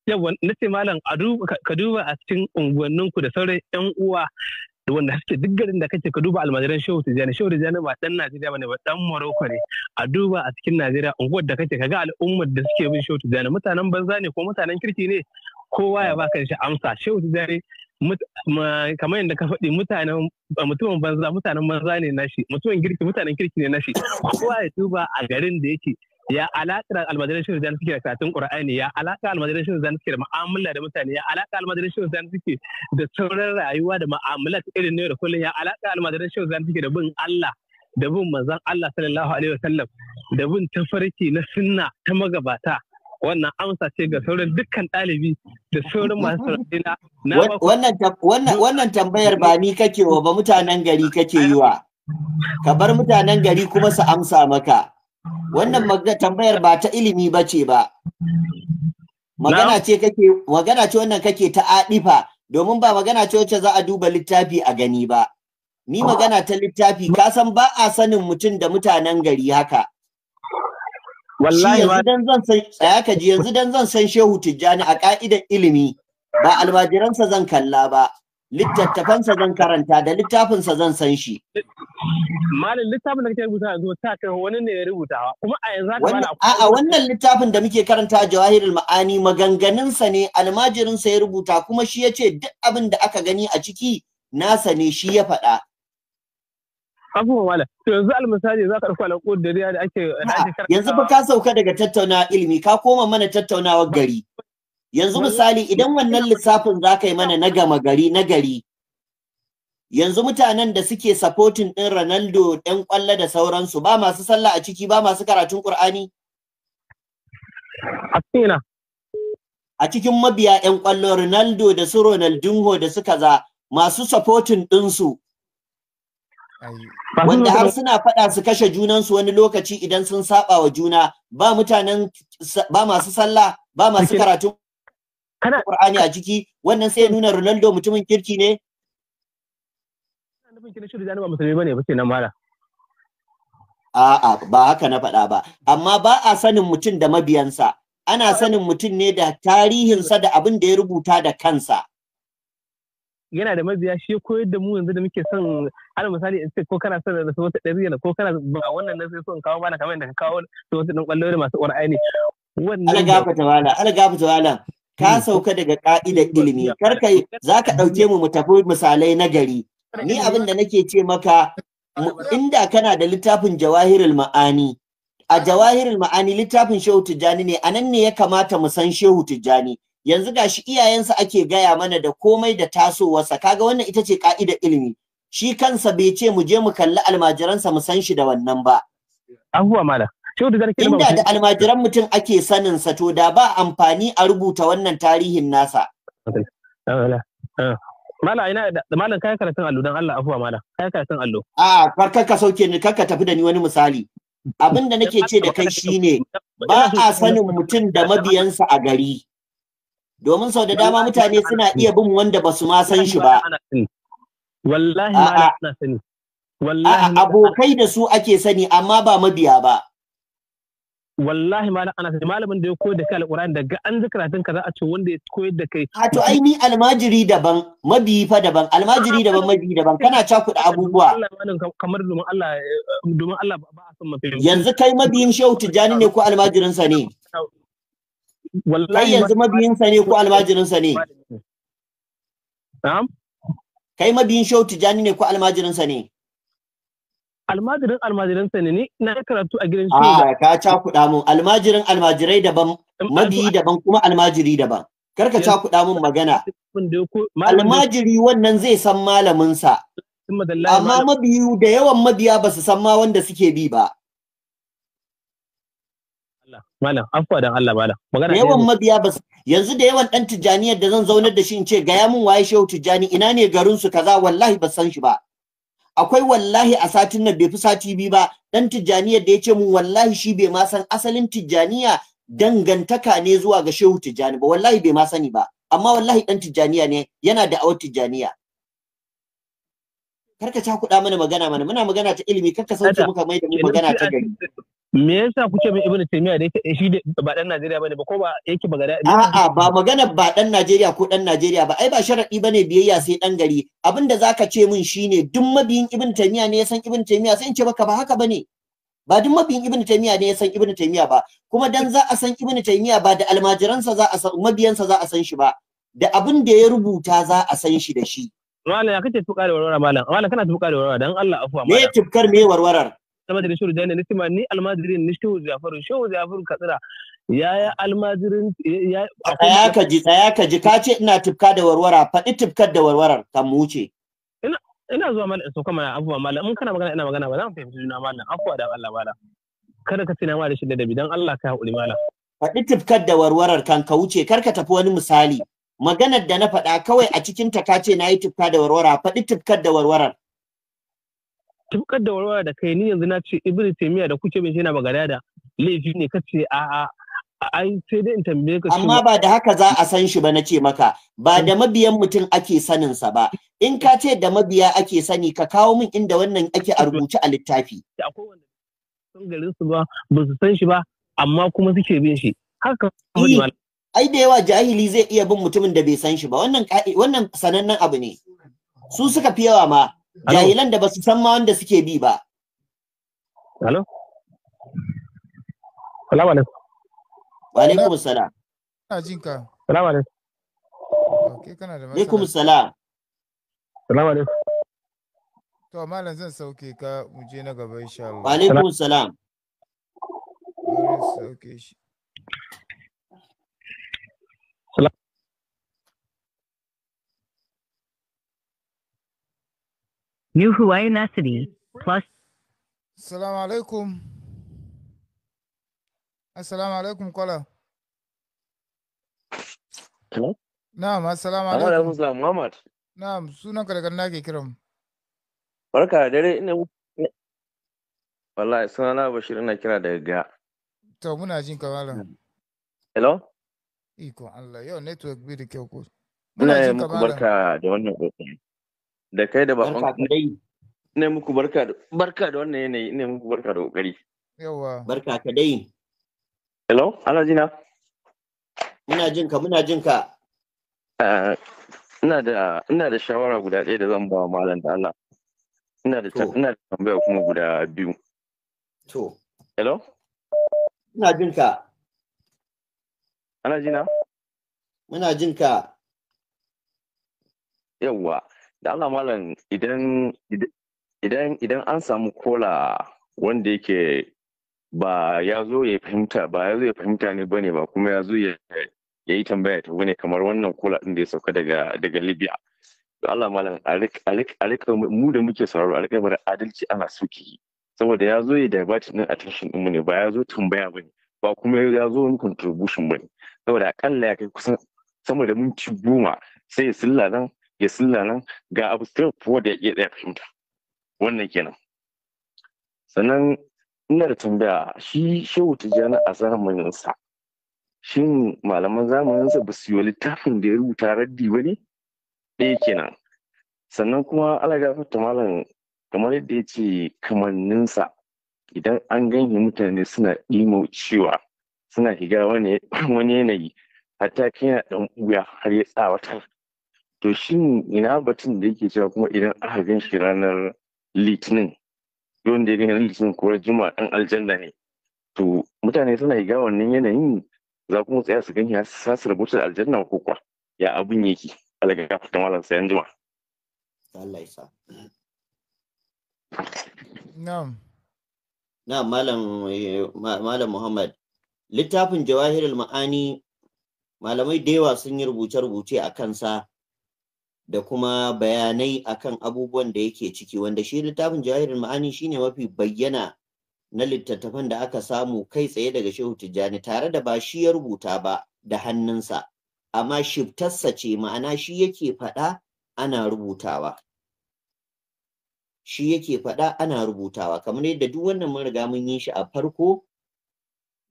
yawa na ce malam ka duba a cikin unguwanninku da sauran yan uwa wanda suke duk garin da kace ka duba almajiran shehu tijani shehu tijani ba dan najeriya bane ba dan morocco ne a duba a cikin najeriya unguwar da kace kaga al'ummar da suke bin shehu tijani mutanen banza ne ko mutanen kirki ne kowa ya baka shi amsa shehu tijani kamar yadda ka faɗi mutanen mutumin banza mutanen banza ne nashi mutumin kirki mutanen kirki ne nashi kowa ya duba a garin da yake ya alaƙar almajiran da zan suke da karatun ƙura'ani ya alaƙar almajiran da zan suke da mu'amala da mutane ya alaƙar almajiran da zan suke da sauran rayuwa da ta irin ne da kullum ya alaƙar almajiran da zan suke da bin Allah da bin manzon Allah sallallahu alaihi wasallam da bin tafarki na sunna ta magabata wannan amsa ce ga sauran dukkan ɗalibi da sauran masu saurari na wannan tambayar ba ni kake wa ba mutanen gari kake yi wa ka bar mutanen gari kuma su amsa maka wannan tambayar ba ta ilimi ba ce ba magana ce kake magana ce wannan kake ta adifa domin ba magana ce wacce za a duba littafi a gani ba ni magana ta littafi ka san ba a sanin mutum da mutanen gari haka wallahi yanzu dan zan san tsaya ka yanzu dan zan san Shehu Tijjani a ka'idar ilimi ba almajiransa zan kalla ba littattafansa zan karanta da littafinsa zan san shi. Malam littafin da kake rubuta yanzu ta kai wani ne ya rubuta kuma a yanzu haka bana a'a wannan littafin da muke karanta Jawahirul Ma'ani maganganunsa ne almajirinsa ya rubuta kuma shi yace duk abin da aka gani a ciki nasa ne shi ya faɗa. Abu malam to yanzu almisali za ka ɗauko alaƙo da da ake yanzu fa ka sauka daga tattauna ilimi ka koma mana tattaunawar gari. yanzu misali idan wannan lissafin za ka yi mana na gama gari na gari yanzu mutanen da suke supporting ɗin Ronaldo ɗan ƙwallo da sauransu ba masu sallah a ciki ba masu karatun Ƙur'ani? A cikin A cikin mabiya ɗan ƙwallo Ronaldo da su Ronaldinho da su Kaza, masu supporting ɗinsu. Wanda har suna faɗa su kashe junansu wani lokaci idan sun saba wa juna ba mutanen ba masu sallah ba masu karatun kana Qur'ani a jiki wannan sai ya nuna Ronaldo mutumin kirki ne nufin kirki da ba musulmi bane ba nan mala a'a ba haka na faɗa ba amma ba a sanin mutum da mabiyansa ana sanin mutum ne da tarihinsa da abin da ya rubuta da kansa yana da mabiya shi koyar da mu yanzu da muke son ana misali in ce ko kana son da wata ɗari ko kana ba wannan nan sai son kawo mana kamar da ka kawo da wata ɗan ƙwallo da masu ƙwar'ani wannan wala, tawala algafa wala. ka hmm. sauka daga ka'idar hmm. ilimi kar kai za ka ɗauke mu mu tafi misalai na gari ni abin da nake ce maka inda kana da littafin jawahirul ma'ani a jawahirul ma'ani littafin shehu tijjani ne anan ne ya kamata mu san shehu tijjani yanzu gashi iyayensa ake gaya mana da komai da tasowarsa kaga wannan ita ce ka'idar ilimi shi kansa bai ce mu je mu kalli almajiransa mu san shi da wannan ba abuwa mala Inda da almajiran mutum ake sanin sa to da ba amfani a rubuta wannan tarihin nasa. Uh, uh, mala ina da malam kai karatun allo dan Allah afuwa mala kai karatun allo. A farkar ka sauke ni ka tafi da ni wani misali. Abin da nake ce da kai shine ba a sanin mutum da mabiyansa a gari. Domin sau da dama mutane suna iya bin wanda ba su ma san shi ba. Wallahi mala ina sani. Wallahi abokai da su ake sani amma ba mabiya ba. wallahi ma ana sai malamin da ya koyar da kai alquran daga an ji karatun ka za a ce wanda ya koyar da kai a to ai ni almajiri daban mabiyi fa daban almajiri daban mabiyi daban kana cha cakuɗa abubuwa kamar domin Allah domin Allah ba a san mafi yanzu kai mabiyin Shehu tijani ne ko almajirin sa ne wallahi yanzu mabiyin sa ne ko almajirin sa ne na'am kai mabiyin Shehu tijani ne ko almajirin sa ne almajirin almajiran sa ne ni na karatu a gidan ah, shi ka ca kuɗa mun almajirin almajirai daban mabiyi daban kuma almajiri daban kar ka ca kuɗa mun magana almajiri wannan zai san malamin sa amma mabiyu da yawan mabiya ba su san ma wanda suke bi ba malam afuwa dan Allah malam magana yawan mabiya ba yanzu da yawan dan tijjaniyar da zan zaunar da shi in ce ga ya mun waye shehu tijjani ina ne garin su kaza wallahi ba san shi ba akwai wallahi a satin nan bai fi sati biyu ba dan tijjaniya da ya ce mun wallahi shi bai ma san asalin tijjaniya dangantaka ne zuwa ga shehu tijjani ba wallahi bai ma sani ba amma wallahi dan tijjaniya ne yana da awar tijjaniya karka cakuɗa mana magana mana muna magana ta ilimi karka sauke muka mai da mu magana ta gari me yasa kuke min ibnu taymiya da yake shi ba dan najeriya bane ba ko ba yake ba gada a'a ba magana ba dan najeriya ko dan najeriya ba ai ba sharadi bane biyayya sai dan gari abinda zaka ce min shine duk mabiyin ibnu taymiya ne ya san ibnu taymiya sai in ce maka ba haka bane ba duk mabiyin ibnu taymiya ne ya san ibnu taymiya ba kuma dan za a san ibnu taymiya ba da almajiransa za a san mabiyansa za a san shi ba da abin da ya rubuta za a san shi da shi malam ya kace tuka da warwara malam malam kana tuka da warwara dan Allah afuwa malam me tufkar me warwarar almajirin shuru jani nisima ni almajirin ni shuru jafaru shuru jafaru katsira yaya almajirin tsaya ka ji tsaya ka ji ka ce ina tifka da warwara faɗi tifkar da warwarar kan mu wuce ina zuwa malam so kuma abuwa malam in kana magana ina magana ba za mu fahimci juna malam afuwa da Allah malam kada ka tina ma da shi da dabi dan Allah ka haƙuri malam faɗi tifkar da warwarar kan ka wuce kar ka tafi wani misali maganar da na faɗa kawai a cikin ta ka ce na yi tifka da warwara faɗi tifkar da warwarar tukar da warwara da kai ni yanzu na ce ibnu taimiyya da kuke bin shi na gada da laifi ne ce a a ai sai dai in tambaye ka amma ba da haka za a san shi ba na ce maka ba da mabiyan mutum ake sanin sa ba in ka ce da mabiya ake sani ka kawo min inda wannan ake a rubuce a littafi akwai wanda sun garin su ba ba su san shi ba amma kuma suke bin shi haka ai da yawa jahili zai iya bin mutumin da bai san shi ba wannan wannan sanannen abu ne su suka fi yawa ma jahilan da ba su san ma wanda suke bi ba Hello? Salamu alaikum. Wa alaikum salam. Ina jin ka. Salamu alaikum. Okay, kana da Alaikum salam. Salamu alaikum. To, malam zan sauke ka muje na gaba insha Allah. Wa alaikum salam. Sauke shi. New Hawaiian Ethity plus. Assalamu alaikum. Assalamu alaikum, Kola. Na'am, assalamu alaikum. Alaikum Muhammad. Na'am, sunan ka daga ke kiran. Barka da dare ina Wallahi sunana Bashir ina kira daga ga. To muna jin ka malam. Hello? Iko Allah, network bi da kyau ko. Muna jin ka malam. Barka da wannan da kai da bakon kai ne muku barka da barka da wannan yanayi ne muku barka da kokari yawa barka ka dai hello ana jina muna jin ka muna jin ka eh, ina da ina da shawara guda ɗaya da zan ba wa malam da Allah ina da ina da tambaya kuma guda biyu to hello ina jin ka ana jina muna jin ka yawwa da Allah malam idan idan idan an samu kola wanda yake ba ya zo ya fahimta ba ya zo ya fahimta ne bane ba kuma ya zo ya yi tambaya ta bane kamar wannan kola din da ya sauka daga daga Libya to Allah malam a rika mu da muke sauraro a rika bar adalci ana soki saboda ya zo ya divert din attention din mu ne ba ya zo tambaya bane ba kuma ya zo wani contribution bane saboda akalla ya kai kusan sama da minti goma sai ya silla nan ya silla nan ga abu fuwa da ya ke iya fahimta wannan kenan sannan ina da tambaya shi shehu tijjani a zamaninsa shin malaman zamaninsa ba su yi littafin da ya rubuta raddi ba ne ɗaya eh kenan sannan kuma ala gafarta malam kamar yadda ya ce kamanninsa idan an ganye mutane suna imo cewa suna shiga wani yanayi hatta kina ɗan ɓuya har ya tsawatar to shin ina batun da yake cewa kuma idan aka gan shi ranar litinin yau da ranar litinin ko juma'a dan aljanna ne to mutane suna yi wannan yanayin za kuma tsaya su gani sa su rubuta da aljanna ko kuwa ya abin yake alaga ka fita malam sayan juma Allah isa na'am na'am malam malam Muhammad littafin jawahirul ma'ani malamai da yawa sun yi rubuce-rubuce a kansa da kuma bayanai akan abubuwan da yake ciki wanda shi littafin jawahirin ma'ani shine mafi bayyana na littattafan da aka samu kai tsaye daga shehu tijjani tare da ba shi ya rubuta ba da hannunsa amma shiftarsa ce ma'ana shi yake faɗa ana rubutawa shi yake faɗa ana rubutawa kamar yadda duk wannan mun riga mun yi shi a farko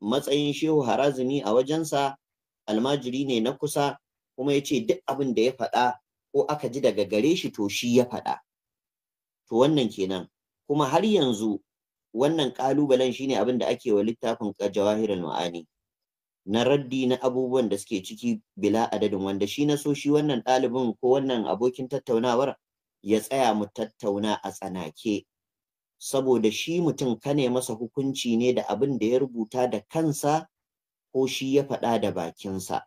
matsayin shehu harazumi a wajensa almajiri ne na kusa kuma ya ce duk abin da ya faɗa ko aka ji daga gare shi to shi ya faɗa to wannan kenan kuma har yanzu wannan ƙalubalen shine abin da ake wa littafin jawahirul ma'ani na raddi na abubuwan da suke ciki bila adadin wanda shi na so shi wannan ɗalibin ko wannan abokin tattaunawar ya tsaya mu tattauna a tsanake saboda shi mutum kane masa hukunci ne da abin da ya rubuta da kansa ko shi ya faɗa da bakinsa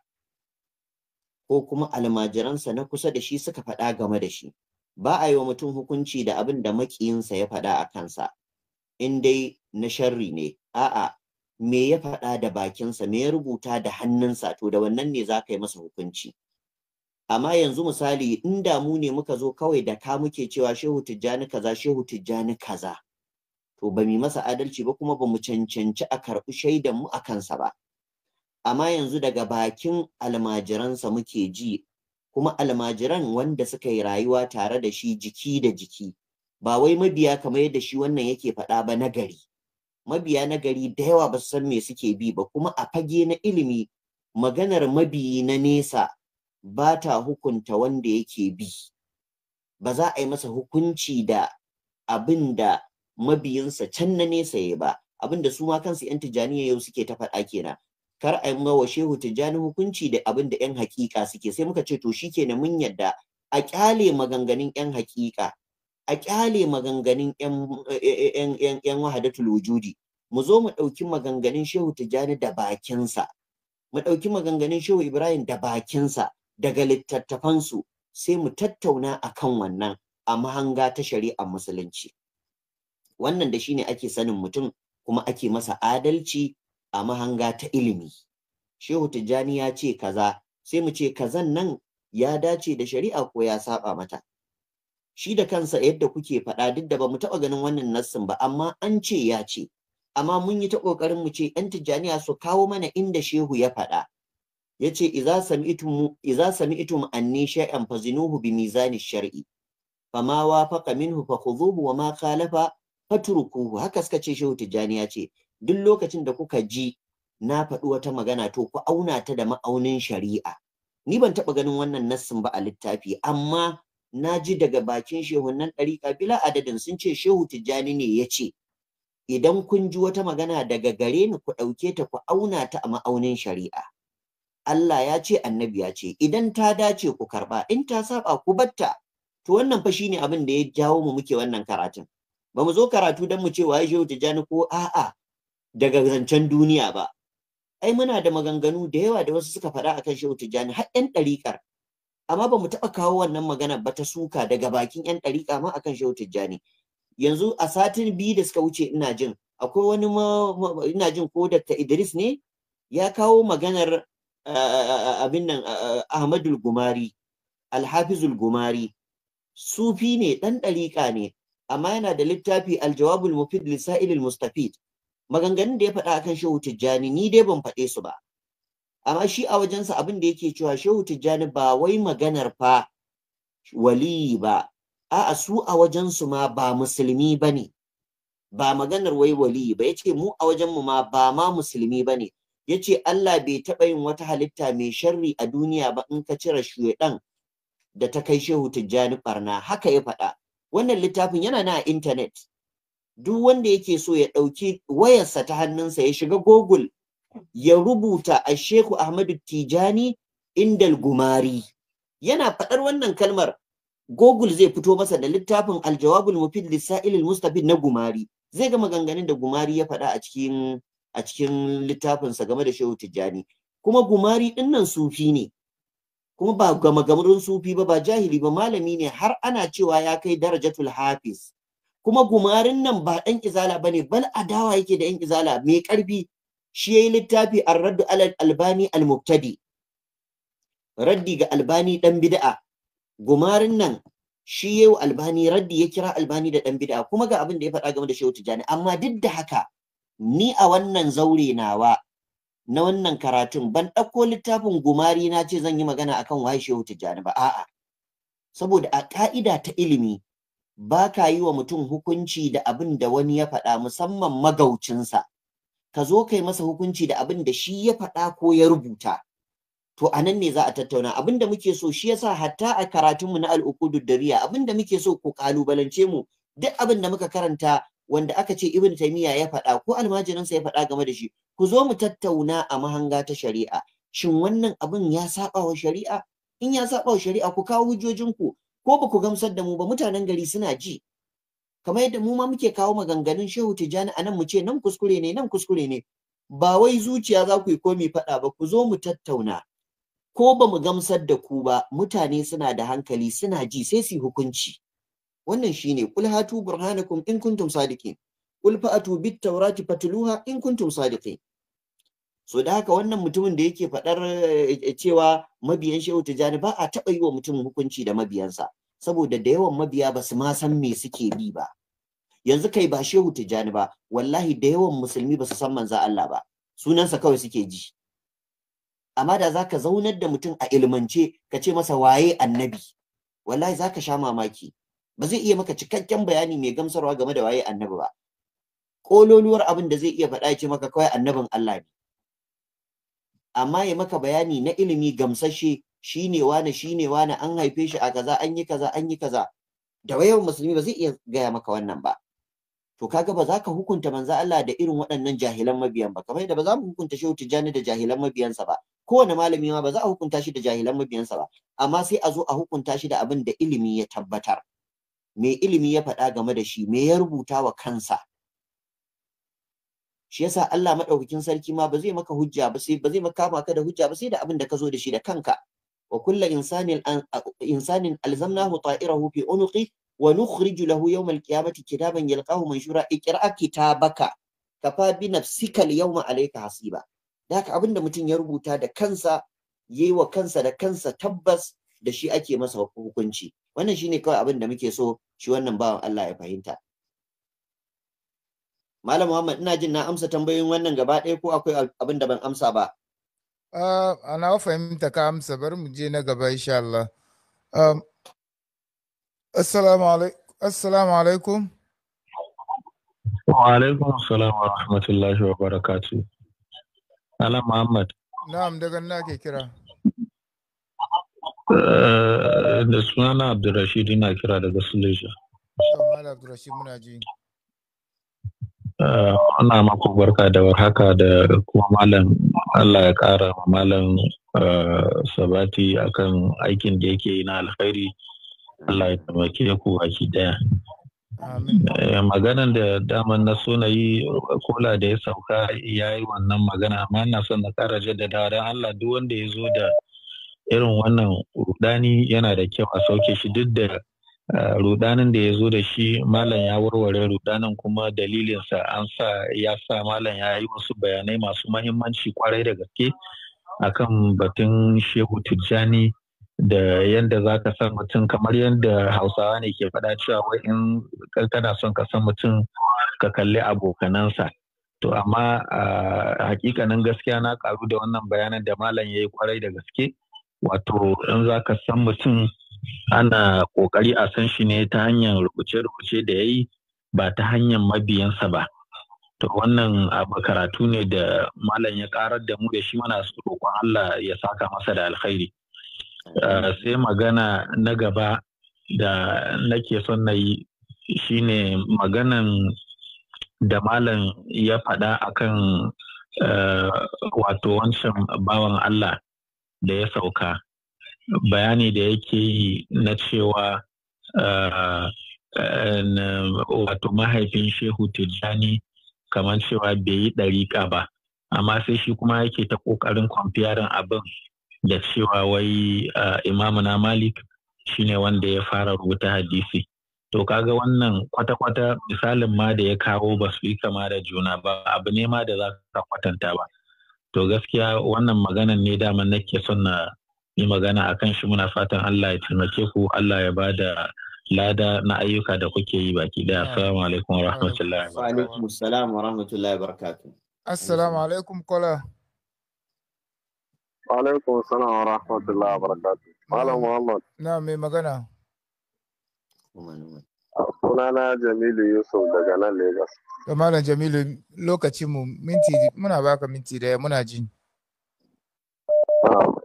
ko kuma almajiransa na kusa da shi suka faɗa game da shi ba a yi wa mutum hukunci da abin da makiyinsa ya faɗa a kansa in dai na sharri ne a'a me ya faɗa da bakinsa me ya rubuta da hannunsa to da wannan ne za ka yi masa hukunci amma yanzu misali in da mu ne muka zo kawai da ka muke cewa shehu tijjani kaza shehu tijjani kaza to ba mu masa adalci ba kuma ba mu cancanci a karɓi shaidan mu a kansa ba amma yanzu daga bakin almajiransa muke ji kuma almajiran wanda suka yi rayuwa tare da shi jiki da jiki ba wai mabiya kamar yadda shi wannan yake faɗa ba na gari mabiya nagari da yawa ba san me suke bi ba kuma a fage na ilimi maganar mabiyi na nesa ba ta hukunta wanda yake bi ba za a yi masa hukunci da abin da mabiyinsa can na nesa ya ba abin da su ma kansu 'yan Tijjaniya yau suke ta faɗa kenan kar a yi mawa shehu tijjani hukunci da abin da 'yan hakika suke sai muka ce to shi shikenan mun yadda a kyale maganganun 'yan hakika a kyale maganganun 'yan wahadatul wujudi mu zo mu ɗauki maganganun shehu tijjani da bakinsa mu ɗauki maganganun shehu ibrahim da bakinsa daga littattafansu sai mu tattauna a kan wannan a mahanga ta shari'ar musulunci wannan da shine ake sanin mutum kuma ake masa adalci a mahanga ta ilimi shehu tijjani ya ce kaza sai mu ce kazan nan ya dace da shari'a ko ya saba mata shi da kansa yadda kuke faɗa duk da ba mu taɓa ganin wannan nassin ba amma an ce ya ce amma mun yi ta ƙoƙarin mu ce ‘yan tijjaniya su kawo mana inda shehu ya faɗa ya ce iza sami an anni shay'an fazinuhu bi mizani shar'i fama wafaqa minhu fa khudhuhu wa ma khalafa fatrukuhu haka suka ce shehu Tijjani ya ce duk lokacin da kuka ji na faɗi wata magana to ku auna ta da ma'aunin shari'a ni ban taɓa ganin wannan nassin ba a littafi amma na ji daga bakin nan ɗariƙa bila adadin sun ce shehu tijjani ne ya ce idan kun ji wata magana daga gare ni ku ɗauke ta ku auna ta a ma'aunin shari'a Allah ya ce annabi ya ce idan ta dace ku karɓa in ta saba ku batta to wannan fa shine abin da ya jawo mu muke wannan karatun ba mu zo karatu don mu ce waye shehu tijjani ko a'a daga zancen duniya ba ai muna da maganganu da yawa da wasu suka faɗa akan shehu tijjani har yan ɗariƙar amma ba mu taɓa kawo wannan magana ba ta suka daga bakin yan ɗariƙa ma akan shehu tijjani yanzu a satin biyu da suka wuce ina jin akwai wani ina jin ko Dr. Idris ne ya kawo maganar abin nan Ahmadul Gumari Alhafizul Gumari sufi ne ɗan ɗariƙa ne amma yana da littafi aljawabul mufid lisa'ilil mustafid maganganun da ya faɗa akan shehu tijjani ni dai ban faɗe su ba amma shi a wajensa abin da yake cewa shehu tijjani ba wai maganar fa wali ba a'a su a wajensu ma ba musulmi ba ne ba maganar wai wali ba yace mu a wajenmu ma ba ma musulmi ba ne yace Allah bai taɓa yin wata halitta mai sharri a duniya ba in ka cire shuɗan da ta kai shehu tijjani barna haka ya faɗa wannan littafin yana na intanet duk wanda yake so ya ɗauki wayarsa ta hannunsa ya shiga Google ya rubuta a Sheku Ahmadu Tijani Indal Gumari. Yana faɗar wannan kalmar Google zai fito masa da littafin Aljawabul Mufid Mustafid na Gumari. Zai gama maganganun da Gumari ya faɗa a cikin a cikin littafinsa game da Shehu Tijani. Kuma Gumari ɗin nan sufi ne. Kuma ba gama gamarin sufi ba ba jahili ba malami ne har ana cewa ya kai darajatul hafiz. kuma gumarin nan ba ɗan izala bane bal adawa yake da ɗan izala mai ƙarfi shi yayi littafi ar-raddu alal albani al-mubtadi raddi ga albani dan bid'a gumarin nan shi yayi albani raddi ya kira albani da dan bid'a kuma ga abin da ya faɗa game da shehu tijani amma duk da haka ni a wannan zaure nawa na wannan karatun ban ɗauko littafin gumari na ce zan yi magana akan waye shehu tijani ba a'a saboda a ka'ida ta ilimi ba ka yi wa mutum hukunci da abin da wani ya faɗa musamman magaucinsa ka zo kai masa hukunci da abin da shi ya faɗa ko ya rubuta to a nan ne za a tattauna abin da muke so shi yasa hatta a karatunmu na al'ukudu dariya abin da muke so ku kalubalance mu duk abin da muka karanta wanda aka ce ibn taymiya ya faɗa ko almajirinsa ya faɗa game da shi ku zo mu tattauna a mahanga ta shari'a shin wannan abin ya saba shari'a in ya saɓawa shari'a ku kawo hujjojinku ko ba ku gamsar da mu ba mutanen gari suna ji kamar yadda mu ma muke kawo maganganun shehu tijjani a nan mu ce nan kuskure ne nan kuskure ne ba wai zuciya za ku yi komi faɗa ba ku zo mu tattauna ko ba mu gamsar da ku ba mutane suna da hankali suna ji sai su hukunci wannan shine kul hatu burhanakum in kuntum sadiqin kul fa'atu bit tawrati fatluha in kuntum sadiqin so da haka wannan mutumin da yake faɗar eh, cewa mabiyan shehu tijjani ba a taɓa yi wa mutum hukunci da mabiyansa saboda da yawan mabiya ba su ma san me suke bi ba yanzu kai ba shehu tijjani ba wallahi da yawan musulmi ba su san manza Allah ba sunansa kawai suke ji amma da zaka zaunar da mutum a ilmance ka ce masa waye annabi wallahi zaka sha mamaki ba zai iya maka cikakken bayani mai gamsarwa game da waye annabi ba Ƙololuwar abin da zai iya faɗa ce maka kawai annabin Allah ne amma ya maka bayani na ilimi gamsashe shi wane wani ne, wani an haife shi a kaza an yi kaza an yi kaza da wayan musulmi ba zai iya gaya maka wannan ba to kaga ba za ka hukunta manzo Allah da irin waɗannan jahilan mabiyan ba kamar yadda ba za mu hukunta Shehu Tijjani da jahilan mabiyansa ba kowane malami ma ba za a hukunta shi da jahilan mabiyansa ba amma sai a zo a hukunta shi da abin da ilimi ya tabbatar me ilimi ya faɗa game da shi me ya rubuta wa kansa shi yasa Allah madaukakin sarki ma ba zai maka hujja ba sai ba zai maka ka da hujja ba sai da abin da ka zo da shi da kanka wa kullu insanin insanin alzamnahu ta'irahu fi unqi wa nukhriju lahu yawm alqiyamati kitaban yalqahu manshura iqra kitabaka kafa bi nafsika alyawma alayka hasiba daka abin da mutum ya rubuta da kansa yayi wa kansa da kansa tabbas da shi ake masa hukunci wannan shine kawai abin da muke so shi wannan bawan Allah ya fahimta Malam Muhammad ina jin na amsa tambayoyin wannan gaba ɗaya ko akwai abin da ban amsa ba. Uh, ana fahimta ka amsa bari mu je na gaba insha Allah. Um, assalamu alaikum. Wa alaikum assalam wa rahmatullahi wa barakatu. Malam Muhammad. Na'am daga nna ke kira. Eh, da sunana Abdulrashid ina kira daga Suleja. Malam Abdulrashid muna ji. Ana eh, mako barka da warhaka da kuma malam Allah ya ƙara malam eh, sabati akan aikin da yake na alkhairi Allah ya taimake ku baki daya. Eh, maganan da daman na so yi kola da ya sauka ya yi wannan magana amma na son na kara jaddada don Allah duk wanda ya zo da irin wannan rudani yana da kyau a sauke shi duk da rudanin da ya zo da shi malam ya warware rudanin kuma dalilinsa an sa ya sa malam ya yi wasu bayanai masu mahimmanci kwarai da gaske akan batun shehu tijjani da yadda za ka san mutum kamar yadda hausawa ne ke faɗa cewa wai in kana son ka san mutum ka kalli abokanansa to amma a hakikanin gaskiya na karu da wannan bayanan da malam ya yi kwarai da gaske wato in za ka san mutum ana ƙoƙari a san shi ne ta hanyar rubuce-rubuce da ya yi ba ta hanyar mabiyansa ba. To wannan abu karatu ne da malam ya ƙarar da mu da shi mana su roƙon Allah ya saka masa da alkhairi. Ah, sai magana na gaba da nake son na yi shi ne maganan da malam ya faɗa akan ah, wato wancan bawan Allah da ya sauka. bayani da yake yi na cewa eh, eh, wato mahaifin shehu tijjani kamar cewa bai yi ɗariƙa ba amma sai shi kuma yake ta ƙoƙarin kwamfiyarin abin da cewa wai eh, imamu na malik shine wanda ya fara rubuta hadisi to kaga wannan kwata-kwata misalin ma da ya kawo ba su yi kama da juna ba abu ne ma da za ka kwatanta ba to gaskiya wannan maganan ne dama nake son na yi magana a kan shi muna fatan Allah ya taimake ku Allah ya ba da lada na ayyuka da kuke yi baki daya assalamu alaikum wa rahmatullahi wa alaikum assalam wa rahmatullahi barakatuh assalamu alaikum kola wa alaikum assalam wa rahmatullahi wa barakatuh malam muhammad na mai magana sunana jamilu yusuf daga nan lagos malam jamilu lokacin mu minti muna baka minti daya muna jin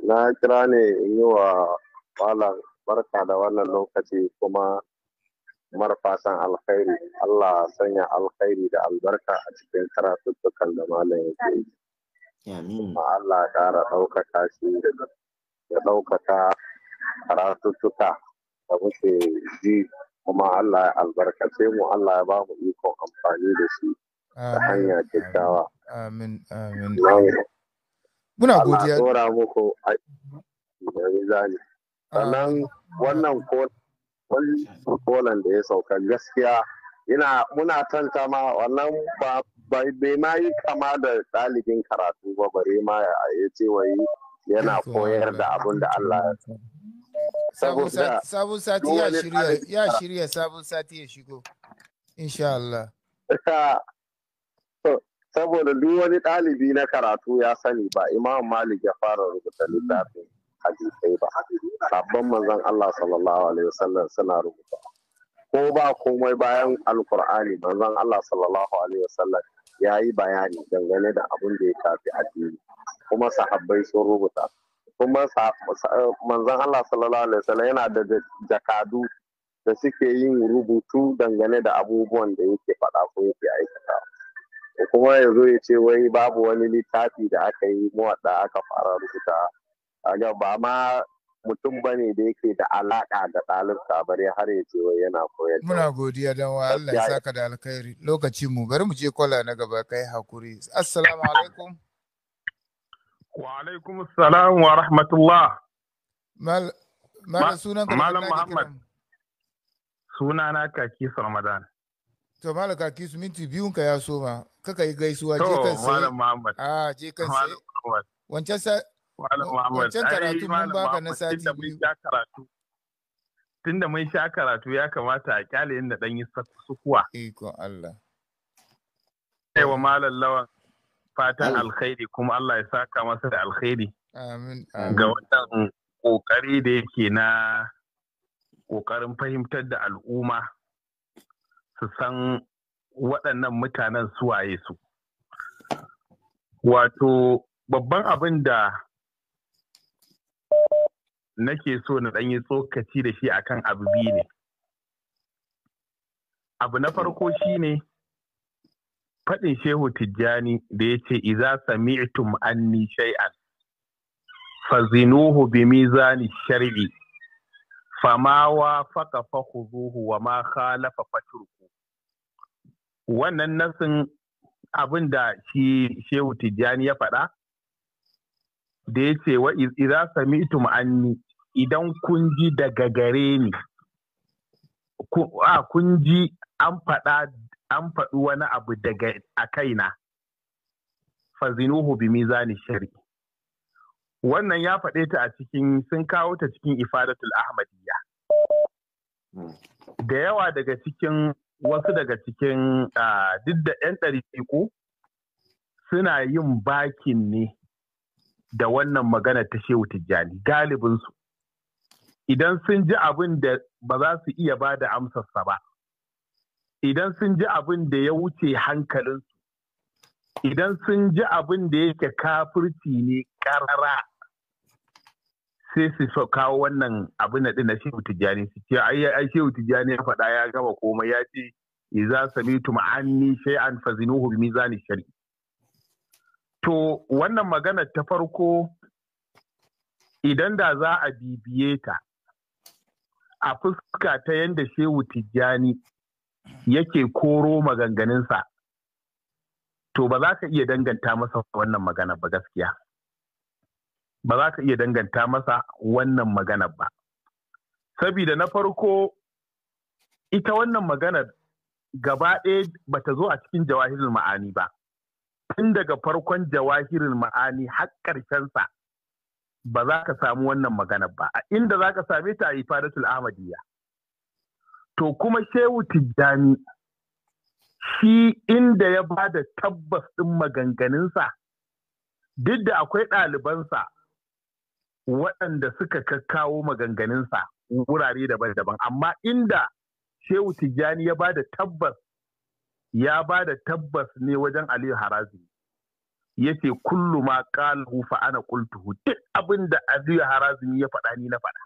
na kira ne in yi wa malam barka da wannan lokaci kuma marfasan alkhairi Allah sanya alkhairi da albarka a cikin karatuttukan da malam yake yi. Allah ƙara ɗaukaka shi ya ɗaukaka karatuttuka da muke ji kuma Allah ya albarkace mu Allah ya ba mu ikon amfani da shi ta hanya kyakkyawa. muna godiya Allah muku a zani sannan ah. wannan kolan da ya sauka gaskiya ina muna tanta ma wannan ba bai ma yi kama da ɗalibin karatu ba bare ma ya ce cewayi yana koyar da abun da Allah ya sabon sati ya shirya sabon sati ya shigo insha Allah ah, saboda duk wani ɗalibi na karatu ya sani ba imam malik ya fara rubuta littafin hadisai ba sabon manzon Allah sallallahu alaihi wasallam suna rubuta ko ba komai bayan alkur'ani manzon Allah sallallahu alaihi wasallam ya yi bayani dangane da abin da ya shafi addini kuma sahabbai sun rubuta kuma manzon Allah sallallahu alaihi wasallam yana da jakadu da suke yin rubutu dangane da abubuwan da yake faɗa ko yake aikata kuma ya zo ya ce wai babu wani littafi da aka yi mawaɗa aka fara rubuta a ba ma mutum ba ne da yake da alaƙa da ɗalin bare har ya ce wai yana koyar muna godiya don wa Allah ya saka da alkhairi lokaci mu bari mu je kwala na gaba kai hakuri assalamu alaikum wa alaikum assalam wa rahmatullah mal mal sunan malam muhammad sunana kaki ramadan To Malaka Kisu minti biyun ka ya soma kaka yi gaisuwa je kan sai. Malam Muhammad. Ah je kan sai. Wancan sa Wancan karatu mun baka na sati biyu. Tunda mun sha karatu ya kamata a kyale inda dan yi sukuwa. Iko Allah. Sai wa malam lawan fatan alkhairi kuma Allah ya saka masa da alkhairi. Amin. Ga wannan kokari da yake na kokarin fahimtar da al'umma. su san waɗannan mutanen suwaye su. Wato babban abin da nake so na ɗanyi tsokaci da shi akan abu biyu ne. Abu na farko shi ne faɗin Shehu Tijjani da ya ce, "Iza sami'tum anni shay'an, fazinuhu bi mizani shar'i, fama wa faka fahuzuhu wa ma khalafa fatruku." wannan nasin abin da shi shehu tijjani ya faɗa da ya ce wa idza sami'tum anni idan kun ji daga gare ni a kun ji an faɗa an faɗi wani abu daga a kaina fazinuhu bi mizani shari wannan ya faɗe ta a cikin sun kawo ta cikin ifadatul ahmadiyya hmm. da yawa daga cikin wasu daga cikin duk da 'yan ɗariƙu suna yin bakin ne da wannan magana ta shehu tijjani galibinsu idan sun ji abin da ba za su iya ba da amsarsa ba idan sun ji abin da ya wuce hankalinsu idan sun ji abin da yake kafirci ne ƙarara sai su so kawo wannan abin da na shehu tijjani su ce ai shehu tijjani ya faɗa ya gama komai ya ce iza samitum anni shay'an fazinuhu bi mizani shari to wannan magana ta farko idan da za a bibiye ta a fuska ta yadda shehu tijjani yake koro maganganunsa to ba za ka iya danganta masa wannan magana ba gaskiya ba za ka iya danganta masa wannan magana ba. Sabida na farko ita wannan maganar gaba ɗaya ba ta zo a cikin jawahirin ma'ani ba. Tun daga farkon jawahirin ma'ani har ƙarshensa ba za ka samu wannan maganar ba. A inda za ka same ta a ifadatul Ahmadiyya. To kuma Shehu Tijjani shi inda ya ba da tabbas ɗin maganganunsa duk da akwai ɗalibansa waɗanda suka kakkawo maganganunsa wurare daban-daban amma inda shehu tijjani ya ba da tabbas ya ba da tabbas ne wajen aliyu harazi ya ce kullum ma qalahu fa'ana ana duk abin da aliyu harazimi ya faɗa ni na faɗa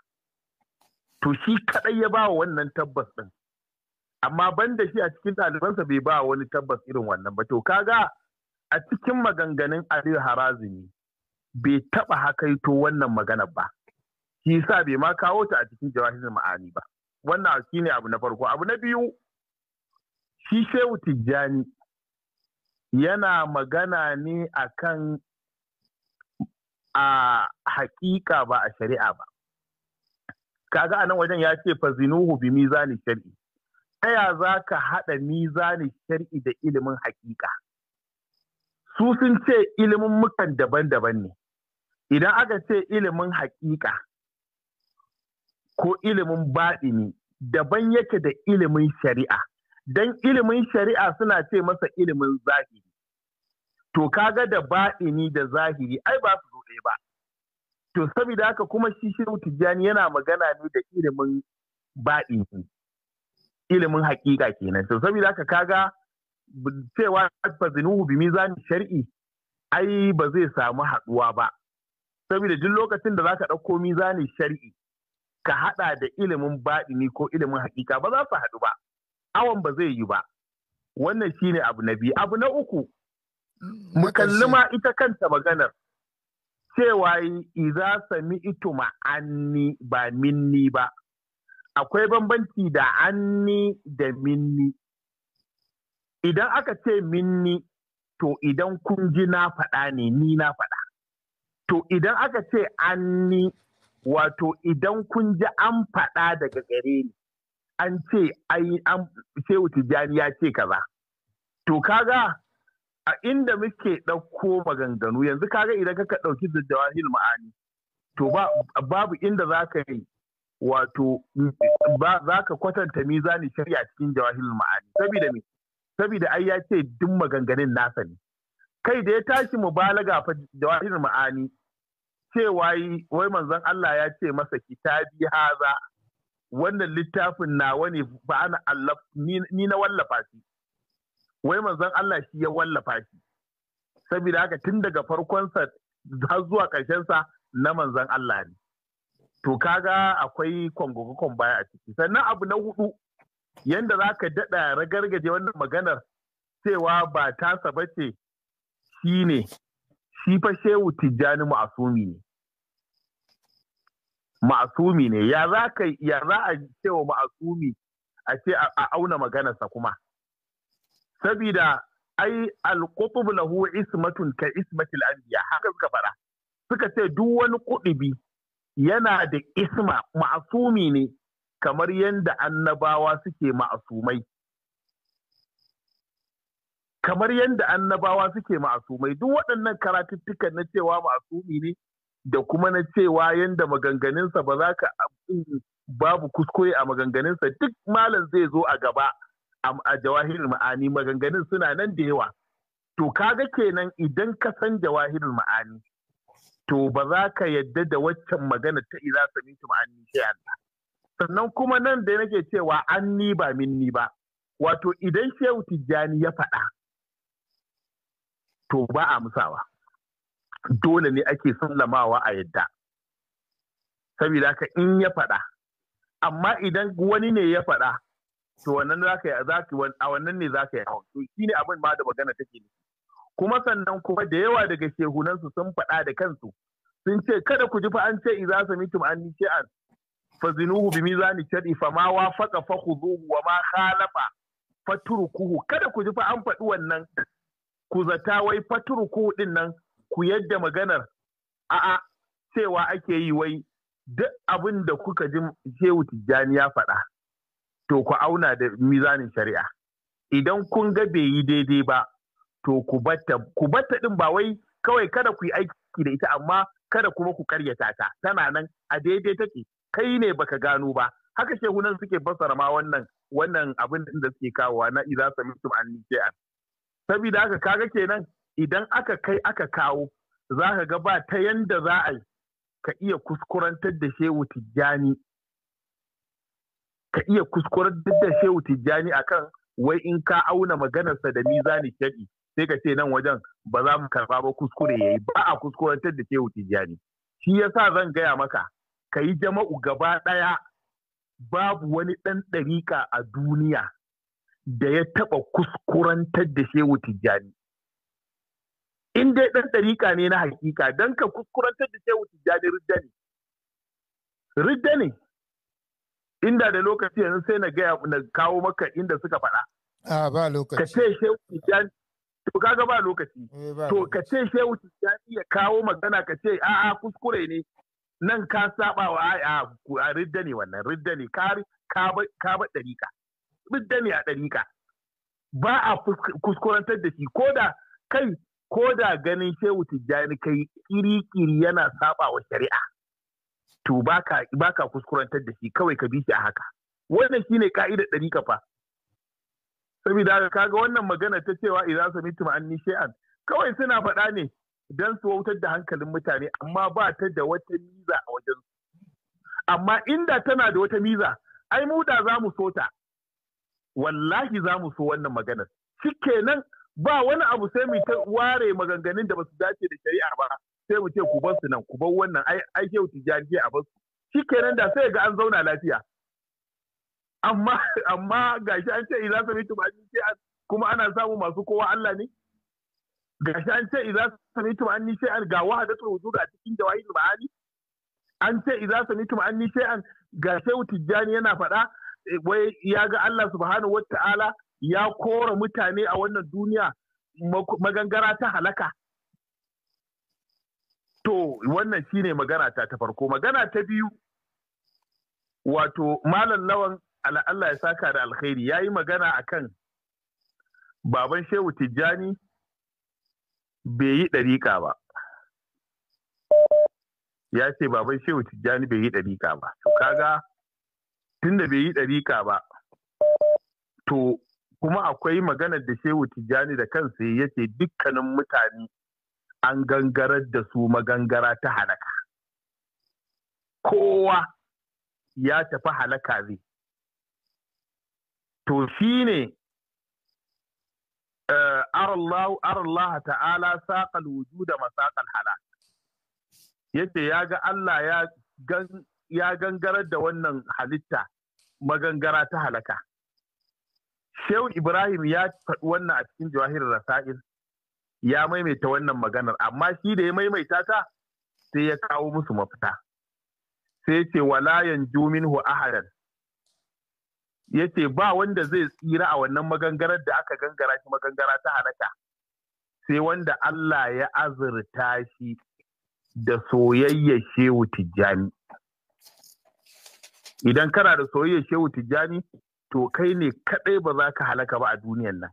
to shi kaɗai ya ba wa wannan tabbas ɗin amma ban da shi a cikin ɗalibansa bai ba wani tabbas irin wannan ba to kaga a cikin maganganun aliyu harazimi bai taɓa hakaito wannan maganar ba shi sa bai ma kawo ta a cikin jawahirin ma'ani ba wannan shi ne abu na farko abu na biyu shi shehu tijjani yana magana ne kan a haƙiƙa ba a shari'a ba kaga a nan wajen ya ce fazinuhu bi mizani shar'i ta za ka haɗa mizani shar'i da ilimin haƙiƙa su sun ce ilimin mukan daban-daban ne Idan aka ce ilimin haƙiƙa ko ilimin baɗini daban yake da ilimin shari'a, don ilimin shari'a suna ce masa ilimin zahiri. To kaga da baɗini da zahiri ai ba su ɗaya ba. To saboda haka kuma shi shi yana magana ne da ilimin baɗini, ilimin haƙiƙa kenan. To saboda haka kaga cewa fazinuhu bi mizanin shari'i, ai ba zai samu haɗuwa ba saboda duk lokacin da za ka ɗauko mizanin shari'i ka haɗa da ilimin baɗini ko ilimin hakika ba za su haɗu ba awon ba zai yi ba wannan shine abu na biyu abu na uku mu kalli ma ita kanta maganar cewa idza sami ituma anni ba minni ba akwai bambanci da anni da minni idan aka ce minni to idan kun ji na faɗa ne ni na faɗa wato idan aka ce an ni wato idan kun ji an faɗa daga gare ni an ce ai an shehu tijjani ya ce kaza to kaga a inda muke ɗauko maganganu yanzu kaga idan ka ɗauki da jawahil ma'ani to babu inda za ka yi wato za ka kwatanta mizani shari'a cikin jawahil ma'ani saboda me saboda ai ya ce duk maganganun nasa ne kai da ya tashi mubalaga fa jawahil ma'ani cewa wai manzon Allah ya ce masa kitabi haza wannan littafin nawa ne ba ana allaf ni na wallafa shi wai manzon Allah shi ya wallafa shi saboda haka tun daga farkonsa har zuwa sa na manzon Allah ne to kaga akwai kwangwagwakon baya a ciki sannan abu na hudu yanda za ka daɗa ragargaje wannan maganar cewa ba tasa ba ce shi ne shi fa shehu tijjani ma'asumi ne ma'asumi ne ya za ka ya za a cewa ma'asumi a ce a auna maganarsa kuma sabida ai alqutub lahu ismatun ka ismatil anbiya haka suka fara suka ce duk wani kudubi yana da isma ma'asumi ne kamar yadda annabawa suke ma'asumai kamar yadda annabawa suke ma'asumai duk waɗannan karatuttukan na cewa ma'asumi ne da kuma na cewa yadda maganganunsa ba za ka babu kuskure a maganganunsa duk malam zai zo a gaba a jawahirin ma'ani maganganin suna nan da yawa to kaga kenan idan ka san jawahirin ma'ani to ba za ka yadda da waccan magana ta ila samitu ma'ani sai Allah sannan kuma nan da nake cewa an ni ba minni ba wato idan shehu tijjani ya faɗa to ba a musawa dole ne ake sallamawa a yadda saboda haka in ya faɗa amma idan wani ne ya faɗa to wannan za ka a wannan ne za ka yi to shi ne abin ma da magana take ne kuma sannan kuma da yawa daga shehunansu sun faɗa da kansu sun ce kada ku ji fa an ce idza samitum anni an fazinuhu bi mizani shar'i fa ma wafaqa fa khudhuhu wa ma khalafa fatrukuhu kada ku ji fa an faɗi wannan ku zata wai fatrukuhu din nan ku yadda maganar a'a cewa ake yi wai duk abin da kuka ji shehu tijjani ya faɗa to ku auna da mizanin shari'a idan kun ga bai yi daidai ba to ku batta ku batta din ba wai kawai kada ku yi aiki da ita amma kada kuma ku karyata ta tana nan a daidai take kai ne baka gano ba haka nan suke fassara ma wannan wannan abin da suke kawowa na idza samitum an nija'a saboda haka kaga kenan idan aka kai aka kawo za ka ga ba ta yanda za a ka iya kuskurantar da shehu tijjani ka iya kuskurantar da shehu tijjani akan wai in ka auna maganarsa da ni shaɗi sai ka ce nan wajen ba za mu karɓa ba kuskure yi. ba a kuskurantar da shehu tijjani shi ya sa zan gaya maka ka yi jama'u gaba ɗaya babu wani ɗan ɗariƙa a duniya da ya taɓa kuskurantar da shehu tijjani in dai ɗan ɗariƙa ne na hakika don ka kuskurantar da wuce jani ridda ne ridda ne inda da lokaci yanzu sai na gaya na kawo maka inda suka faɗa a ba lokaci ka ce wuce jani. to kaga ba lokaci eh, to ka ce wuce jani ya kawo magana ka ce a'a kuskure ne nan ka saba wa a ridda ne wannan ridda ne ka ka ba ɗariƙa ridda ne a ɗariƙa ba a kuskurantar da shi ko da kai ko da ganin shehu tijjani kai kiri-kiri yana saba wa shari'a to baka baka kuskurantar da shi kawai ka bi shi a haka wannan shine ka'idar ɗarika fa saboda kaga wannan magana ta cewa idan samitu ma'anni shay'an kawai suna faɗa ne don su wautar da hankalin mutane amma ba ta da wata miza a wajen amma inda tana da wata miza ai mu da za mu so ta wallahi za mu so wannan maganar shikenan ba wani abu sai mu ta ware maganganun da ba su dace da shari'a ba sai mu ce ku bar su nan ku bar wannan ai ai ke wuce jariye a basu su shikenan da sai ga an zauna lafiya amma amma gashi an ce idza samitu ba ce kuma ana samu masu kowa Allah ne gashi an ce idza samitu an ni an ga wahadatul wujud a cikin jawahirul ma'ani an ce idza samitu an ni an ga shehu tijjani yana faɗa eh, wai ya ga Allah subhanahu wata'ala ya kora mutane a wannan duniya magangara ta halaka to wannan shine magana ta ta farko magana ta biyu wato malam lawan Allah ya saka da alkhairi ya yi magana a kan. baban shehu tijjani bai yi ɗariƙa ba ya ce baban shehu tijjani bai yi ɗariƙa ba to kaga tunda bai yi ɗariƙa ba to kuma akwai magana da shehu tijjani da kansa ya ce dukkanin mutane an gangarar da su magangara ta halaka kowa ya tafi halaka zai to shi ne eh, Allah ta'ala saƙal wuju da masaƙal halak yace ya ga Allah ya gangarar da wannan halitta magangara ta halaka Shehu Ibrahim ya faɗi wannan a cikin jawahirar rasa'il ya maimaita wannan maganar amma shi da ya maimaita ta sai ya kawo musu mafita sai ce wala jumin hu ahadan yace ba wanda zai tsira a wannan magangarar da aka gangara shi magangara ta halaka sai wanda Allah ya azurta shi da soyayya shehu tijjani idan kana da soyayya shehu tijjani to kai ne kadai ba za ka halaka ba a duniyan nan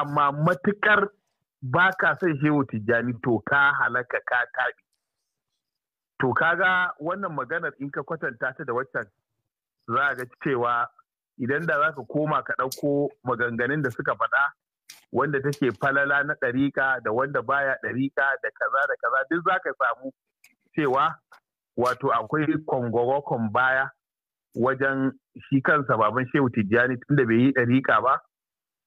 amma matukar ba ka son shehu tijjani to ka halaka ka taɓi to ga wannan maganar in ka kwatanta ta da waccan za ga cewa idan da za ka koma ka ɗauko maganganun da suka faɗa wanda take falala na ɗariƙa da wanda baya ɗariƙa da kaza da kaza duk za ka samu cewa wato akwai kwangwagwakon baya wajen shi kansa baban shehu tijjani tun da bai yi ɗariƙa ba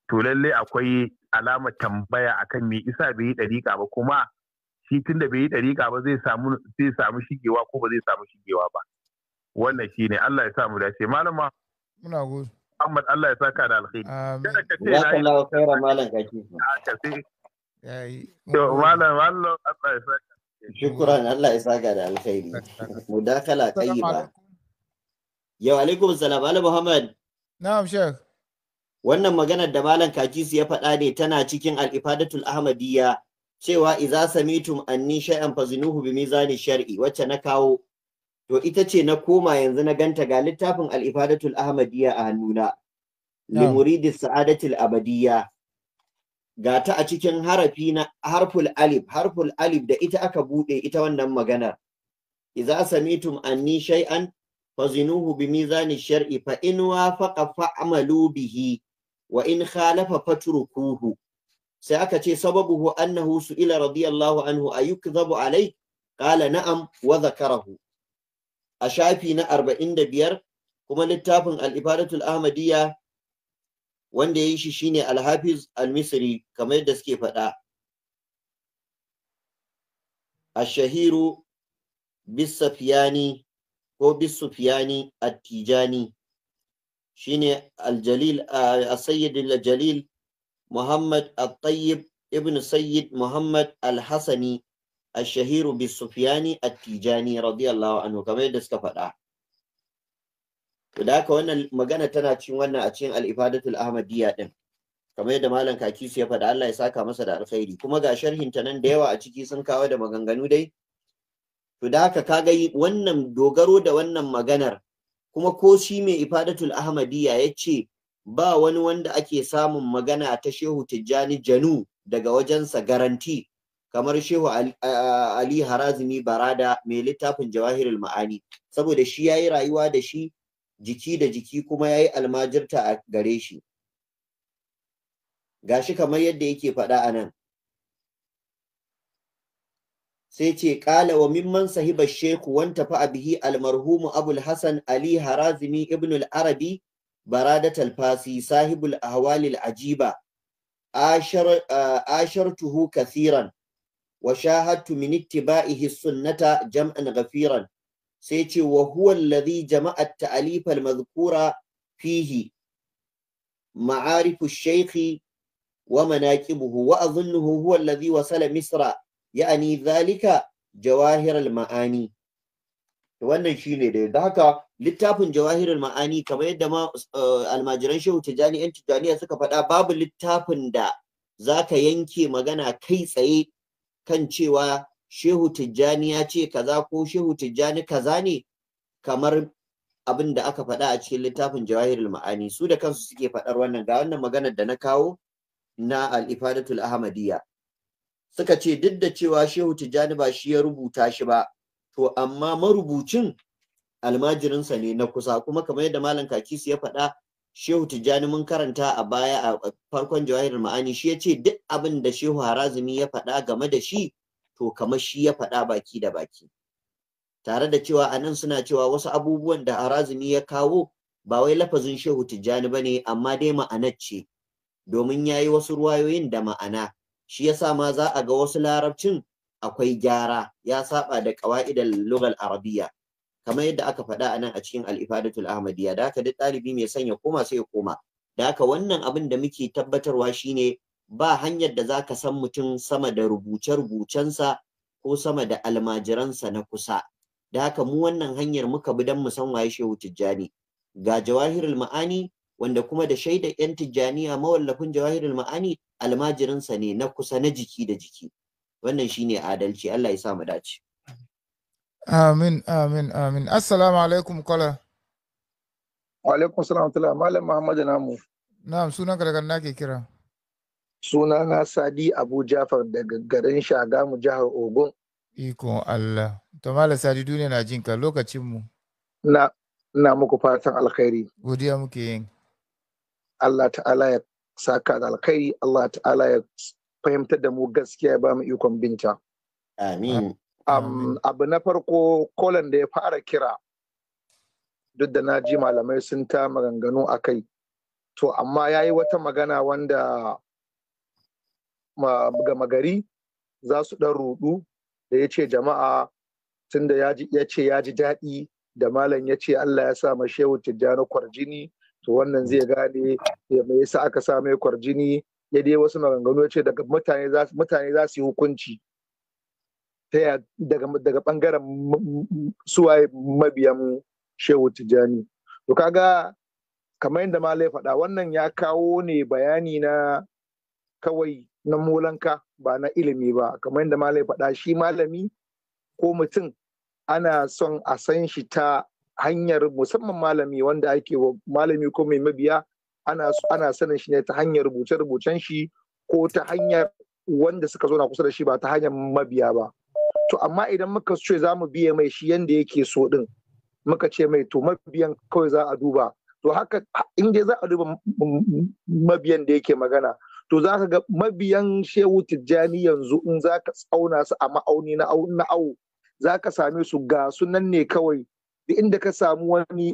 to lallai akwai alama tambaya akan me isa bai yi ɗariƙa ba kuma shi tun da bai yi ɗariƙa ba zai samu zai samu shigewa ko ba zai samu shigewa ba wannan shine Allah ya sa mu dace malama muna gode Muhammad Allah ya saka da alkhairi kada ka ce na Allah kaira malam gaki to malam Allah ya saka shukran Allah ya saka da alkhairi mudakala ba Yau alaikum salam Ali Muhammad. Na'am Sheikh. Wannan maganar da Malam Kakisi ya faɗa ne tana cikin al Ahmadiyya cewa iza samitum anni shay'an fazinuhu bi mizani shar'i wacce na kawo to ita ce na koma yanzu na ganta ga littafin al-Ifadatul Ahmadiyya a hannuna. Li muridi sa'adatil abadiyya ga a cikin harafi na harful alif harful alif da ita aka buɗe ita wannan maganar Iza samitum anni shay'an fazinuhu bi mizani shar'i fa in wafaqa fa'malu bihi wa in khalafa fatrukuhu sai aka ce sababu sababuhu annahu ila radiyallahu anhu ayukdhabu alai qala na'am wa zakarahu a shafi na arba'in da biyar, kuma littafin al ahmadiyya wanda ya yi shi shine al-hafiz al-misri kamar yadda suke faɗa A الشهير بالسفياني ko bisufiyani attijani shine aljalil sayyid aljalil muhammad at-tayyib ibn sayyid muhammad al-hasani الشهير Atijani. التيجاني رضي الله عنه كما يدس كفدا ودaka wannan magana tana cikin wannan a cikin al-ifadatul ahmadiyya din kamar yadda malam kakisu ya faɗa Allah ya saka masa da alkhairi kuma ga sharhin ta nan da yawa a ciki sun kawo da maganganu dai to da haka kaga wannan dogaro da wannan maganar kuma ko shi mai ifadatul ahmadiyya ya ce ba wani wanda ake samun magana ta shehu tijjani janu daga wajensa garanti kamar shehu ali harazimi barada mai littafin jawahirul ma'ani saboda shi ya yi rayuwa da shi jiki da jiki kuma ya yi almajirta a gare shi Ga shi kamar yadda yake faɗa a nan sai ce ƙala wa mimman sahiba sheku wanta fa bihi almarhumu abul hasan ali harazimi ibn al-arabi baradat al sahibul ahwali ajiba ashar uh, ashartuhu kathiran wa shahadtu min ittiba'ihi sunnata jam'an ghafiran sai ce wa huwa alladhi jama'a at-ta'alif al-madhkura fihi ma'arifu ash-shaykh wa manaqibuhu wa adhunnuhu huwa alladhi wasala misra ya'ani zalika jawahiral ma'ani wannan shine da yadda haka littafin jawahirar ma'ani kamar yadda ma eh, almajiran shehu tijjani yan tijjaniya suka faɗa babu littafin da zaka yanke magana kai tsaye kan cewa shehu tijjani ya ce kaza ko shehu tijjani kaza ne kamar abin da aka faɗa a cikin littafin jawahirar ma'ani su da kansu suke faɗar wannan ga wannan maganar da na kawo na al-ifadatul ahmadiyya suka ce duk da cewa shehu tijjani ba shi ya rubuta shi ba to amma marubucin almajirinsa ne na kusa kuma kamar yadda malam kakisi ya faɗa shehu tijjani mun karanta a baya a farkon jawahirul ma'ani shi ya ce duk abin da shehu harazumi ya faɗa game da shi to kamar shi ya faɗa baki da baki tare da cewa anan suna cewa wasu abubuwan da harazumi ya kawo ba wai lafazin shehu tijjani ba ne amma dai ma'anar ce domin ya yi wasu ruwayoyin da ma'ana shi yasa ma za a ga wasu larabcin akwai gyara ya saba da qawaidal lugal arabiyya kamar yadda aka faɗa a nan a cikin al-ifadatul ahmadiyya da haka duk ɗalibi mai son ya koma sai ya koma da haka wannan abin da muke tabbatarwa shine ba hanyar da za ka san mutum sama da rubuce-rubucensa ko sama da almajiransa na kusa da haka mu wannan hanyar muka bi dan mu san waye shehu tijjani ga jawahirul ma'ani wanda kuma da shaidar yan tijjaniya mawallafin jawahirul ma'ani almajirinsa ne na kusa na jiki da jiki wannan shine adalci Allah ya sa mu dace amin amin amin assalamu alaikum kola wa alaikum salam malam muhammad namu na'am sunan ka daga na ke kira suna na sadi abu jafar daga garin shagamu jihar ogun Iko allah to malam sadi duniya na jinka lokacin mu na na muku fatan alkhairi godiya muke yin Allah ta'ala ya saka da alkhairi Allah ta'ala ya fahimtar da mu gaskiya ba mu ikon binta amin abu na farko kolan da ya fara kira duk da na ji malamai sun ta maganganu a kai to amma ya yi wata magana wanda gama gari za su ɗan rudu da ya ce jama'a tun da ya ce ya ji daɗi da malam ya ce Allah ya sa ma shehu tijjani kwarjini to wannan zai gane ya mai yasa aka sa mai kwarjini ya dai wasu maganganu ya ce daga mutane za mutane za su yi hukunci ta daga daga bangaren suwaye mabiyan shehu tijani to kaga kamar yadda malai faɗa wannan ya kawo ne bayani na kawai na mulanka ba na ilimi ba kamar yadda malai faɗa shi malami ko mutum ana son a san shi ta hanyar musamman malami wanda ake wa malami ko mai mabiya ana sanin shi ne ta hanyar rubuce-rubucen shi ko ta hanyar wanda suka zo na kusa da shi ba ta hanyar mabiya ba to amma idan muka ce za mu biye mai shi yanda yake so din muka ce mai to mabiyan kawai za a duba to haka in dai za a duba mabiyan da yake magana to za ka ga mabiyan shehu tijjani yanzu in za ka tsauna su a ma'auni na awo, za ka same su ga sunan ne kawai duk inda ka samu wani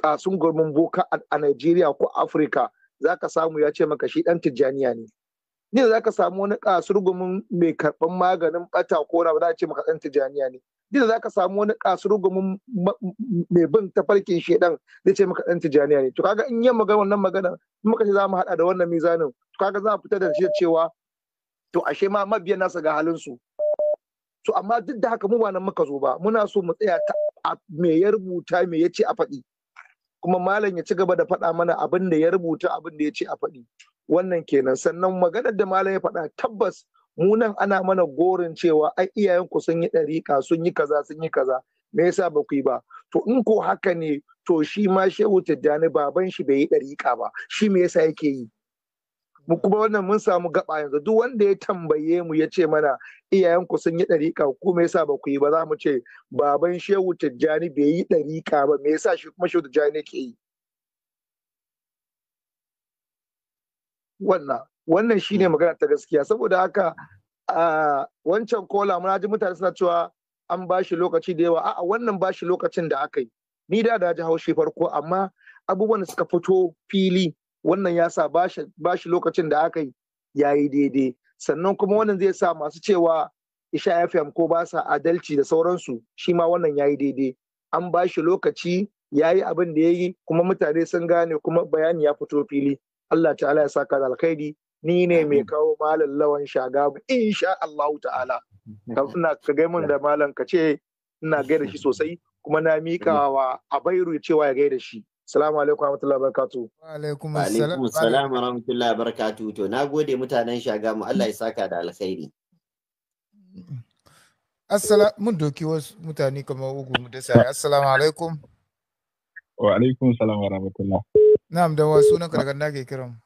kasun gurbin boka a Najeriya ko Afirka za ka samu ya ce maka shi ɗan Tijjaniya ne. Ni za ka samu wani kasurgumin mai karɓar maganin ɓata ko ba za a ce maka ɗan Tijjaniya ne. Ni za ka samu wani kasurgumin mai bin tafarkin ɗan, zai ce maka ɗan Tijjaniya ne. To kaga in yi magana wannan magana in muka ce za mu haɗa da wannan mizanin to kaga za mu fita da shi cewa to ashe ma mabiyan nasa ga halin su. To amma duk da haka mu ba nan muka zo ba muna so mu tsaya ta me ya rubuta me ya ce a faɗi kuma malam ya ci gaba da faɗa mana abin da ya rubuta abin da ya ce a faɗi wannan kenan sannan maganar da malam ya faɗa tabbas mu nan ana mana gorin cewa ai iyayen ku sun yi ɗariƙa sun yi kaza sun yi kaza me yasa ba ku yi ba to in ko haka ne to shi ma shehu tijjani baban shi bai yi ɗariƙa ba shi me yasa yake yi mu kuma wannan mun samu gaba yanzu duk wanda ya tambaye mu ya ce mana iyayenku sun yi ɗariƙa ko me yasa ba ku yi ba za mu ce baban shehu tijjani bai yi ɗariƙa ba me yasa shi kuma shehu tijjani ke yi wannan wannan shine magana ta gaskiya saboda haka a wancan kola muna ji mutane suna cewa an ba shi lokaci da yawa a'a wannan ba shi lokacin da aka yi ni da da ji haushi farko amma abubuwan da suka fito fili wannan ya sa ba shi lokacin da aka yi ya yi daidai sannan kuma wannan zai sa masu cewa isha fm ko ba sa adalci da sauransu shi ma wannan ya yi daidai an ba shi lokaci ya yi abin da ya yi kuma mutane sun gane kuma bayani ya fito fili Allah ta'ala ya saka da alkhairi ni ne mai kawo malam lawan shagabu insha Allah ta'ala ina ka gai min da malam ka ce ina gaida shi sosai kuma na mika wa abairu cewa ya gaida shi Salamu alaikum warahmatullahi wabarakatuh. Wa alaikum salam wa rahmatullahi wabarakatuh. To na gode mutanen mu Allah ya saka da alkhairi. Assalamu mun doki wasu mutane kamar ugu mu da sai. Assalamu alaikum. Wa alaikum salam wa rahmatullah. Na'am da wa sunan ka daga nake kiran.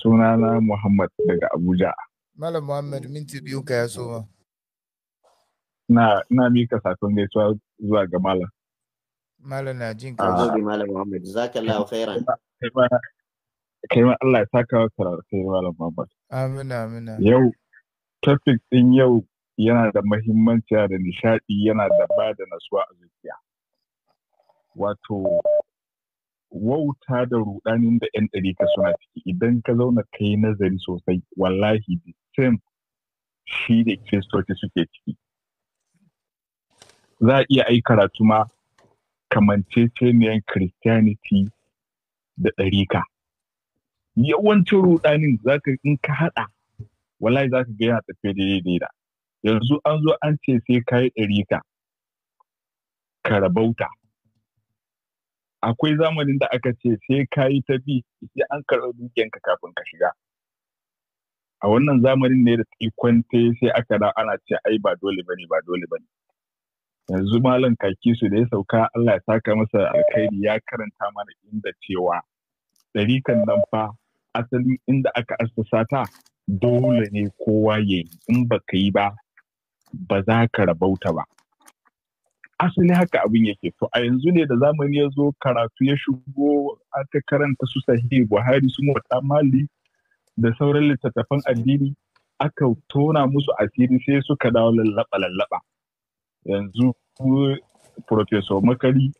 Sunana Muhammad daga Abuja. Malam Muhammad minti biyu ka ya so ma. Na na mika sakon gaisuwa zuwa ga malam. Malam na jin ka. Gode Malam Muhammad, jazakallahu Kai ma Allah ya saka wa karatu Malam Muhammad. Amina amina. Yau topic din yau yana da muhimmanci da nishaɗi yana da ba da nasuwa a zuciya. Wato wauta da rudanin da 'yan ɗarika suna ciki idan ka zauna ka yi nazari sosai wallahi the same shi da kiristoci suke ciki. Za a iya ai karatu ma kamanceceniyar Christianity da ɗarika. Yawancin rudanin ka in ka haɗa wallahi zaka ga yana tafiya daidai da. Yanzu an zo an ce sai ka yi ɗarika ka rabauta. Akwai zamanin da aka ce sai ka yi ta bi sai an karɓi dukiyanka kafin ka shiga. A wannan zamanin ne da tsikwante sai aka dawo ana ce ai ba dole bane ba dole bane. yanzu malam kaki su da ya sauka Allah ya saka masa alkhairi ya karanta mana inda cewa ɗarikan nan fa asali inda aka assasa ta dole ne kowa ya yi in ba ka yi ba ba za ka rabauta ba asali haka abin yake to a yanzu ne da zamani ya zo karatu ya shigo aka karanta su sahihi buhari su mota mali da sauran littattafan addini aka tona musu asiri sai suka dawo lallaba lallaba yanzu Profeso Makari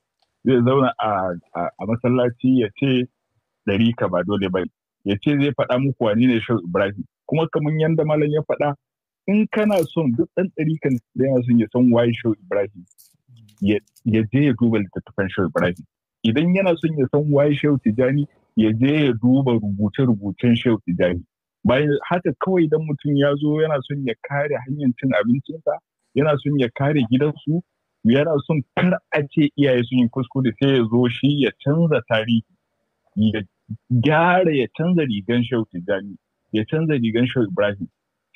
zai zauna a masallaci ya ce ɗari ka ba dole ba ya ce zai faɗa muku wani ne Shehu Ibrahim kuma kamar yadda malam ya faɗa in kana son duk ɗan ɗari kan da yana son ya san waye Shehu Ibrahim ya je ya duba littattafan Shehu Ibrahim idan yana son ya san waye Shehu Tijani ya je ya duba rubuce-rubucen Shehu Tijani bayan haka kawai idan mutum ya zo yana son ya kare hanyar cin abincinsa yana son ya kare gidansu yana son kar a ce iyaye sun yi kuskure sai ya zo shi ya canza tarihi ya gyara ya canza rigan shehu tijjani ya canza rigan shehu ibrahim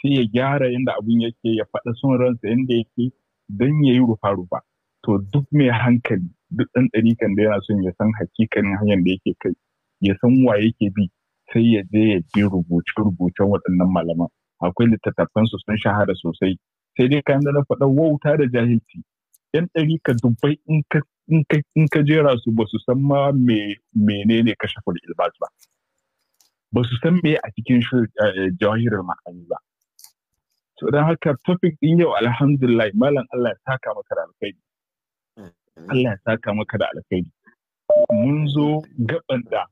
sai ya gyara yadda abun yake ya faɗa son ransa yadda yake don ya yi rufa-rufa to duk mai hankali duk ɗan ɗarikan da yana son ya san hakikanin hanyar da yake kai ya san wa yake bi sai ya je ya bi rubuce-rubucen waɗannan malaman akwai littattafan sun shahara sosai sai dai kayan da na faɗa wauta da jahilci yan ɗari ka dubbai in ka jera su ba su san ma menene kashe ilbas ba ba su san me a cikin eh, jawahirar ma'ani ba to don haka topic din yau alhamdulillah malam Allah ya saka maka da alkhairi Allah ya saka maka da alkhairi mun zo gaban da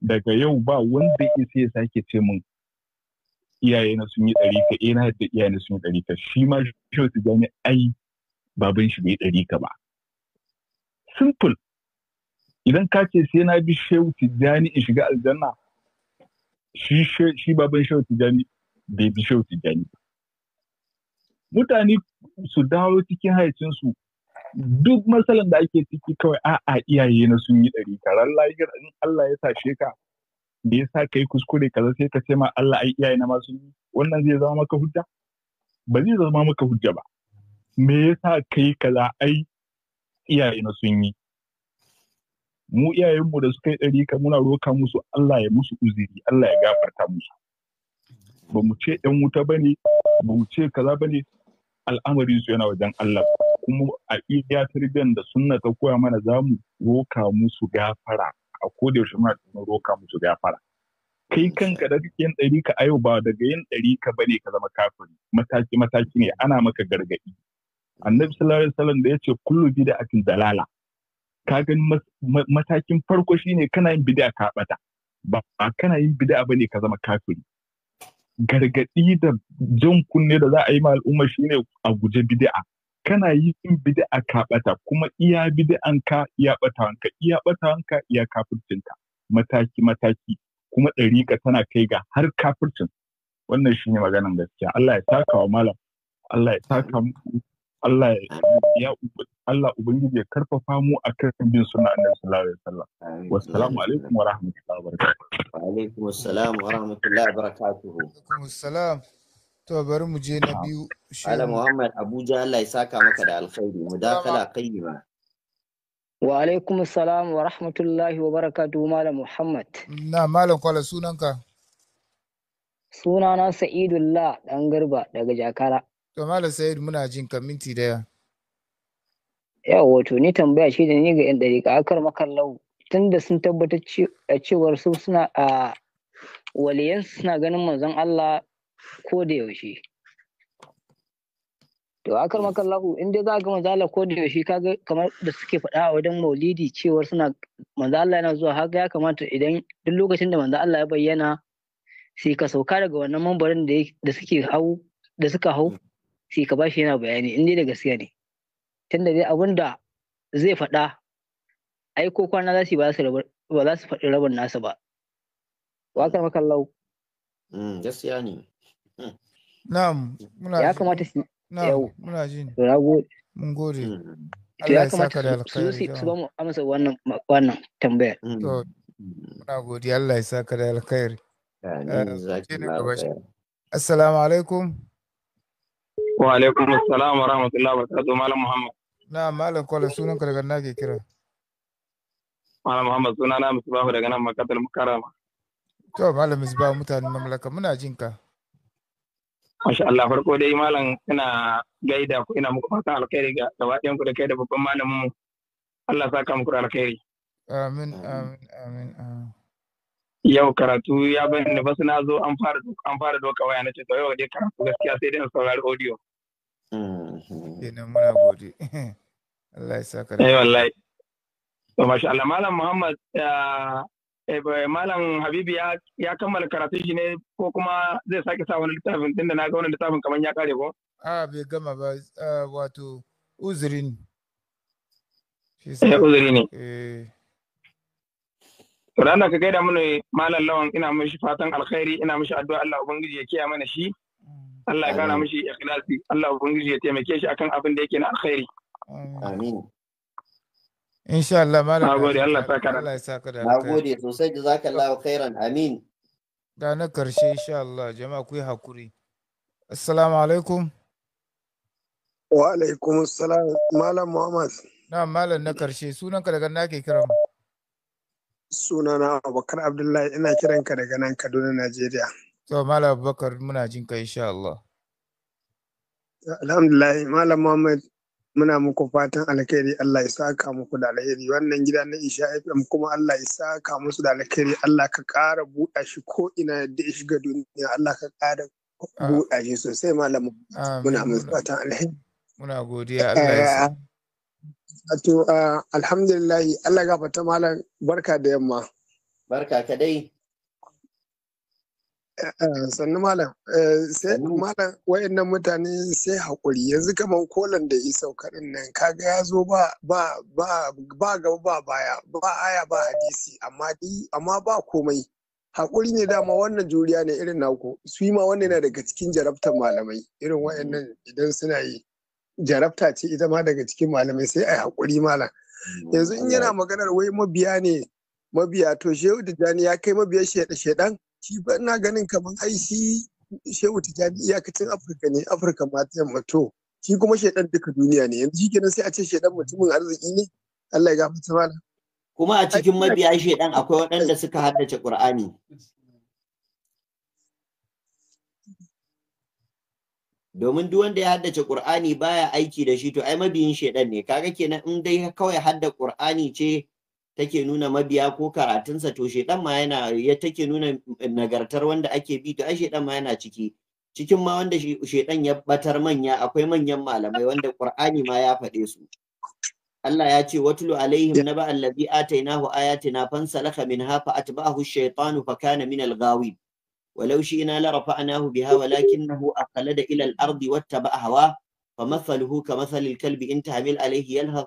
daga yau ba wanda ya sai ya sake ce mun iyaye na sun yi ɗarika ka, eh, na yadda iyaye na sun yi ɗarika shi ma shi su gani ai baban shi bai ɗarika ba simple idan ka ce sai na bi shehu tijjani in shiga aljanna shi shi baban shehu tijjani bai bi shehu tijjani ba mutane su dawo cikin haicinsu duk matsalan da ake ciki kawai a'a iyaye na sun yi ɗari ka lafiyar in Allah ya sa ka me yasa kai kuskure kaza sai ka ce ma Allah ai iyaye na ma sun wannan zai zama maka hujja ba zai zama maka hujja ba me yasa kai kaza ai iyaye na sun yi mu iyayenmu da suka yi dari ka muna roka musu Allah ya musu uziri Allah ya gafarta musu ba mu ce ɗan wuta ba ne ba mu ce kaza ba ne al'amarin su yana wajen Allah kuma a iya tarbiyyar da sunna ta koya mana za mu roka musu gafara a koda yaushe muna tsoron roka musu gafara kai kanka da kake yin ɗari ka ayo ba daga yin ɗari ka bane ka zama kafiri mataki mataki ne ana maka gargaɗi annabi sallallahu alaihi wasallam da yace kullu bid'atin dalala ka gani matakin farko shine kana yin bid'a ka bata ba kana yin bid'a bane ka zama kafiri gargaɗi da jan kunne da za a yi ma al'umma ne a guje bid'a kana in bid'a a kaɓata, kuma iya an ka iya ɓata wanka, iya ɓata wanka, iya kafircin ka mataki mataki kuma ɗariƙa tana kai ga har kafircin wannan shi ne maganan gaskiya Allah ya taka wa malam Allah ya taka mu Allah ya Allah ubangiji ya karfafa mu a kan bin sunna annabi sallallahu alaihi wasallam wassalamu alaikum wa rahmatullahi wa barakatuh wa alaikum assalam wa rahmatullahi wa barakatuh wa alaikum assalam To bari mu je na biyu. Ala Muhammad Abuja Allah ya saka maka da alkhairi mudakala qayyima. Wa alaikum salam wa rahmatullahi wa barakatuhu Malam Muhammad. Na Malam kwala sunanka. Sunana Sa'idullah dan Garba daga Jakara. To Malam Sa'id muna jin ka minti daya. Ya wato ni tambaya shi da ni ga 'yan dariƙa akar makallau tunda sun tabbatar cewar su suna a waliyan suna ganin manzon Allah ko da yaushe to akar makallahu in dai za ga manzala ko da yaushe kaga kamar da suke faɗa a wajen maulidi cewar suna manzala yana zuwa haka ya kamata idan duk lokacin da manzo Allah ya bayyana sai ka sauka daga wannan mambarin da suke hau da suka hau sai ka bashi yana bayani in dai da gaskiya ne tunda dai abin da zai faɗa ai ko kwana za su ba za su faɗi rabin nasa ba wa akar makallahu mm, gaskiya ne Hmm. Na'am, muna Ya kamata su yau. Muna ji. To na gode. Mun gode. Hmm. Allah ya saka da alkhairi. Su ba mu amsa wannan wannan tambayar. Hmm. To muna godiya Allah ya saka da alkhairi. Eh, Assalamu alaikum. Wa alaikum assalam wa rahmatullahi wa barakatuh Malam Muhammad. Na Malam Kwala sunanka daga na ke kira. Malam Muhammad sunana Musbahu daga nan Makatul Mukarrama. To Malam Musbahu mutanen mamlaka muna jin ka. Masha Allah farko dai malam ina gaida ku ina muku fatan alkhairi ga gabaɗayan ku da kai da babban malamin mu. Allah saka muku da alkhairi. Amin amin amin. Yau karatu ya bani ba na zo an fara an fara doka waya na ce to yau dai karatu gaskiya sai dai na saurari audio. Kenan mm-hmm. muna gode. Allah ya saka. Eh wallahi. To masha Allah malam Muhammad Eh, malam habibu ya kammala karatun shi ne ko kuma zai sake sa wani littafin tunda na ga wani littafin kamar ya kare ko a bai gama ba wato uzuri ne eh, uzuri ne eh. to da ka gaida mana malam lawan ina mishi fatan alkhairi ina mishi addu'a Allah ubangiji ya kiyaye mana shi Allah ya kara mishi ikhlasi Allah ubangiji ya taimake shi akan abin da yake na alkhairi amin Inshallah, Allah malam nagode Allah saka Allah ya saka da nagode sosai da Allah khairan amin da na karshe insha Allah jama'a ku yi hakuri assalamu alaikum wa alaikum assalam malam muhammad na malam na karshe sunanka daga na ke kiran sunana abubakar abdullahi ina kiran ka daga nan kaduna najeriya to malam abubakar muna jin ka insha Allah alhamdulillah malam muhammad muna muku fatan alkhairi Allah ya saka muku da alkhairi wannan gida na Isha FM kuma Allah ya saka musu da alkhairi Allah ka ƙara buɗa shi ko ina da ya shiga duniya Allah ka ƙara buɗa shi sosai malamu muna musu fatan alkhairi muna godiya Allah ya eh, to eh, alhamdulillah Allah gafarta malam barka da yamma barka ka dai Eh, sannu malam eh, sai malam wayannan mutane sai haƙuri yanzu kamar kolan da yi saukarin nan kaga ya zo ba ba ba ba gaba ba baya ba aya ba hadisi amma amma ba komai haƙuri ne dama wannan juriya ne irin naku su yi ma wanda yana daga cikin jarabtar malamai irin wayannan idan suna yi jarabta ce ita ma daga cikin malamai sai ai haƙuri malam mm, yanzu in yana maganar wai mabiya ne mabiya to shehu tijjani ya kai mabiya shedan shi ba ina ganin kamar ai shi shehu tijani iyakacin afirka ne afirka ma ta yamma to shi kuma shaidan duka duniya ne yanzu shi sai a ce shaidan mutumin arziki ne Allah ya gafarta mana kuma a cikin mabiya shaidan akwai waɗanda suka haddace Qur'ani domin duk wanda ya haddace Qur'ani baya aiki da shi to ai mabiyin shaidan ne kaga kenan in dai kawai hadda Qur'ani ce take nuna mabiya ko karatunsa to shedan ma yana ya take nuna nagartar wanda ake bi to ai shedan ma yana ciki cikin ma wanda shedan ya batar manya akwai manyan malamai wanda qur'ani ma ya faɗe su Allah ya ce watlu alaihim naba allazi atainahu ayatina fansalakha minha fa atba'ahu ash-shaytanu fa kana min al-ghawin ولو شئنا لرفعناه بها ولكنه أقلد إلى الأرض واتبع هواه فمثله كمثل الكلب إن تحمل عليه يلهث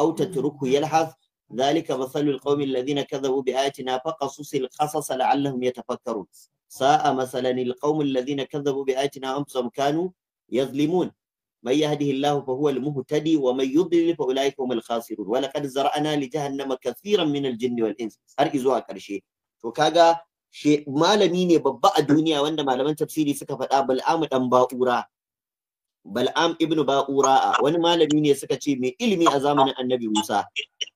أو تتركه يلحث ذلك مثل القوم الذين كذبوا بآياتنا فقصص القصص لعلهم يتفكرون ساء مثلا القوم الذين كذبوا بآياتنا أنفسهم كانوا يظلمون من يهده الله فهو المهتدي ومن يضلل فأولئك هم الخاسرون ولقد زرعنا لجهنم كثيرا من الجن والإنس har izuwa ƙarshe to kaga she malami ne babba a duniya wanda malaman tafsiri suka faɗa bal'amu dan ba'ura Bal'am ibn Ba'ura'a wani malami ne suka ce mai ilimi a zamanin Annabi Musa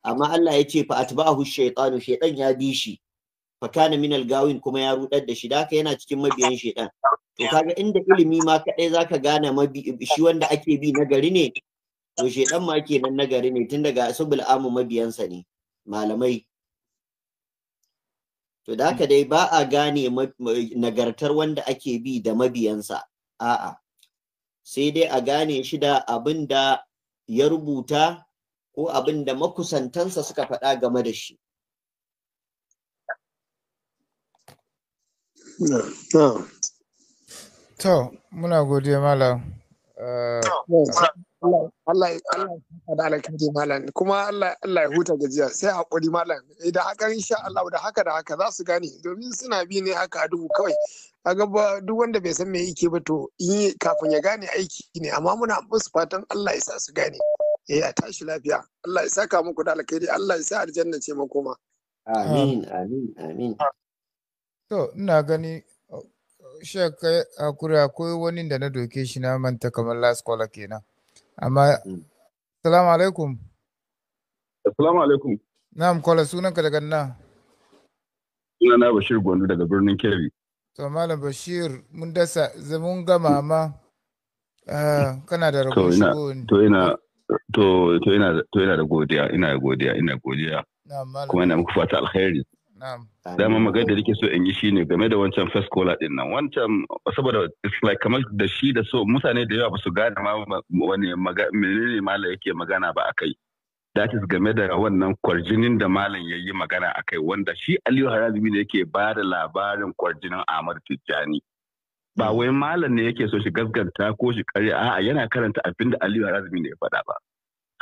amma Allah ya ce fa atba'ahu shaytanu shaytan ya bi shi fa kana min al-gawin kuma ya rudar da shi da yana cikin mabiyan shaytan to kaga inda ilimi ma kadai zaka gane mabi shi wanda ake bi na gari ne to shaytan ma kenan na gari ne tun daga asbul amu mabiyansa ne malamai to da haka dai ba a gane nagartar wanda ake bi da mabiyansa a'a sai dai a gane shi da abin da ya rubuta ko abin da makusantansa suka faɗa game da shi. To, muna godiya malam. Allah ya da malam kuma Allah ya huta gajiya sai hakuri malam idan haka insha Allah da haka da haka za su gane domin suna bi ne haka a duhu kawai kaga ba duk wanda bai san me yake ba to kafin ya gane aiki ne amma muna musu fatan Allah ya sa su gane eh a tashi lafiya Allah ya saka muku da alkhairi Allah ya sa aljanna ce koma. amin amin amin to ina gani shakka hakuri akwai wani da na doke shi na manta kamar last caller kenan amma mm. assalamu alaikum assalamu alaikum na'am kola sunanka daga nan sunana Bashir Gwandu daga birnin Kebbi to malam bashir mun dasa mun gama amma eh, kana da to ina to ina da godiya ina da godiya ina godiya kuma ina muku fata alkhairi dama magana da nake so in yi shine game da wancan first caller din nan wancan saboda it's like kamar da shi da so mutane da yawa ba su gane ma wani menene mala yake magana ba a kai. Datis game da wannan kwarjinin da malam ya yi magana a kai wanda shi aliyu harazmi ne yake ba da labarin kwarjinin ahmad tijjani ba wai malam ne yake so shi gasganta ko shi karya a'a yana karanta abin da aliyu harazmi ne ya faɗa ba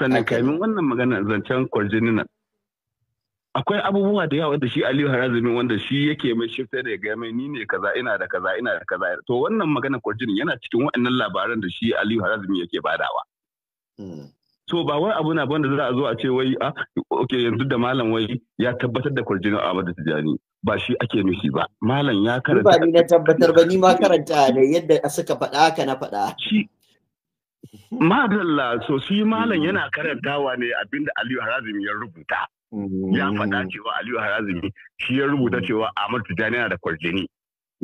sannan kamin wannan magana zancen kwarjinin nan akwai abubuwa da yawa da shi aliyu harazmi wanda shi yake mai shifta da ya ga mai ni ne kaza ina da kaza ina da kaza to wannan magana kwarjinin yana cikin waɗannan labaran da shi aliyu harazmi yake badawa hmm. to ba wai abu na wanda za a zo a ce wai a ah, okay yanzu da malam wai ya tabbatar da kwarjinin Ahmadu Tijani ba shi ake nufi ba malam ya karanta ba ni na tabbatar ba ni ma karanta da yadda suka faɗa haka na faɗa madalla so shi malam yana karantawa ne abinda Aliyu Harazimi ya rubuta ya faɗa cewa Aliyu Harazimi shi ya rubuta cewa Ahmadu Tijani yana da kwarjini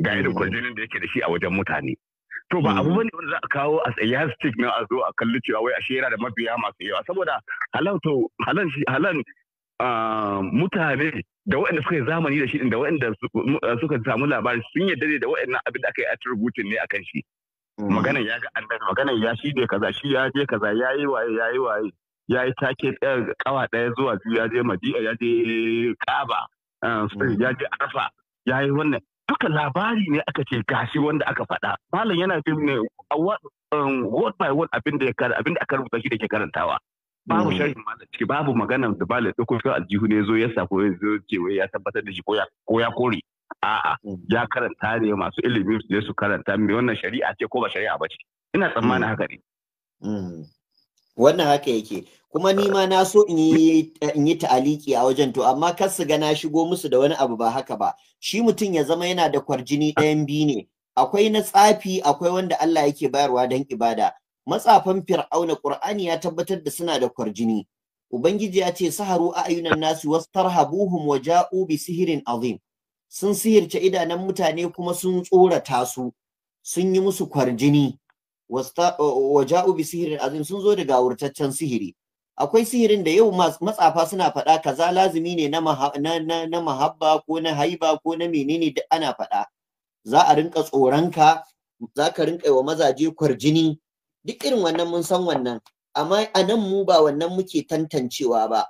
ga irin kwarjinin da yake da shi a wajen mutane to ba abu mm-hmm. bane wanda za a kawo as a yardstick na a zo a kalli cewa wai ashe yana da mabiya masu yawa saboda halan to halan shi halan ah, mutane da waɗanda suka yi zamani da shi da waɗanda ah, suka samu labari sun yadda da waɗannan abin da aka yi attributin ne akan shi mm-hmm. maganan ya ga annabi maganan ya shi ne kaza shi ya je kaza ya yi waye ya yi waye ya yi take kawa eh, ɗaya zuwa biyu ya je madi'a ya je kaba ah, ya mm-hmm. je arfa ya yi wannan duka labari ne aka ce gashi wanda aka faɗa malam yana fim um, ne word by word abin da aka rubuta shi da ke karantawa babu mm. sharhin malam ciki babu magana da malam ɗauko shi aljihu ne zo ya sa ko ya zo cewa ya tabbatar da shi ko ya kore a'a mm. ya karanta ne masu ilimi su je su karanta mai wannan shari'a ce ko ba shari'a ba ce ina tsammanin mm. haka ne wannan haka yake kuma ni ma na so in yi ta'aliki a wajen to amma kar su ga na shigo musu da wani abu ba haka ba shi mutum ya zama yana da kwarjini ɗayan biyu ne akwai na tsafi akwai wanda Allah yake bayarwa don ibada matsafan fir'auna Ƙur'ani ya tabbatar da suna da kwarjini ubangiji ya ce saharu a ayyunan nasu wastarhabuhum wa ja'u bi sihirin azim sun sihirce idanun mutane kuma sun tsorata su sun yi musu kwarjini waja'u bi sihirin azim sun zo daga wurtaccen sihiri akwai sihirin da yau matsafa suna faɗa kaza lazimi ne na mahabba ko na haiba ko na menene duk ana faɗa za a rinka tsoronka za ka rinka wa mazaje kwarjini duk irin wannan mun san wannan amma a nan mu ba wannan muke tantancewa ba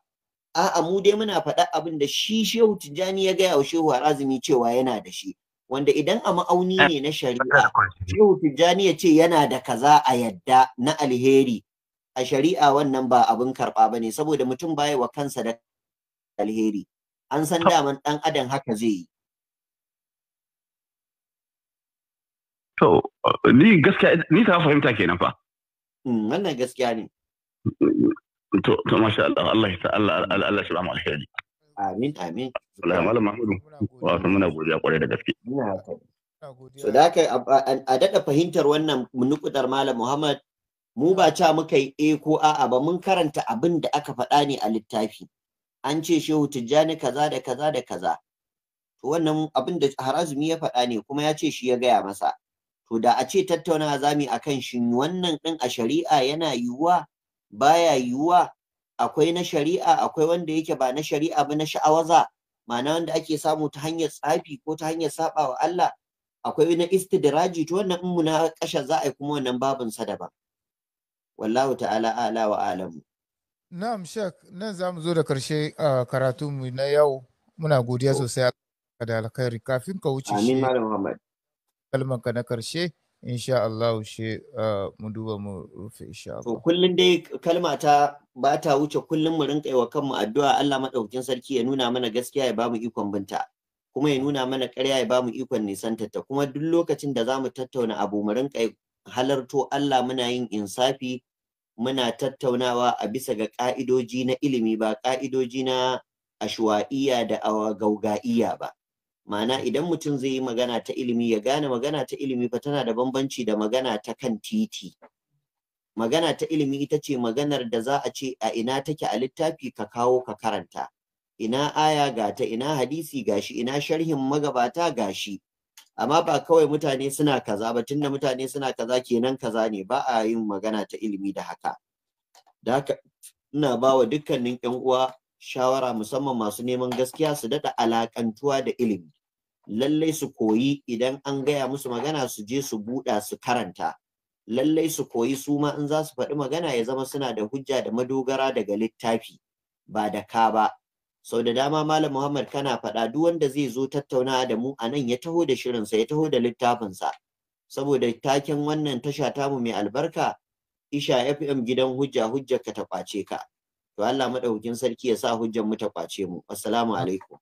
a'a mu dai muna faɗa abin da shi shehu tijjani ya gaya wa shehu harazumi cewa yana da shi wanda idan a ma'auni ne na shari'a shehu tijjani ya ce yana da kaza a yadda na alheri a shari'a wannan ba abin karɓa ba ne saboda mutum baya wa kansa da alheri an san daman ɗan adam haka zai yi to ni gaskiya ni ta fahimta kenan fa hmm, wannan gaskiya ne to to masha Allah Allah ta Allah Allah shi ba mu alheri Amin, amin. Malam Mahmudu, wato muna godiya kwarai da gaske. Muna haka. So da kai a dada fahimtar wannan nukudar Malam Muhammad mu ba ca muka yi e ko a'a ba mun karanta abin da aka faɗa ne a littafi. An ce Shehu Tijjani kaza da kaza da kaza. Wannan abin da Harazumi ya faɗa ne kuma ya ce shi ya gaya masa. To da a ce tattaunawa zami akan shin wannan ɗin a shari'a yana yiwuwa baya yiwuwa akwai na shari'a akwai wanda yake ba na shari'a ba na sha'awaza ma'ana wanda ake samu ta hanyar tsafi ko ta hanyar saba wa Allah akwai na istidraji to wannan in muna kashe za a yi kuma wannan babin sa daban wallahu ta'ala ala wa alamu na'am shek nan za mu zo da karshe karatu mu na yau muna godiya sosai da alkhairi kafin ka wuce shi amin malam muhammad kalmar ka na karshe insha Allah shi mu duba mu rufe insha Allah kullum dai kalma ta ba ta wuce kullum mu rinka wa kanmu addu'a Allah madaukakin sarki ya nuna mana gaskiya ya bamu ikon binta kuma ya nuna mana ƙarya ya bamu ikon nisan kuma duk lokacin da zamu tattauna abu mu rinka halarto Allah muna yin insafi muna tattaunawa a bisa ga ka'idoji na ilimi ba ka'idoji na ashwa'iya da gaugaiya ba ma'ana idan mutum zai yi magana ta ilimi ya gane magana ta ilimi fa tana da bambanci da magana ta kan titi magana ta ilimi ita ce maganar da za a ce a ina take a littafi ka kawo ka karanta ina aya ga ta ina hadisi gashi ina sharhin magabata gashi amma ba kawai mutane suna kaza ba tunda mutane suna kaza kenan kaza ne ba a yin magana ta ilimi da haka da haka ina ba wa dukkanin 'yan uwa shawara musamman masu neman gaskiya su daɗa alakantuwa da ilimi lallai su koyi idan an gaya musu magana su je su buɗa su karanta lallai su koyi su ma in za su faɗi magana ya zama suna da hujja da madogara daga littafi ba da ka ba sau da dama malam muhammad kana faɗa duk wanda zai zo tattauna da mu a nan ya taho da shirinsa ya taho da littafinsa saboda taken wannan tasha tamu mai albarka isha fm gidan hujja hujja ka ta kwace ka to Allah maɗaukin sarki ya sa hujjar mu ta kwace mu assalamu alaikum